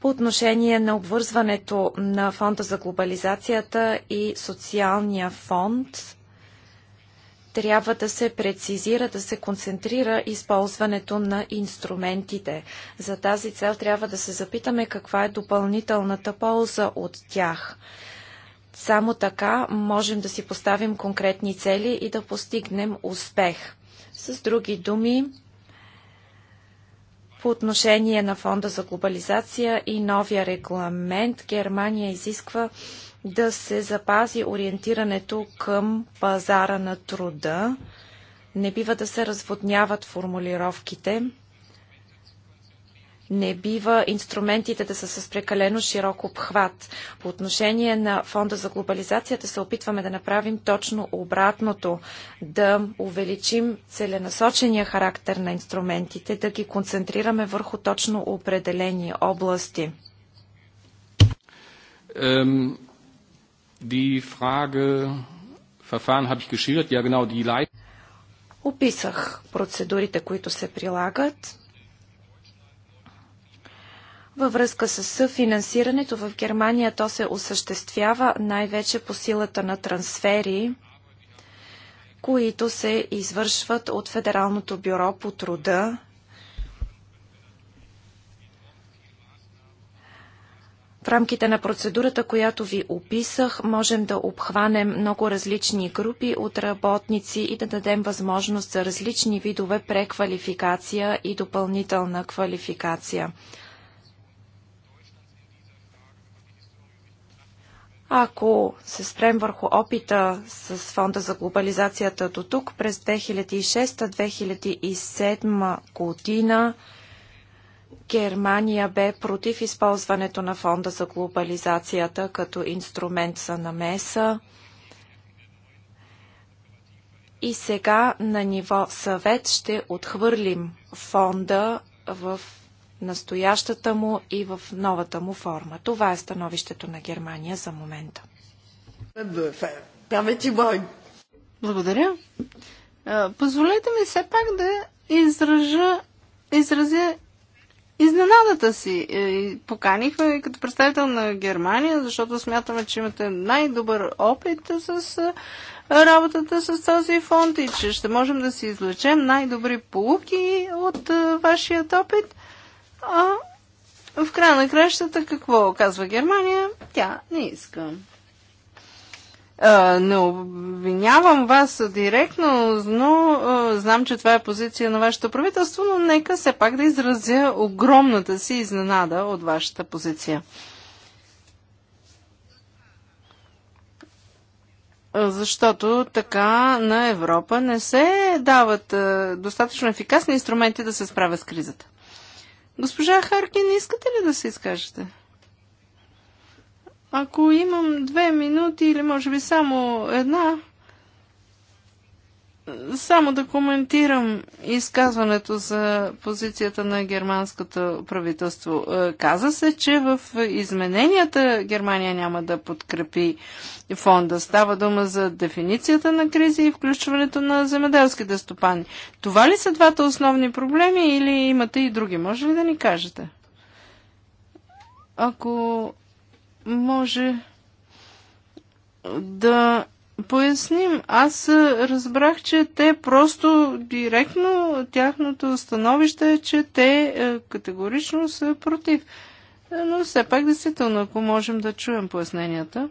по отношение на обвързването на фонда за глобализацията и социалния фонд трябва да се прецизира, да се концентрира използването на инструментите. За тази цел трябва да се запитаме каква е допълнителната полза от тях. Само така можем да си поставим конкретни цели и да постигнем успех. С други думи, по отношение на фонда за глобализация и новия регламент, Германия изисква да се запази ориентирането към пазара на труда. Не бива да се разводняват формулировките не бива инструментите да са с прекалено широк обхват. По отношение на фонда за глобализацията се опитваме да направим точно обратното, да увеличим целенасочения характер на инструментите, да ги концентрираме върху точно определени области. Ähm, die Frage Verfahren habe ich geschildert. Ja, genau, die Leit Описах процедурите, които се прилагат. Във връзка с съфинансирането в Германия то се осъществява най-вече по силата на трансфери, които се извършват от Федералното бюро по труда. В рамките на процедурата, която ви описах, можем да обхванем много различни групи от работници и да дадем възможност за различни видове преквалификация и допълнителна квалификация. Ако се спрем върху опита с фонда за глобализацията до тук, през 2006-2007 година Германия бе против използването на фонда за глобализацията като инструмент за намеса. И сега на ниво съвет ще отхвърлим фонда в настоящата му и в новата му форма. Това е становището на Германия за момента. Благодаря. Позволете ми все пак да изража, изразя изненадата си. Е, поканихме като представител на Германия, защото смятаме, че имате най-добър опит с работата с този фонд и че ще можем да си излечем най-добри полуки от вашият опит. А в края на кращата какво казва Германия? Тя не иска. А, не обвинявам вас директно, но а, знам, че това е позиция на вашето правителство, но нека все пак да изразя огромната си изненада от вашата позиция. защото така на Европа не се дават достатъчно ефикасни инструменти да се справя с кризата. Госпожа Харкин, искате ли да се изкажете? Ако имам две минути или може би само една, само да коментирам изказването за позицията на германското правителство. Е, каза се, че в измененията Германия няма да подкрепи фонда. Става дума за дефиницията на кризи и включването на земеделските стопани. Това ли са двата основни проблеми или имате и други? Може ли да ни кажете? Ако може да поясним. Аз разбрах, че те просто директно тяхното становище е, че те категорично са против. Но все пак, действително, ако можем да чуем поясненията.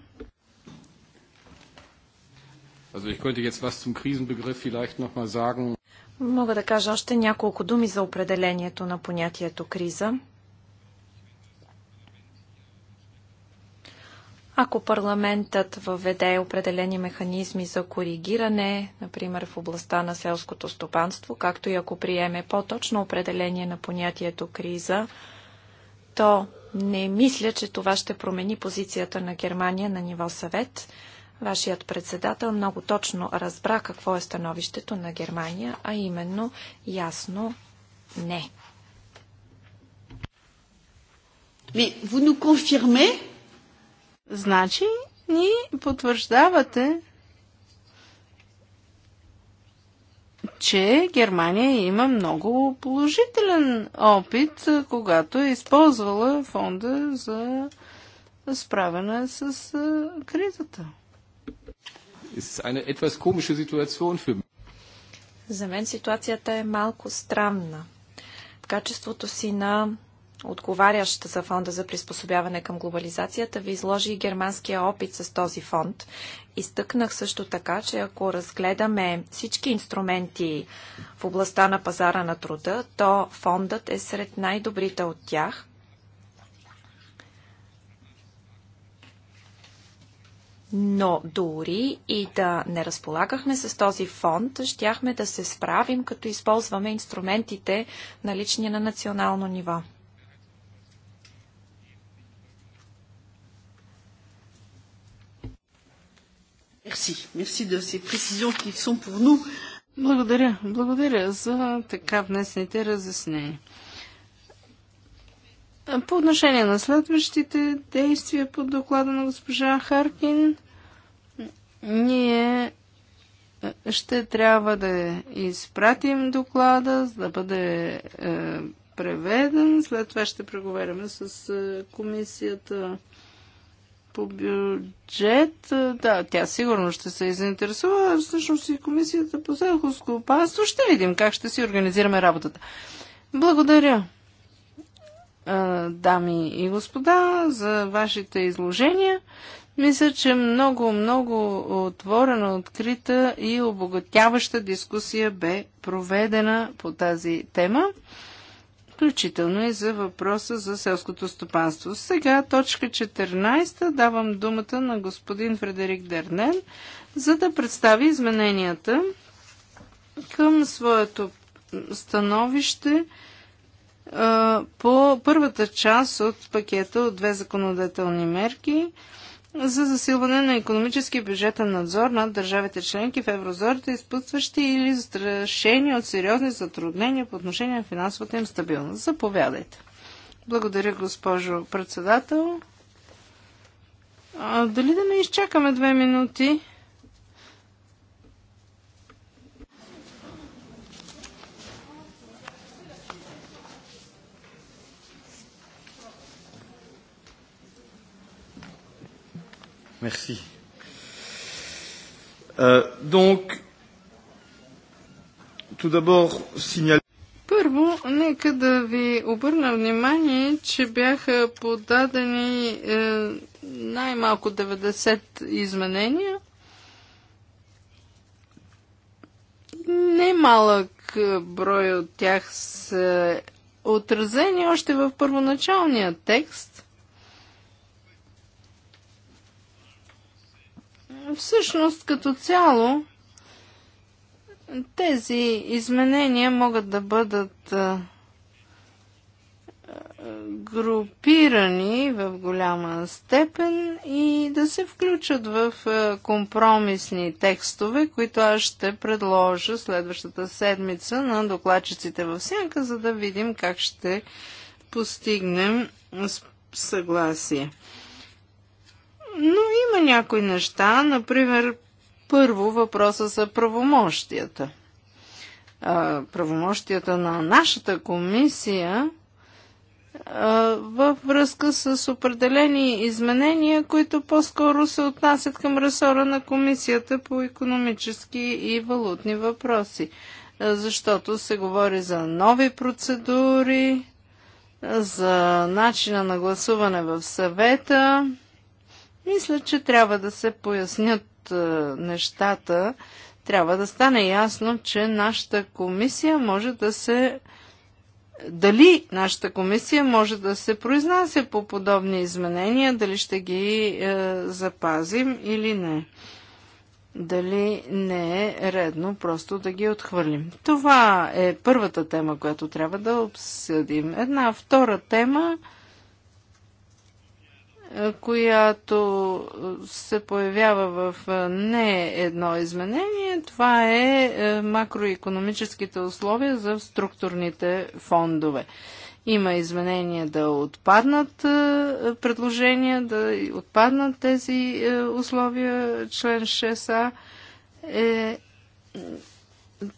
Also ich könnte jetzt was zum Krisenbegriff vielleicht noch mal sagen. Мога да кажа още няколко думи за определението на понятието криза. Ако парламентът въведе определени механизми за коригиране, например в областта на селското стопанство, както и ако приеме по-точно определение на понятието криза, то не мисля, че това ще промени позицията на Германия на ниво съвет. Вашият председател много точно разбра какво е становището на Германия, а именно ясно не. Mais ви nous confirmez Значи, ни потвърждавате, че Германия има много положителен опит, когато е използвала фонда за справяне с кризата. За мен ситуацията е малко странна. В качеството си на отговарящ за фонда за приспособяване към глобализацията, ви изложи и германския опит с този фонд. Изтъкнах също така, че ако разгледаме всички инструменти в областта на пазара на труда, то фондът е сред най-добрите от тях. Но дори и да не разполагахме с този фонд, щяхме да се справим, като използваме инструментите налични на национално ниво. Благодаря. Благодаря за така внесените разяснения. По отношение на следващите действия под доклада на госпожа Харкин, ние е, ще трябва да изпратим доклада, за да бъде е, преведен. След това ще преговаряме с е, комисията по бюджет, е, да, тя сигурно ще се заинтересува, всъщност и комисията по селхозско опасство. Ще видим как ще си организираме работата. Благодаря, е, дами и господа, за вашите изложения. Мисля, че много, много отворена, открита и обогатяваща дискусия бе проведена по тази тема включително и за въпроса за селското стопанство. Сега точка 14 давам думата на господин Фредерик Дернен, за да представи измененията към своето становище по първата част от пакета от две законодателни мерки – за засилване на економически бюджетен надзор над държавите членки в еврозорите, изпътващи или застрашени от сериозни затруднения по отношение на финансовата им стабилност. Заповядайте. Благодаря, госпожо председател. А, дали да не изчакаме две минути? Merci. Euh, donc, tout d'abord, signaler. Първо, нека да ви обърна внимание, че бяха подадени е, най-малко 90 изменения. Немалък е, брой от тях са отразени още в първоначалния текст. Всъщност, като цяло, тези изменения могат да бъдат групирани в голяма степен и да се включат в компромисни текстове, които аз ще предложа следващата седмица на докладчиците в сянка, за да видим как ще постигнем съгласие. Но има някои неща, например, първо въпроса за правомощията. А, правомощията на нашата комисия а, във връзка с определени изменения, които по-скоро се отнасят към ресора на комисията по економически и валутни въпроси. А, защото се говори за нови процедури, за начина на гласуване в съвета мисля, че трябва да се пояснят е, нещата. Трябва да стане ясно, че нашата комисия може да се. Дали нашата комисия може да се произнася по подобни изменения, дали ще ги е, запазим или не дали не е редно просто да ги отхвърлим. Това е първата тема, която трябва да обсъдим. Една втора тема която се появява в не едно изменение. Това е, е макроекономическите условия за структурните фондове. Има изменения да отпаднат предложения, да отпаднат тези е, условия, член 6а. Е,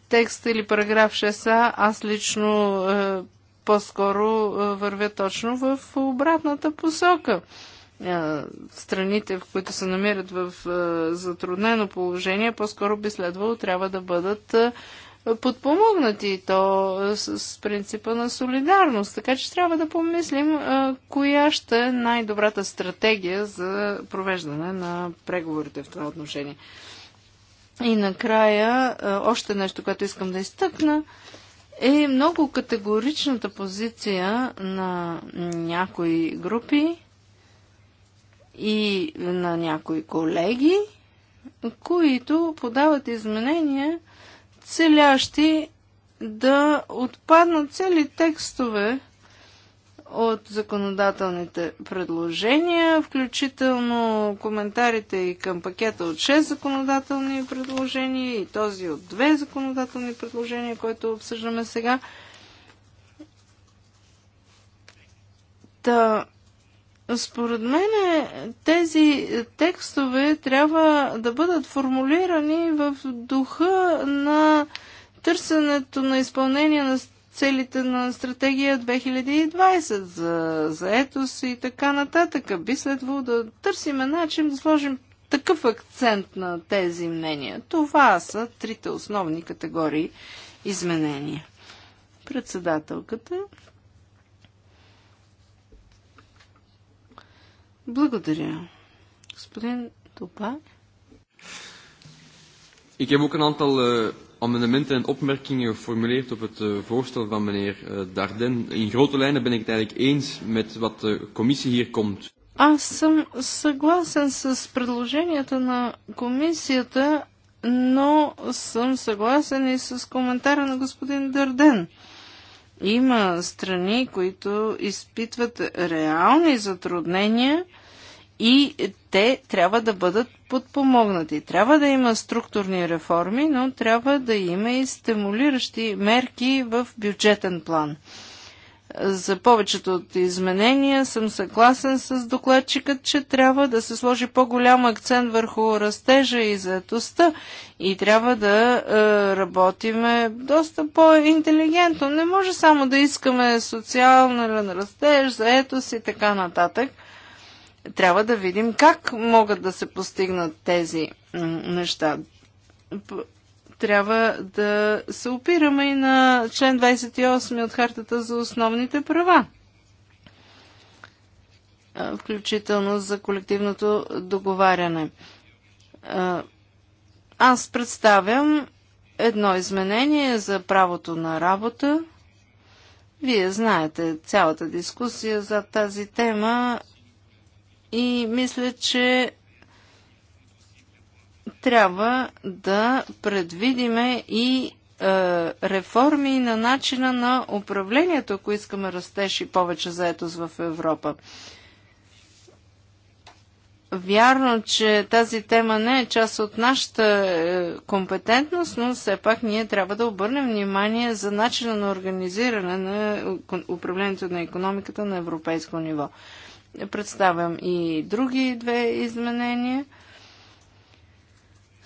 текст или параграф 6а, аз лично е, по-скоро вървя точно в обратната посока страните, в които се намират в затруднено положение, по-скоро би следвало трябва да бъдат подпомогнати то с принципа на солидарност. Така че трябва да помислим коя ще е най-добрата стратегия за провеждане на преговорите в това отношение. И накрая, още нещо, което искам да изтъкна, е много категоричната позиция на някои групи, и на някои колеги, които подават изменения, целящи да отпаднат цели текстове от законодателните предложения, включително коментарите и към пакета от 6 законодателни предложения и този от 2 законодателни предложения, който обсъждаме сега. Та, според мен тези текстове трябва да бъдат формулирани в духа на търсенето на изпълнение на целите на стратегия 2020 за заетост и така нататък. Би следвало да търсиме начин да сложим такъв акцент на тези мнения. Това са трите основни категории изменения. Председателката Благодаря. Господин Топа. Ik heb ook een aantal uh, amendementen en opmerkingen geformuleerd op het uh, voorstel van meneer uh, Darden. In grote lijnen ben ik het eigenlijk eens met wat de commissie hier komt. Аз съм съгласен с предложенията на комисията, но съм съгласен и с коментара на господин Дърден. Има страни, които изпитват реални затруднения и те трябва да бъдат подпомогнати. Трябва да има структурни реформи, но трябва да има и стимулиращи мерки в бюджетен план. За повечето от изменения съм съгласен с докладчикът, че трябва да се сложи по-голям акцент върху растежа и заетостта и трябва да е, работиме доста по-интелигентно. Не може само да искаме социален растеж, заетост и така нататък. Трябва да видим как могат да се постигнат тези неща трябва да се опираме и на член 28 от Хартата за основните права, включително за колективното договаряне. Аз представям едно изменение за правото на работа. Вие знаете цялата дискусия за тази тема и мисля, че трябва да предвидиме и е, реформи на начина на управлението, ако искаме растеж и повече заетост в Европа. Вярно, че тази тема не е част от нашата е, компетентност, но все пак ние трябва да обърнем внимание за начина на организиране на управлението на економиката на европейско ниво. Представям и други две изменения –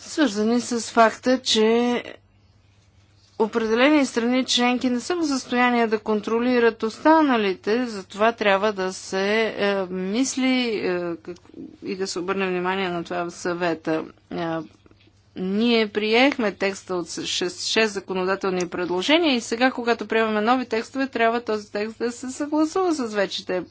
свързани с факта, че определени страни членки не са в състояние да контролират останалите, затова трябва да се е, мисли е, как, и да се обърне внимание на това в съвета. Е, ние приехме текста от 6, 6 законодателни предложения и сега, когато приемаме нови текстове, трябва този текст да се съгласува с вечите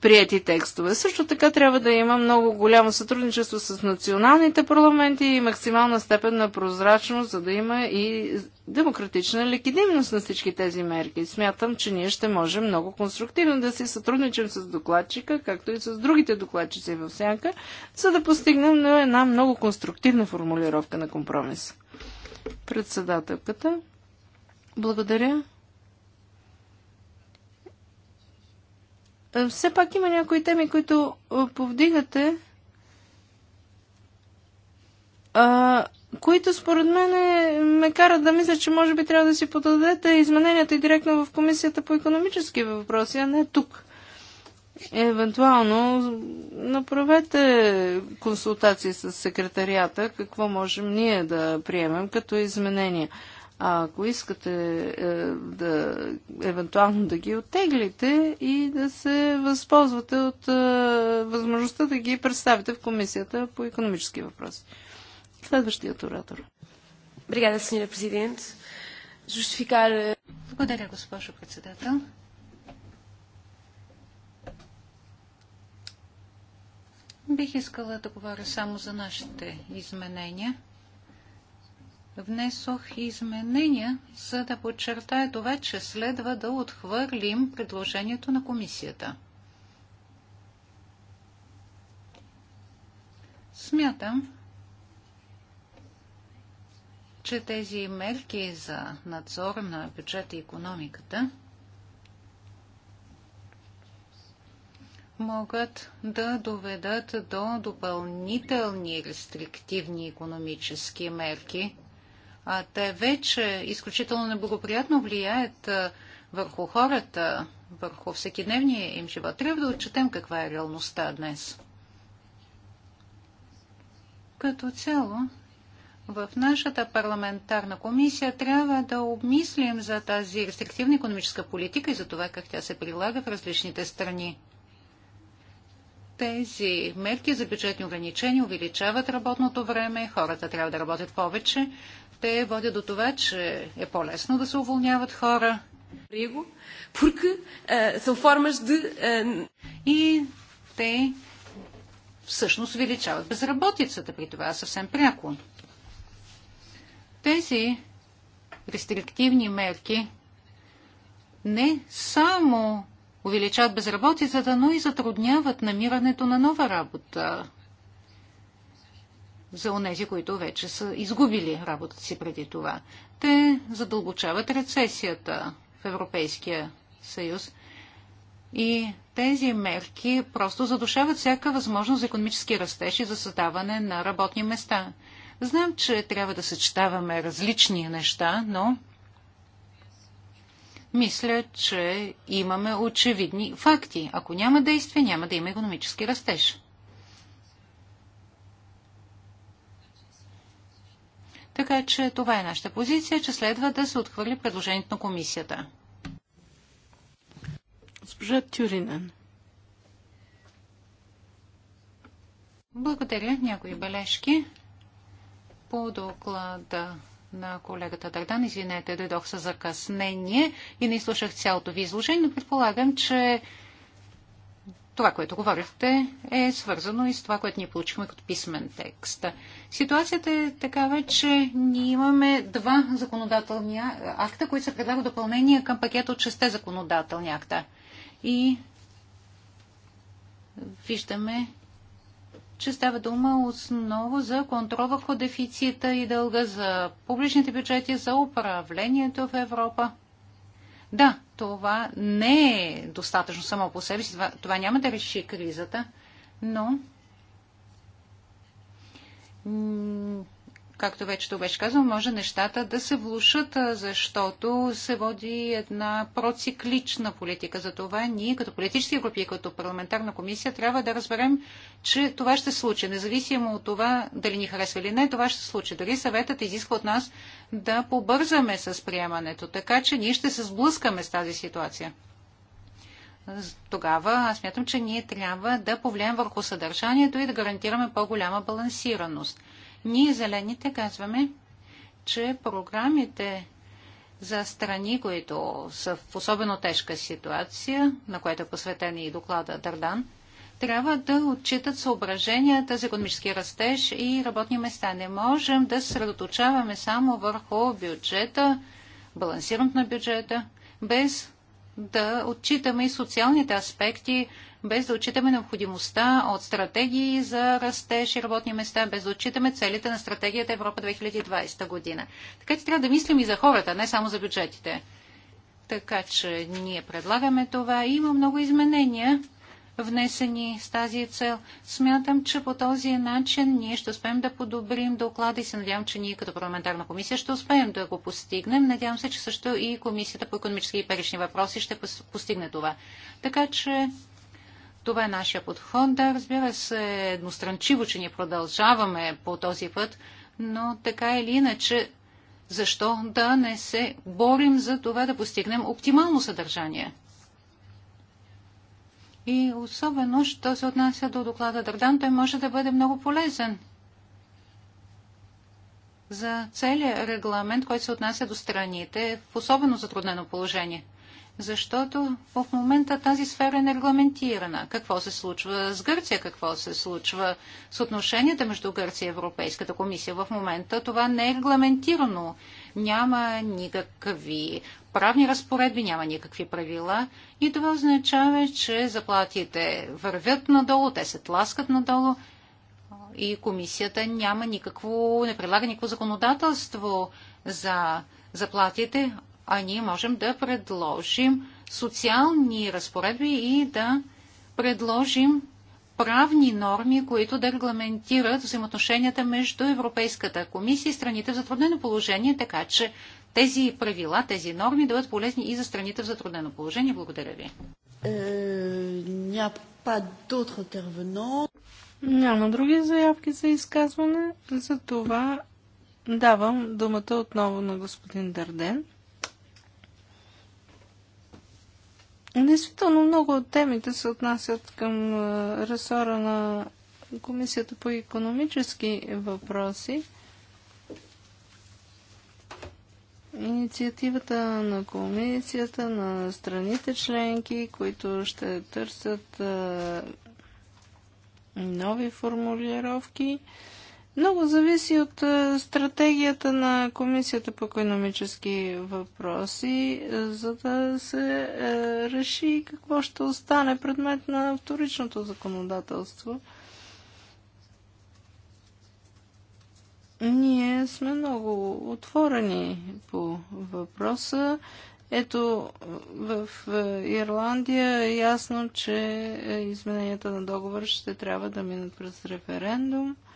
прияти текстове. Също така трябва да има много голямо сътрудничество с националните парламенти и максимална степен на прозрачност, за да има и демократична легитимност на всички тези мерки. Смятам, че ние ще можем много конструктивно да си сътрудничим с докладчика, както и с другите докладчици в сянка, за да постигнем на една много конструктивна формулировка на компромис. Председателката. Благодаря. Е, все пак има някои теми, които е, повдигате, а, които според мен е, ме карат да мисля, че може би трябва да си подадете измененията и директно в Комисията по економически въпроси, а не тук. Евентуално направете консултации с секретарията, какво можем ние да приемем като изменения. А ако искате е, да евентуално да ги оттеглите и да се възползвате от е, възможността да ги представите в комисията по економически въпроси. Следващият оратор. Бригада, сеньор президент. Жустификар... Е- Благодаря, госпожо председател. Бих искала да говоря само за нашите изменения – внесох изменения, за да подчертая това, че следва да отхвърлим предложението на комисията. Смятам, че тези мерки за надзор на бюджета и економиката могат да доведат до допълнителни рестриктивни економически мерки – а те вече изключително неблагоприятно влияят върху хората, върху всекидневния им живот. Трябва да отчетем каква е реалността днес. Като цяло, в нашата парламентарна комисия трябва да обмислим за тази рестриктивна економическа политика и за това как тя се прилага в различните страни. Тези мерки за бюджетни ограничения увеличават работното време, хората трябва да работят повече, те водят до това, че е по-лесно да се уволняват хора. Е, е, и те всъщност увеличават безработицата при това съвсем пряко. Тези рестриктивни мерки не само увеличават безработицата, но и затрудняват намирането на нова работа за онези, които вече са изгубили работата си преди това. Те задълбочават рецесията в Европейския съюз и тези мерки просто задушават всяка възможност за економически растеж и за създаване на работни места. Знам, че трябва да съчетаваме различни неща, но мисля, че имаме очевидни факти. Ако няма действие, няма да има економически растеж. Така че това е нашата позиция, че следва да се отхвърли предложението на комисията. Госпожа Тюринен. Благодаря. Някои бележки по доклада на колегата Дардан. Извинете, дойдох с закъснение и не изслушах цялото ви изложение, но предполагам, че това, което говорихте, е свързано и с това, което ние получихме като писмен текст. Ситуацията е такава, че ние имаме два законодателни акта, които се предлагат допълнение към пакет от шесте законодателни акта. И виждаме, че става дума основа за контрол върху дефицита и дълга за публичните бюджети, за управлението в Европа. Да, това не е достатъчно само по себе си. Това, това няма да реши кризата, но както вече то беше казано, може нещата да се влушат, защото се води една проциклична политика. За това ние като политически групи, и като парламентарна комисия трябва да разберем, че това ще случи. Независимо от това дали ни харесва или не, това ще се случи. Дори съветът изисква от нас да побързаме с приемането, така че ние ще се сблъскаме с тази ситуация тогава аз смятам, че ние трябва да повлияем върху съдържанието и да гарантираме по-голяма балансираност. Ние зелените казваме, че програмите за страни, които са в особено тежка ситуация, на което е посветен и доклада Дърдан, трябва да отчитат съображенията за економически растеж и работни места. Не можем да средоточаваме само върху бюджета, балансирането на бюджета, без да отчитаме и социалните аспекти без да отчитаме необходимостта от стратегии за растеж и работни места, без да отчитаме целите на стратегията Европа 2020 година. Така че трябва да мислим и за хората, не само за бюджетите. Така че ние предлагаме това. Има много изменения внесени с тази цел. Смятам, че по този начин ние ще успеем да подобрим доклада и се надявам, че ние като парламентарна комисия ще успеем да го постигнем. Надявам се, че също и Комисията по економически и парични въпроси ще постигне това. Така че това е нашия подход. Да, разбира се, едностранчиво, че ни продължаваме по този път, но така или иначе, защо да не се борим за това да постигнем оптимално съдържание? И особено, що се отнася до доклада Дърдан, той може да бъде много полезен за целият регламент, който се отнася до страните в особено затруднено положение – защото в момента тази сфера е нерегламентирана. Какво се случва с Гърция, какво се случва с отношенията между Гърция и Европейската комисия. В момента това не е регламентирано. Няма никакви правни разпоредби, няма никакви правила и това означава, че заплатите вървят надолу, те се тласкат надолу и комисията няма никакво, не предлага никакво законодателство за заплатите, а ние можем да предложим социални разпоредби и да предложим правни норми, които да регламентират взаимоотношенията между Европейската комисия и страните в затруднено положение, така че тези правила, тези норми да бъдат полезни и за страните в затруднено положение. Благодаря ви. Е, няма други заявки за изказване, за това давам думата отново на господин Дарден. Действително много от темите се отнасят към ресора на Комисията по економически въпроси. Инициативата на комисията, на страните членки, които ще търсят нови формулировки, много зависи от е, стратегията на Комисията по економически въпроси, е, за да се е, реши какво ще остане предмет на вторичното законодателство. Ние сме много отворени по въпроса. Ето, в Ирландия е ясно, че измененията на договор ще трябва да минат през референдум –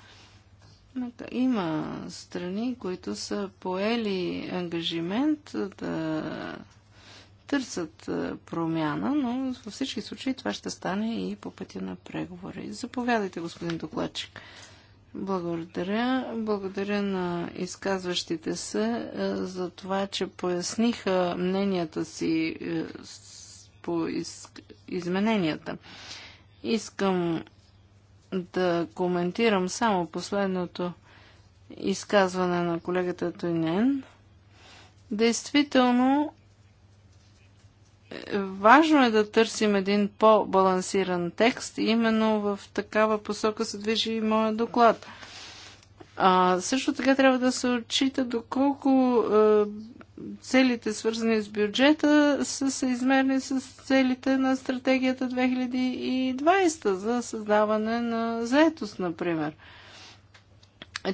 има страни, които са поели ангажимент да търсят промяна, но във всички случаи това ще стане и по пътя на преговори. Заповядайте, господин докладчик. Благодаря. Благодаря на изказващите се за това, че поясниха мненията си по измененията. Искам да коментирам само последното изказване на колегата Тойнен. Действително, е, важно е да търсим един по-балансиран текст. Именно в такава посока се движи и моя доклад. А, също така трябва да се отчита доколко е, целите свързани с бюджета са се с целите на стратегията 2020 за създаване на заетост, например.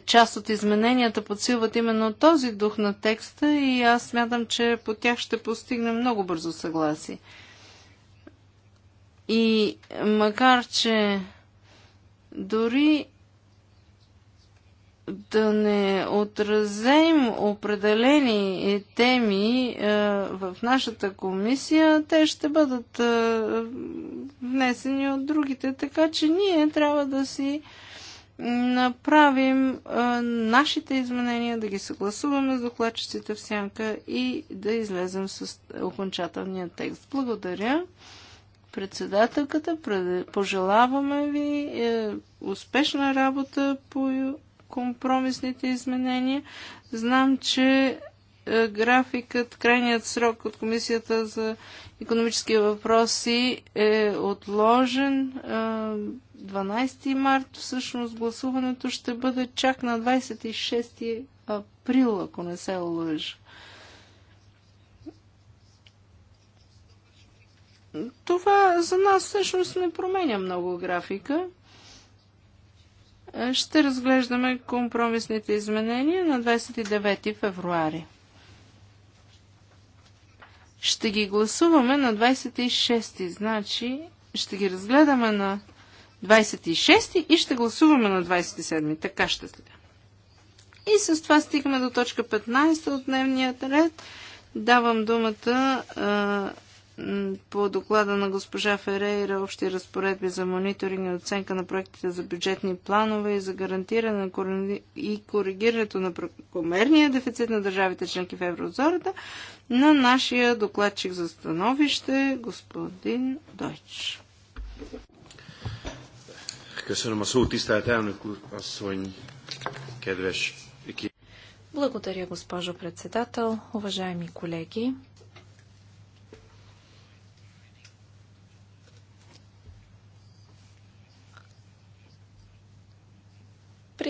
Част от измененията подсилват именно този дух на текста и аз смятам, че по тях ще постигнем много бързо съгласие. И макар, че дори да не отразим определени е, теми е, в нашата комисия, те ще бъдат е, внесени от другите, така че ние трябва да си направим нашите изменения, да ги съгласуваме с докладчиците в сянка и да излезем с окончателния текст. Благодаря председателката. Пожелаваме ви успешна работа по компромисните изменения. Знам, че е, графикът, крайният срок от Комисията за економически въпроси е отложен. 12 е, март всъщност гласуването ще бъде чак на 26 април, ако не се лъжа. Това за нас всъщност не променя много графика. Ще разглеждаме компромисните изменения на 29 февруари. Ще ги гласуваме на 26, значи ще ги разгледаме на 26 и ще гласуваме на 27. Така ще следа. И с това стигаме до точка 15 от дневния ред. Давам думата а, по доклада на госпожа Ферейра общи разпоредби за мониторинг и оценка на проектите за бюджетни планове и за гарантиране и коригирането на прокомерния дефицит на държавите членки в еврозората на нашия докладчик за становище господин Дойч. Благодаря, госпожо председател, уважаеми колеги.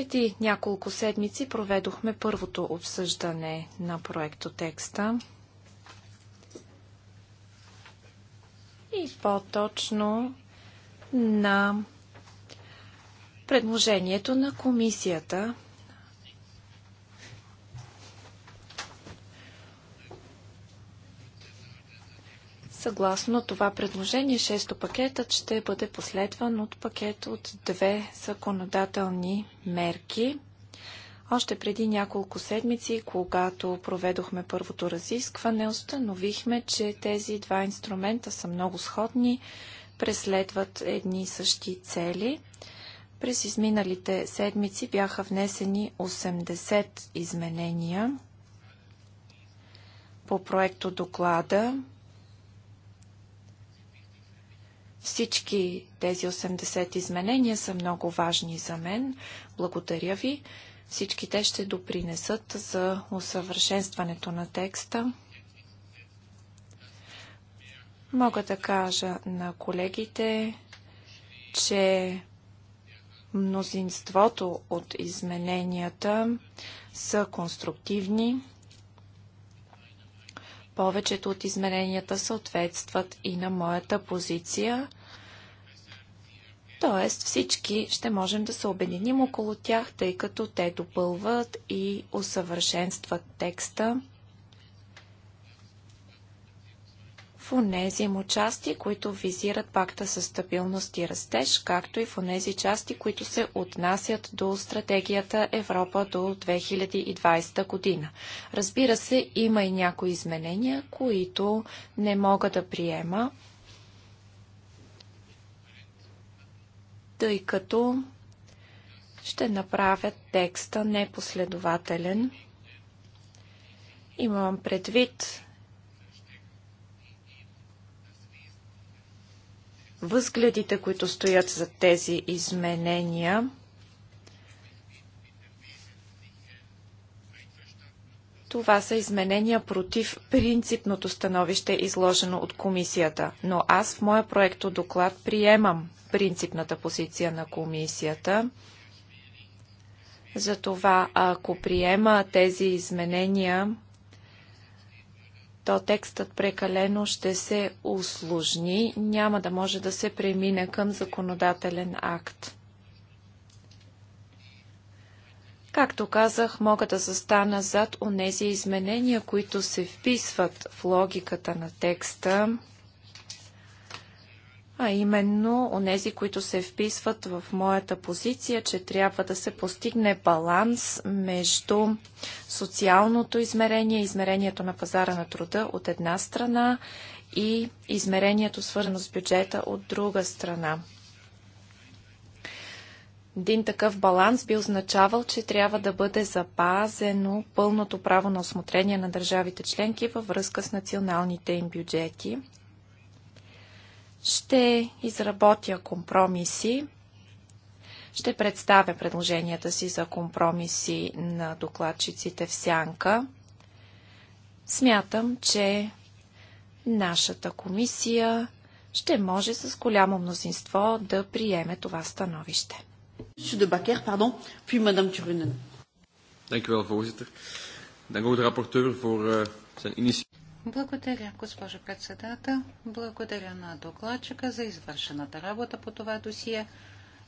Преди няколко седмици проведохме първото обсъждане на проектотекста. И по-точно на предложението на комисията Съгласно това предложение, шесто пакетът ще бъде последван от пакет от две законодателни мерки. Още преди няколко седмици, когато проведохме първото разискване, установихме, че тези два инструмента са много сходни, преследват едни и същи цели. През изминалите седмици бяха внесени 80 изменения по проекто доклада. Всички тези 80 изменения са много важни за мен. Благодаря ви. Всички те ще допринесат за усъвършенстването на текста. Мога да кажа на колегите, че мнозинството от измененията са конструктивни. Повечето от измеренията съответстват и на моята позиция. Тоест всички ще можем да се обединим около тях, тъй като те допълват и усъвършенстват текста. в онези му части, които визират пакта за стабилност и растеж, както и в онези части, които се отнасят до стратегията Европа до 2020 година. Разбира се, има и някои изменения, които не мога да приема, тъй като ще направят текста непоследователен. Имам предвид възгледите, които стоят за тези изменения. Това са изменения против принципното становище, изложено от комисията. Но аз в моя проекто доклад приемам принципната позиция на комисията. Затова, ако приема тези изменения, то текстът прекалено ще се усложни, няма да може да се премине към законодателен акт. Както казах, мога да застана зад онези изменения, които се вписват в логиката на текста, а именно онези, които се вписват в моята позиция, че трябва да се постигне баланс между социалното измерение, измерението на пазара на труда от една страна и измерението свързано с бюджета от друга страна. Един такъв баланс би означавал, че трябва да бъде запазено пълното право на осмотрение на държавите членки във връзка с националните им бюджети. Ще изработя компромиси. Ще представя предложенията си за компромиси на докладчиците в сянка. Смятам, че нашата комисия ще може с голямо мнозинство да приеме това становище. Dank u wel, voorzitter. Dank ook de rapporteur voor uh, zijn initiatief. Благодаря, госпожо председател. Благодаря на докладчика за извършената работа по това досие.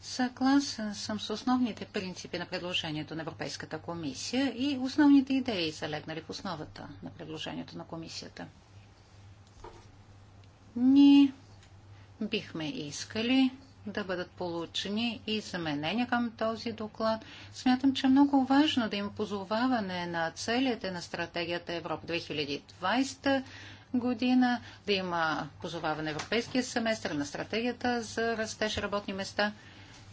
Съгласен съм с основните принципи на предложението на Европейската комисия и основните идеи, залегнали в основата на предложението на комисията. Ние бихме искали да бъдат получени и заменения към този доклад. Смятам, че е много важно да има позоваване на целите на стратегията Европа 2020 година, да има позоваване на европейския семестър, на стратегията за растеж работни места.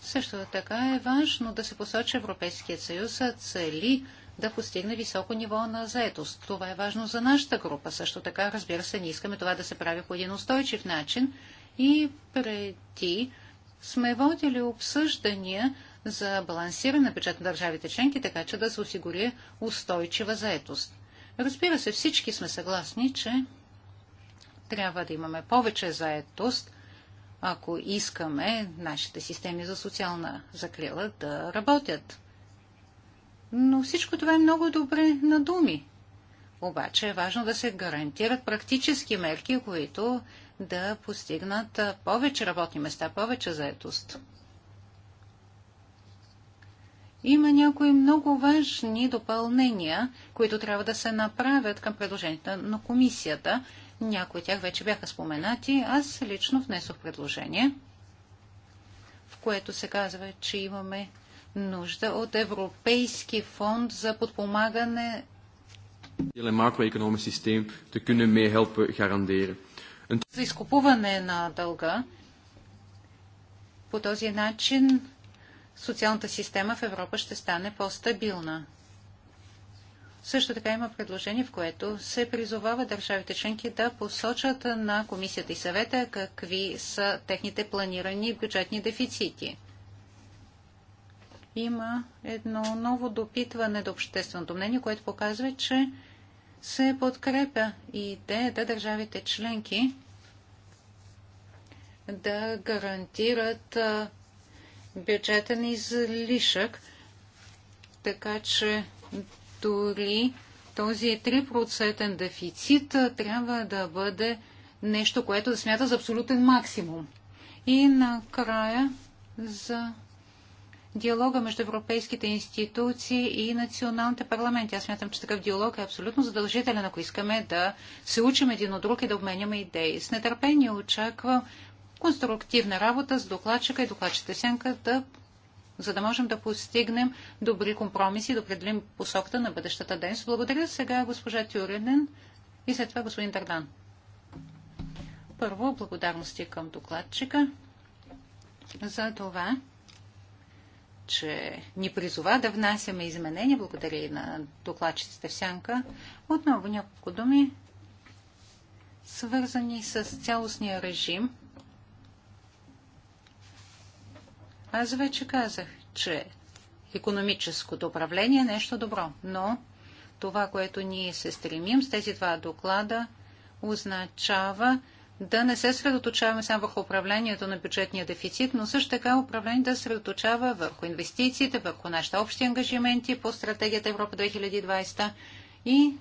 Също така е важно да се посочи Европейският съюз цели да постигне високо ниво на заетост. Това е важно за нашата група. Също така, разбира се, не искаме това да се прави по един устойчив начин. И преди сме водили обсъждания за балансиране на бюджет на държавите членки, така че да се осигури устойчива заетост. Разбира се, всички сме съгласни, че трябва да имаме повече заетост, ако искаме нашите системи за социална закрила да работят. Но всичко това е много добре на думи. Обаче е важно да се гарантират практически мерки, които да постигнат повече работни места, повече заетост. Има някои много важни допълнения, които трябва да се направят към предложенията на комисията. Някои от тях вече бяха споменати. Аз лично внесох предложение, в което се казва, че имаме нужда от Европейски фонд за подпомагане hele систем да systeem te kunnen meehelpen за изкупуване на дълга. По този начин социалната система в Европа ще стане по-стабилна. Също така има предложение, в което се призовава държавите членки да посочат на комисията и съвета какви са техните планирани бюджетни дефицити. Има едно ново допитване до общественото мнение, което показва, че се подкрепя и идеята държавите членки да гарантират бюджетен излишък, така че дори този 3% дефицит трябва да бъде нещо, което да смята за абсолютен максимум. И накрая за диалога между европейските институции и националните парламенти. Аз смятам, че такъв диалог е абсолютно задължителен, ако искаме да се учим един от друг и да обменяме идеи. С нетърпение очаквам конструктивна работа с докладчика и докладчите сянка, да, за да можем да постигнем добри компромиси и да определим посоката на бъдещата ден. Благодаря сега госпожа Тюринен и след това господин Тардан. Първо, благодарности към докладчика за това, че ни призова да внасяме изменения. Благодаря и на докладчицата Сянка. Отново няколко думи, свързани с цялостния режим. Аз вече казах, че економическото управление е нещо добро, но това, което ние се стремим с тези два доклада, означава да не се средоточаваме само върху управлението на бюджетния дефицит, но също така управление да се средоточава върху инвестициите, върху нашите общи ангажименти по стратегията Европа 2020 и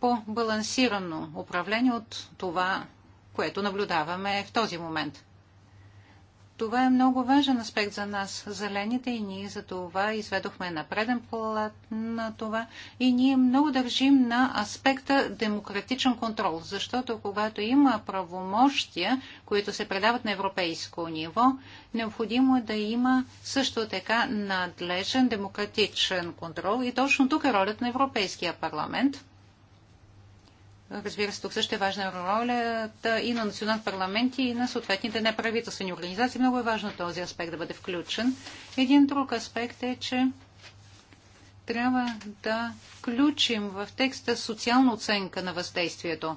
по-балансирано управление от това, което наблюдаваме в този момент. Това е много важен аспект за нас, зелените, и ние за това изведохме на преден плат на това. И ние много държим на аспекта демократичен контрол, защото когато има правомощия, които се предават на европейско ниво, необходимо е да има също така надлежен демократичен контрол. И точно тук е ролята на Европейския парламент – Разбира се, тук също е важна ролята и на национални парламенти, и на съответните неправителствени организации. Много е важно този аспект да бъде включен. Един друг аспект е, че трябва да включим в текста социална оценка на въздействието.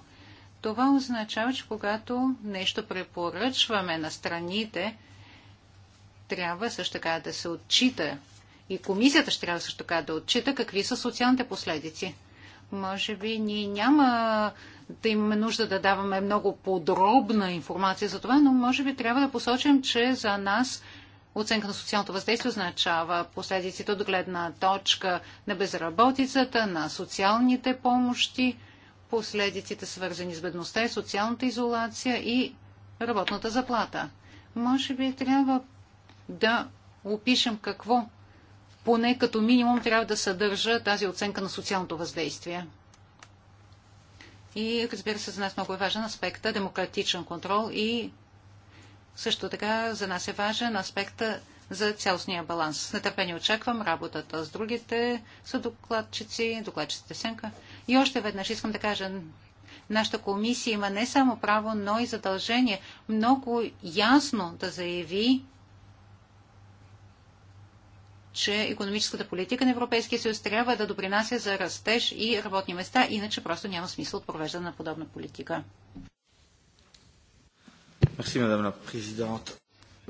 Това означава, че когато нещо препоръчваме на страните, трябва също така да се отчита и комисията ще трябва също така да отчита какви са социалните последици. Може би ние няма да имаме нужда да даваме много подробна информация за това, но може би трябва да посочим, че за нас оценка на социалното въздействие означава последиците от гледна точка на безработицата, на социалните помощи, последиците свързани с бедността и социалната изолация и работната заплата. Може би трябва да опишем какво поне като минимум трябва да съдържа тази оценка на социалното въздействие. И разбира се, за нас много е важен аспекта демократичен контрол и също така за нас е важен аспекта за цялостния баланс. С нетърпение очаквам работата с другите са докладчици, докладчиците Сенка. И още веднъж искам да кажа, нашата комисия има не само право, но и задължение много ясно да заяви че економическата политика на Европейския съюз трябва да допринася за растеж и работни места, иначе просто няма смисъл от провеждане на подобна политика.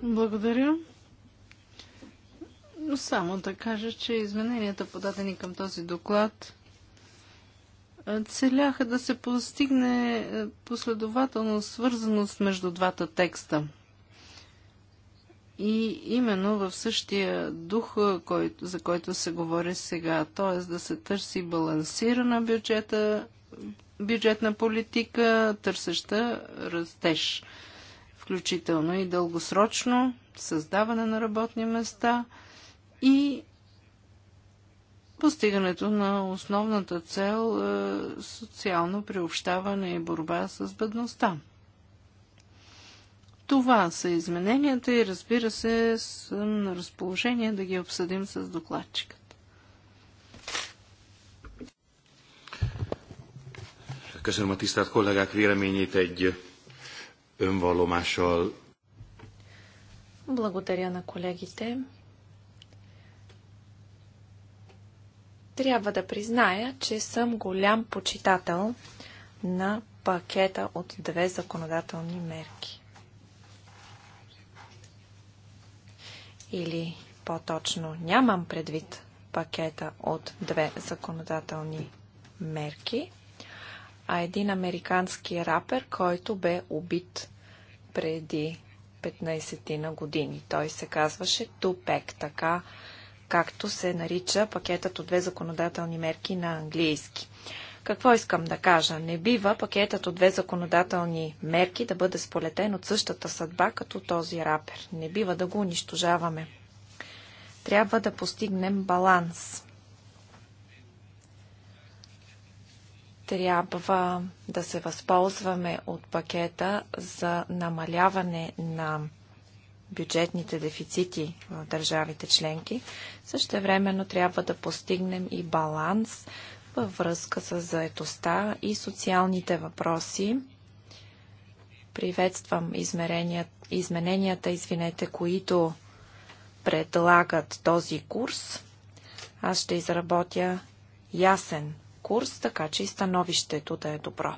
Благодаря. Само да кажа, че измененията подадени към този доклад е, целяха да се постигне е, последователно свързаност между двата текста – и именно в същия дух, който, за който се говори сега, т.е. да се търси балансирана бюджета, бюджетна политика, търсеща растеж, включително и дългосрочно създаване на работни места и постигането на основната цел е, социално приобщаване и борба с бедността. Това са измененията и разбира се съм на разположение да ги обсъдим с докладчика. Köszönöm a tisztelt kollégák véleményét egy önvallomással. Благодаря на колегите. Трябва да призная, че съм голям почитател на пакета от две законодателни мерки. или по-точно нямам предвид пакета от две законодателни мерки, а един американски рапер, който бе убит преди 15 ти на години. Той се казваше Тупек, така както се нарича пакетът от две законодателни мерки на английски. Какво искам да кажа? Не бива пакетът от две законодателни мерки да бъде сполетен от същата съдба като този рапер. Не бива да го унищожаваме. Трябва да постигнем баланс. Трябва да се възползваме от пакета за намаляване на бюджетните дефицити в държавите членки. времено трябва да постигнем и баланс във връзка с заетостта и социалните въпроси. Приветствам измененията, извинете, които предлагат този курс. Аз ще изработя ясен курс, така че и становището да е добро.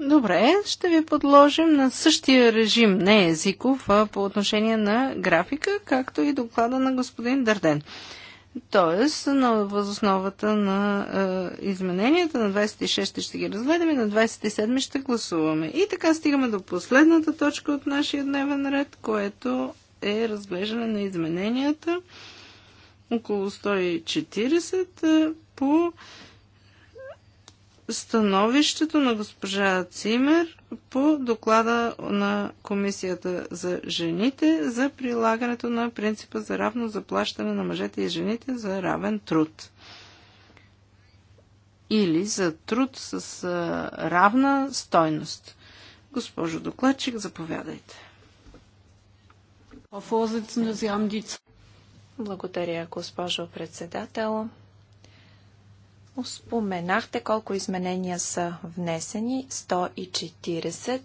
Добре, ще ви подложим на същия режим, не езиков, а по отношение на графика, както и доклада на господин Дърден. Тоест, на възосновата на е, измененията на 26 ще ги разгледаме, на 27 ще гласуваме. И така стигаме до последната точка от нашия дневен ред, което е разглеждане на измененията около 140 е, по становището на госпожа Цимер по доклада на Комисията за жените за прилагането на принципа за равно заплащане на мъжете и жените за равен труд. Или за труд с равна стойност. Госпожо докладчик, заповядайте. Благодаря, госпожо председател. Споменахте колко изменения са внесени 140.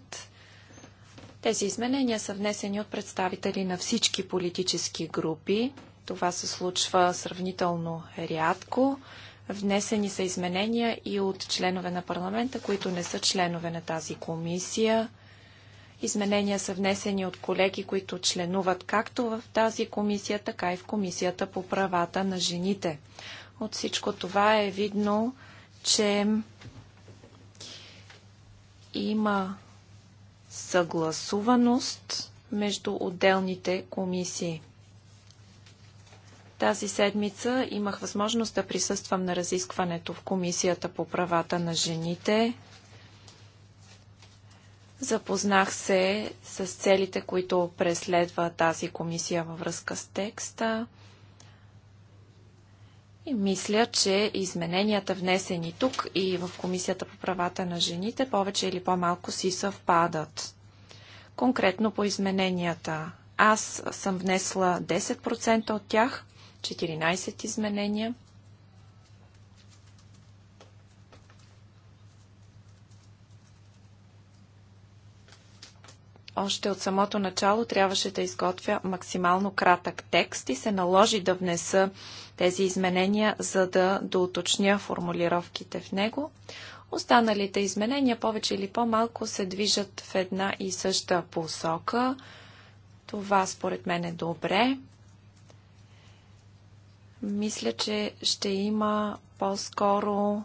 Тези изменения са внесени от представители на всички политически групи. Това се случва сравнително рядко. Внесени са изменения и от членове на парламента, които не са членове на тази комисия. Изменения са внесени от колеги, които членуват както в тази комисия, така и в комисията по правата на жените. От всичко това е видно, че има съгласуваност между отделните комисии. Тази седмица имах възможност да присъствам на разискването в Комисията по правата на жените. Запознах се с целите, които преследва тази комисия във връзка с текста. И мисля, че измененията внесени тук и в Комисията по правата на жените повече или по-малко си съвпадат. Конкретно по измененията. Аз съм внесла 10% от тях, 14 изменения. още от самото начало трябваше да изготвя максимално кратък текст и се наложи да внеса тези изменения, за да доуточня формулировките в него. Останалите изменения повече или по-малко се движат в една и съща посока. Това според мен е добре. Мисля, че ще има по-скоро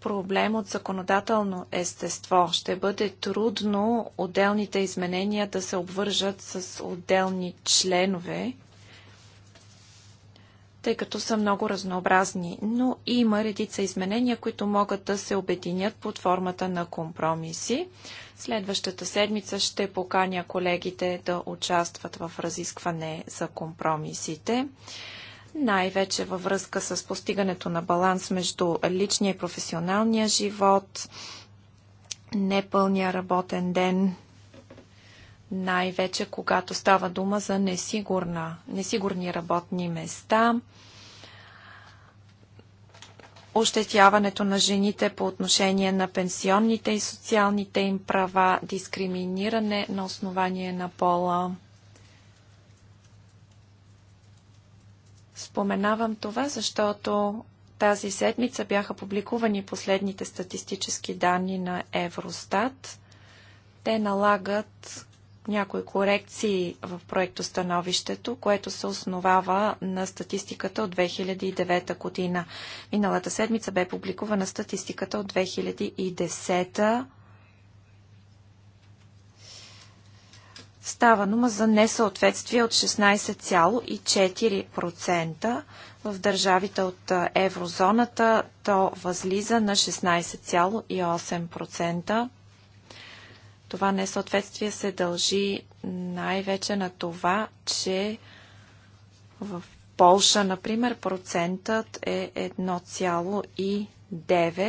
проблем от законодателно естество. Ще бъде трудно отделните изменения да се обвържат с отделни членове тъй като са много разнообразни, но има редица изменения, които могат да се обединят под формата на компромиси. Следващата седмица ще поканя колегите да участват в разискване за компромисите най-вече във връзка с постигането на баланс между личния и професионалния живот, непълния работен ден – най-вече когато става дума за несигурна, несигурни работни места, ощетяването на жените по отношение на пенсионните и социалните им права, дискриминиране на основание на пола. Споменавам това, защото тази седмица бяха публикувани последните статистически данни на Евростат. Те налагат някои корекции в проектостановището, което се основава на статистиката от 2009 година. Миналата седмица бе публикувана статистиката от 2010 Става дума за несъответствие от 16,4%. В държавите от еврозоната то възлиза на 16,8%. Това несъответствие се дължи най-вече на това, че в Полша, например, процентът е 1,9.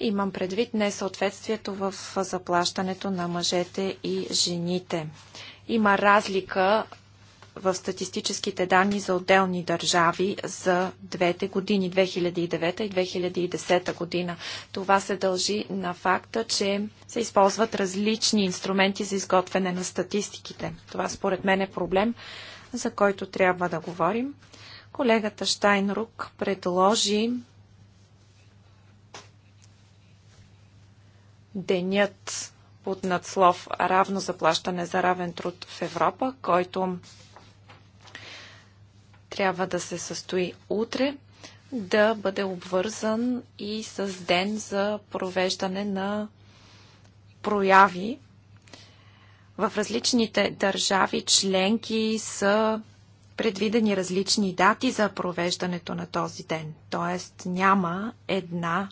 Имам предвид несъответствието в заплащането на мъжете и жените. Има разлика в статистическите данни за отделни държави за двете години 2009 и 2010 година. Това се дължи на факта, че се използват различни инструменти за изготвяне на статистиките. Това според мен е проблем, за който трябва да говорим. Колегата Штайнрук предложи денят под надслов Равно заплащане за равен труд в Европа, който трябва да се състои утре, да бъде обвързан и с ден за провеждане на прояви. В различните държави членки са предвидени различни дати за провеждането на този ден, т.е. няма една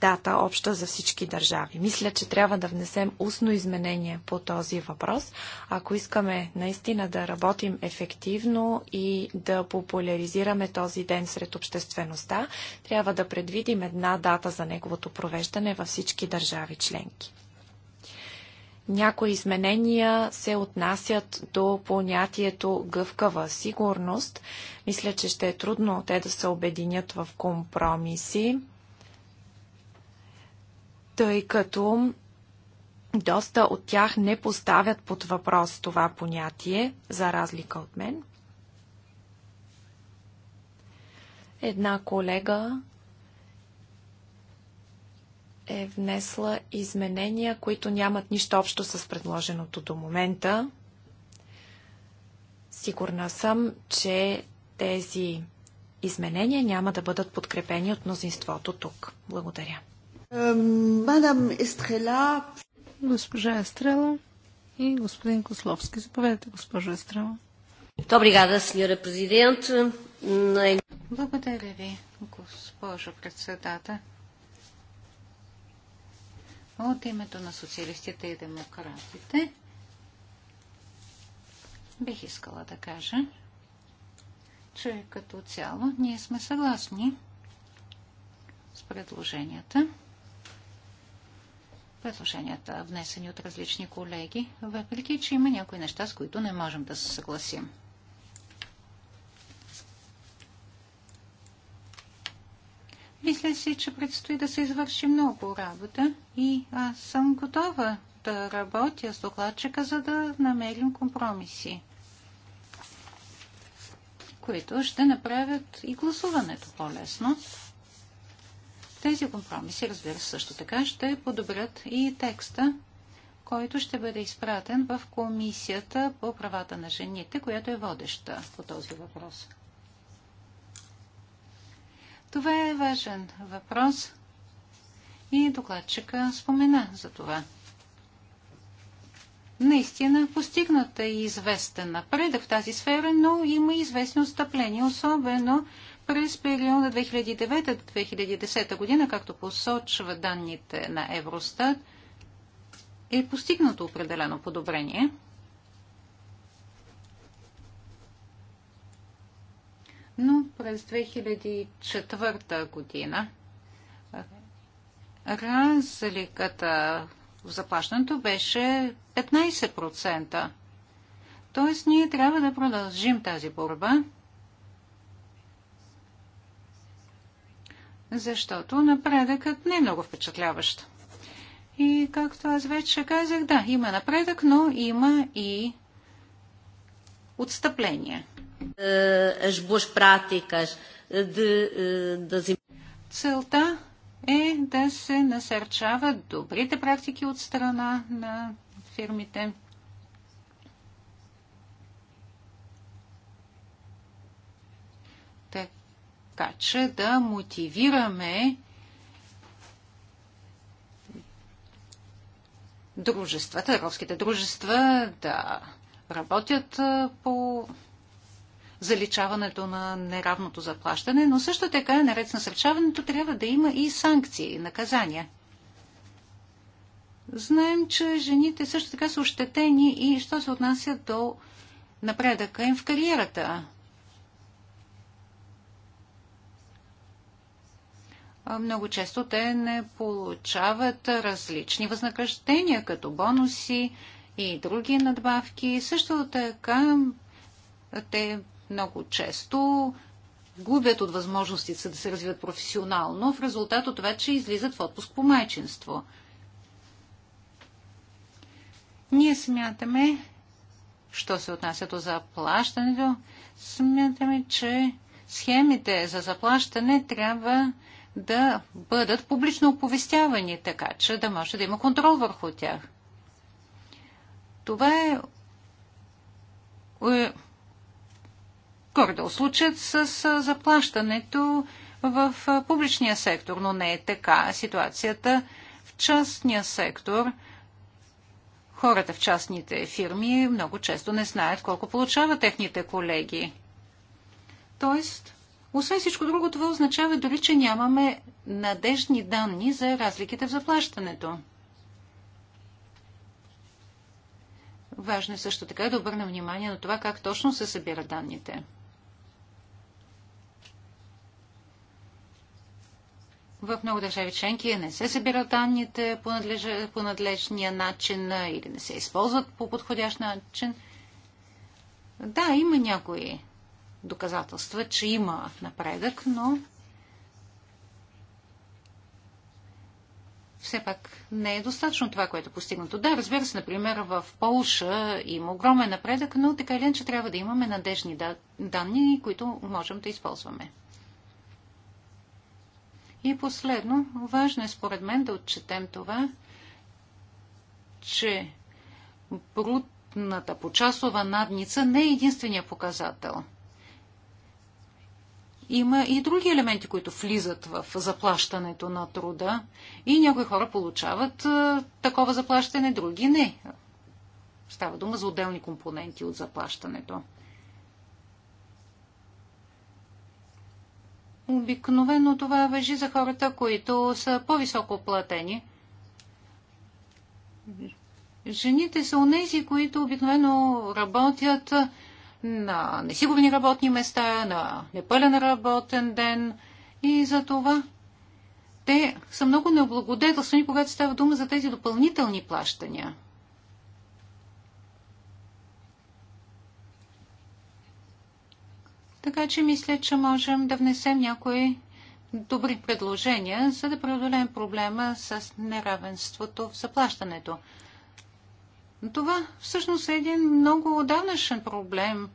дата обща за всички държави. Мисля, че трябва да внесем устно изменение по този въпрос, ако искаме наистина да работим ефективно и да популяризираме този ден сред обществеността, трябва да предвидим една дата за неговото провеждане във всички държави членки. Някои изменения се отнасят до понятието гъвкава сигурност. Мисля, че ще е трудно те да се обединят в компромиси тъй като доста от тях не поставят под въпрос това понятие, за разлика от мен. Една колега е внесла изменения, които нямат нищо общо с предложеното до момента. Сигурна съм, че тези изменения няма да бъдат подкрепени от мнозинството тук. Благодаря. Мадам Естрела. Госпожа Естрела и господин Кословски. Заповядайте, госпожа Естрела. Добригада, сеньора президент. Благодаря ви, госпожо председател. От името на социалистите и демократите бих искала да кажа, че като цяло ние сме съгласни с предложенията, предложенията, внесени от различни колеги, въпреки че има някои неща, с които не можем да се съгласим. Мисля си, че предстои да се извърши много работа и аз съм готова да работя с докладчика, за да намерим компромиси, които ще направят и гласуването по-лесно. Тези компромиси, разбира се, също така ще подобрят и текста, който ще бъде изпратен в Комисията по правата на жените, която е водеща по този въпрос. Това е важен въпрос и докладчика спомена за това. Наистина постигната е известен напредък в тази сфера, но има известни отстъпления, особено през периода 2009-2010 година, както посочва данните на Евростат, е постигнато определено подобрение. Но през 2004 година разликата в заплащането беше 15%. Тоест ние трябва да продължим тази борба защото напредъкът не е много впечатляващ. И както аз вече казах, да, има напредък, но има и отстъпление. Е, е, е, Целта е да се насърчават добрите практики от страна на фирмите. така че да мотивираме дружества, търговските дружества да работят по заличаването на неравното заплащане, но също така, наред с насърчаването, трябва да има и санкции, наказания. Знаем, че жените също така са ощетени и що се отнася до напредъка им в кариерата. много често те не получават различни възнаграждения, като бонуси и други надбавки. Също така те много често губят от възможностите да се развиват професионално в резултат от това, че излизат в отпуск по майчинство. Ние смятаме, що се отнася до заплащането, смятаме, че схемите за заплащане трябва да бъдат публично оповестявани, така че да може да има контрол върху тях. Това е, е гордо случат с заплащането в публичния сектор, но не е така. Ситуацията в частния сектор, хората в частните фирми много често не знаят колко получават техните колеги. Тоест, освен всичко друго, това означава дори, че нямаме надежни данни за разликите в заплащането. Важно е също така да обърнем внимание на това как точно се събират данните. В много държави членки не се събират данните по, надлеж... по надлежния начин или не се използват по подходящ начин. Да, има някои доказателства, че има напредък, но все пак не е достатъчно това, което е постигнато. Да, разбира се, например, в Полша има огромен напредък, но така или иначе трябва да имаме надежни данни, които можем да използваме. И последно, важно е според мен да отчетем това, че брутната почасова надница не е единствения показател – има и други елементи, които влизат в заплащането на труда и някои хора получават такова заплащане, други не. Става дума за отделни компоненти от заплащането. Обикновено това въжи за хората, които са по-високо платени. Жените са унези, които обикновено работят на несигурни работни места, на непълен работен ден и за това те са много необлагодетелствени, когато става дума за тези допълнителни плащания. Така че мисля, че можем да внесем някои добри предложения, за да преодолеем проблема с неравенството в заплащането. Това всъщност е един много отдавнашен проблем.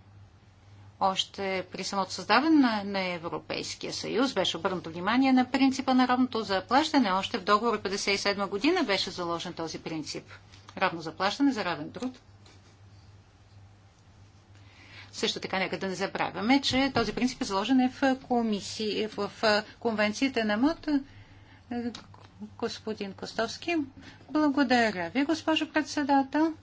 Още при самото създаване на, на Европейския съюз беше обърнато внимание на принципа на равното заплащане. Още в договора 57 година беше заложен този принцип. Равно заплащане за равен труд. Също така нека да не забравяме, че този принцип е заложен в, комисии, в, в конвенцията на МОД, господин Костовски. Благодаря ви, госпожо председател.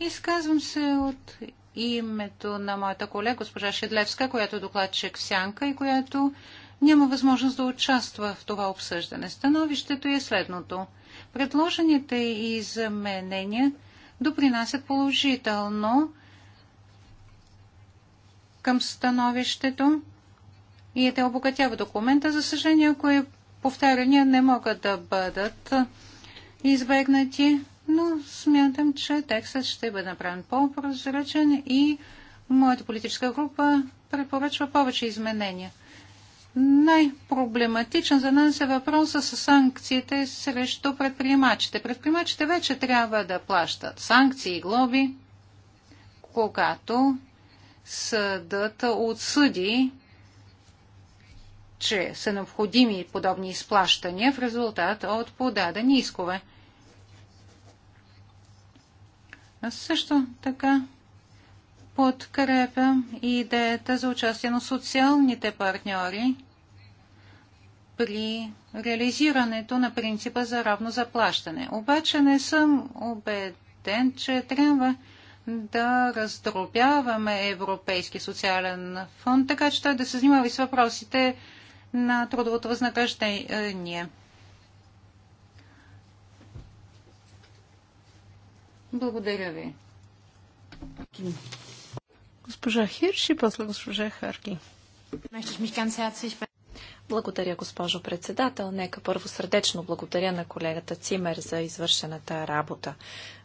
Изказвам се от името на моята колега, госпожа Шедлевска, която е докладчик в Сянка и която няма възможност да участва в това обсъждане. Становището е следното. Предложените изменения допринасят положително към становището и те обогатяват документа. За съжаление, някои повторения, не могат да бъдат избегнати, но смятам, че текстът ще бъде направен по-прозрачен и моята политическа група препоръчва повече изменения. Най-проблематичен за нас е въпроса с санкциите срещу предприемачите. Предприемачите вече трябва да плащат санкции и глоби, когато съдът отсъди че са необходими подобни изплащания в резултат от подадени искове. Също така подкрепям идеята за участие на социалните партньори при реализирането на принципа за равно заплащане. Обаче не съм убеден, че трябва да раздробяваме Европейски социален фонд, така че той да се занимава и с въпросите на трудовото възнаграждение. Благодаря ви. Госпожа Хирш и после госпожа Харки. Благодаря, госпожо председател. Нека първо сърдечно благодаря на колегата Цимер за извършената работа.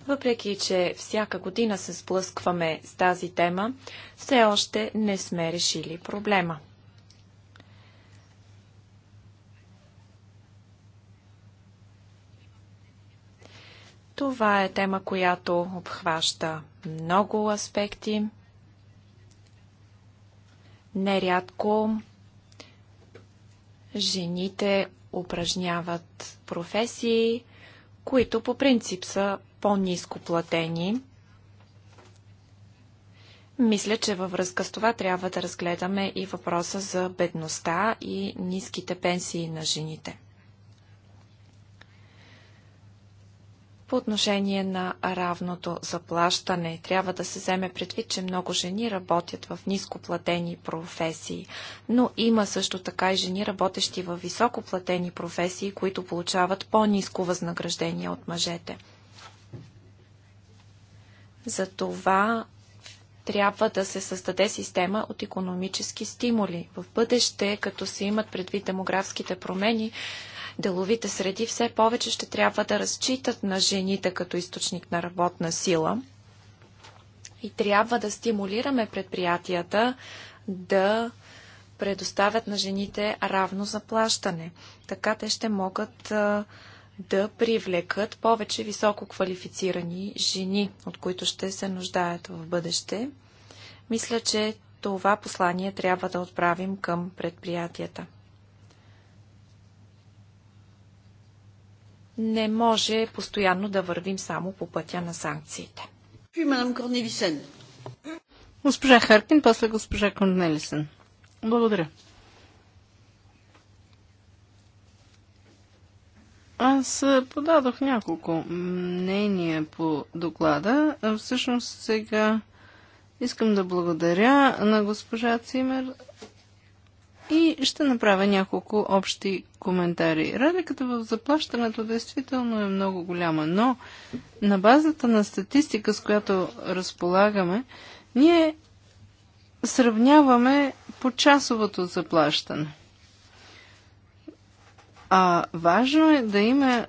Въпреки, че всяка година се сблъскваме с тази тема, все още не сме решили проблема. Това е тема, която обхваща много аспекти. Нерядко жените упражняват професии, които по принцип са по-низко платени. Мисля, че във връзка с това трябва да разгледаме и въпроса за бедността и ниските пенсии на жените. По отношение на равното заплащане, трябва да се вземе предвид, че много жени работят в нископлатени професии, но има също така и жени работещи в високоплатени професии, които получават по-низко възнаграждение от мъжете. Затова трябва да се създаде система от економически стимули. В бъдеще, като се имат предвид демографските промени, деловите среди все повече ще трябва да разчитат на жените като източник на работна сила и трябва да стимулираме предприятията да предоставят на жените равно заплащане. Така те ще могат да привлекат повече високо квалифицирани жени, от които ще се нуждаят в бъдеще. Мисля, че това послание трябва да отправим към предприятията. не може постоянно да вървим само по пътя на санкциите. Госпожа Харкин, после госпожа Корнелисен. Благодаря. Аз подадох няколко мнения по доклада. Всъщност сега искам да благодаря на госпожа Цимер и ще направя няколко общи коментари. Разликата в заплащането действително е много голяма, но на базата на статистика, с която разполагаме, ние сравняваме по часовото заплащане. А важно е да има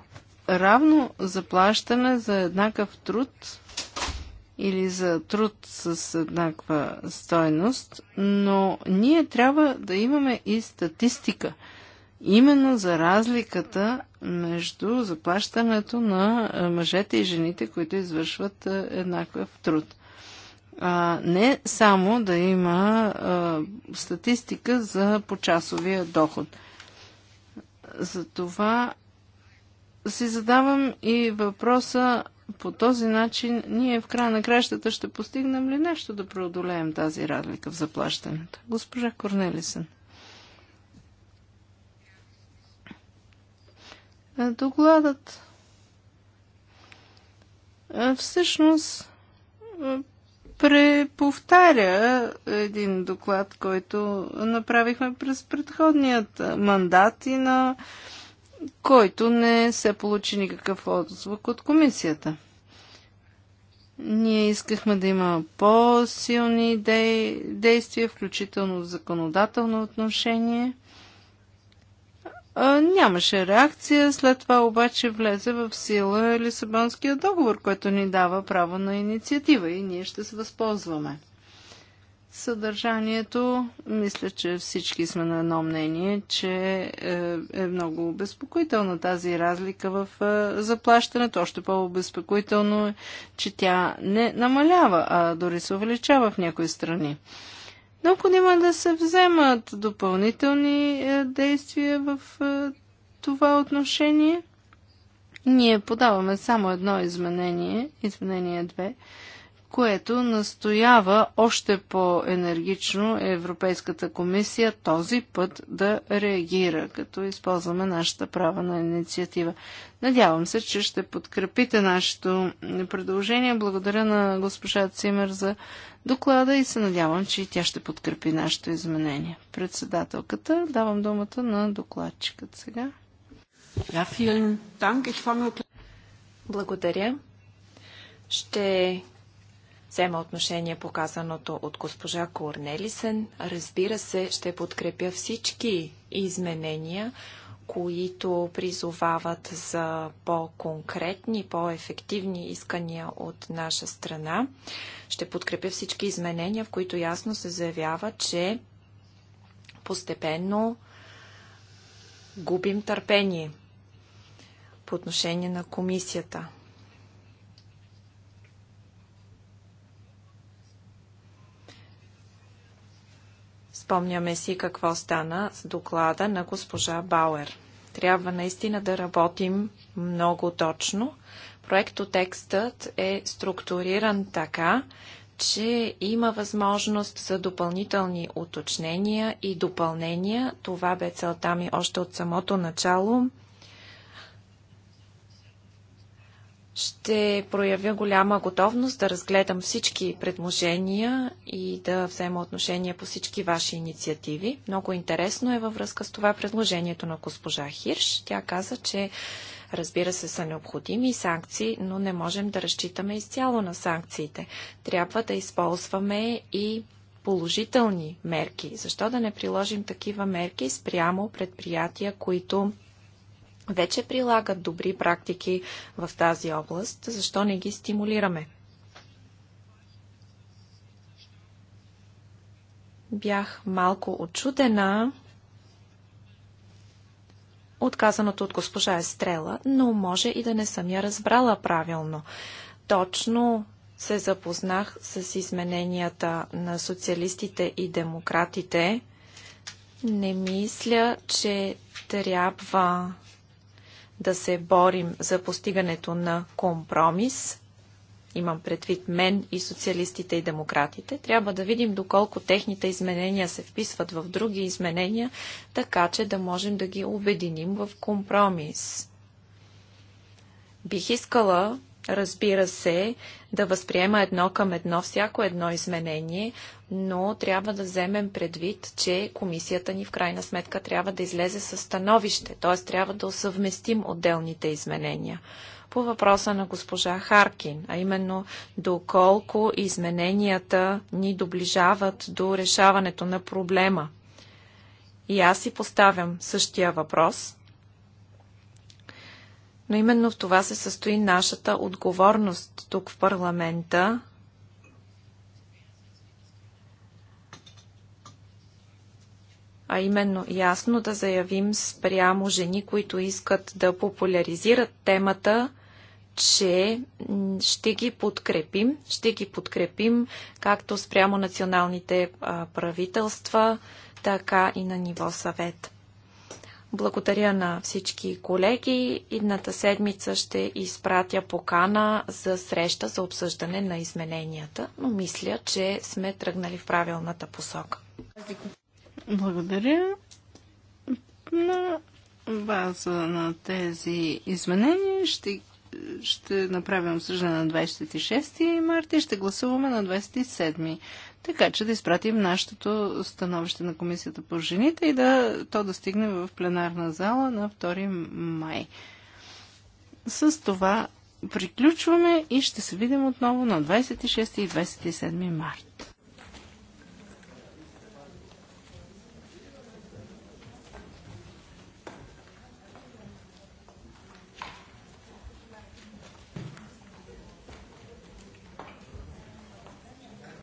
равно заплащане за еднакъв труд или за труд с еднаква стойност, но ние трябва да имаме и статистика, именно за разликата между заплащането на мъжете и жените, които извършват еднакъв труд. А, не само да има а, статистика за почасовия доход. Затова си задавам и въпроса по този начин ние в края на кращата ще постигнем ли нещо да преодолеем тази разлика в заплащането? Госпожа Корнелисен. Докладът всъщност преповтаря един доклад, който направихме през предходният мандат и на който не се получи никакъв отзвук от комисията. Ние искахме да има по-силни де... действия, включително в законодателно отношение. А, нямаше реакция, след това обаче влезе в сила Лисабонския договор, който ни дава право на инициатива и ние ще се възползваме съдържанието. Мисля, че всички сме на едно мнение, че е, е много обезпокоителна тази разлика в е, заплащането. Още по-обезпокоително е, че тя не намалява, а дори се увеличава в някои страни. Необходимо да се вземат допълнителни е, действия в това отношение. Ние подаваме само едно изменение, изменение две, което настоява още по-енергично Европейската комисия този път да реагира, като използваме нашата права на инициатива. Надявам се, че ще подкрепите нашето предложение. Благодаря на госпожа Цимер за доклада и се надявам, че и тя ще подкрепи нашето изменение. Председателката, давам думата на докладчикът сега. Благодаря. Ще взема отношение показаното от госпожа Корнелисен. Разбира се, ще подкрепя всички изменения, които призовават за по-конкретни, по-ефективни искания от наша страна. Ще подкрепя всички изменения, в които ясно се заявява, че постепенно губим търпение по отношение на комисията. Спомняме си какво стана с доклада на госпожа Бауер. Трябва наистина да работим много точно. Проектотекстът е структуриран така, че има възможност за допълнителни уточнения и допълнения. Това бе целта ми още от самото начало. Ще проявя голяма готовност да разгледам всички предложения и да взема отношение по всички ваши инициативи. Много интересно е във връзка с това предложението на госпожа Хирш. Тя каза, че Разбира се, са необходими санкции, но не можем да разчитаме изцяло на санкциите. Трябва да използваме и положителни мерки. Защо да не приложим такива мерки спрямо предприятия, които вече прилагат добри практики в тази област. Защо не ги стимулираме? Бях малко очудена отказаното от госпожа Естрела, но може и да не съм я разбрала правилно. Точно се запознах с измененията на социалистите и демократите. Не мисля, че трябва да се борим за постигането на компромис, имам предвид мен и социалистите и демократите, трябва да видим доколко техните изменения се вписват в други изменения, така че да можем да ги обединим в компромис. Бих искала разбира се, да възприема едно към едно всяко едно изменение, но трябва да вземем предвид, че комисията ни в крайна сметка трябва да излезе със становище, т.е. трябва да съвместим отделните изменения. По въпроса на госпожа Харкин, а именно доколко измененията ни доближават до решаването на проблема. И аз си поставям същия въпрос – но именно в това се състои нашата отговорност тук в парламента. А именно ясно да заявим спрямо жени, които искат да популяризират темата, че ще ги подкрепим. Ще ги подкрепим както спрямо националните правителства, така и на ниво съвет. Благодаря на всички колеги. Идната седмица ще изпратя покана за среща за обсъждане на измененията, но мисля, че сме тръгнали в правилната посока. Благодаря. На база на тези изменения ще, ще направим обсъждане на 26 марта и ще гласуваме на 27 така че да изпратим нашето становище на Комисията по жените и да то да стигне в пленарна зала на 2 май. С това приключваме и ще се видим отново на 26 и 27 март.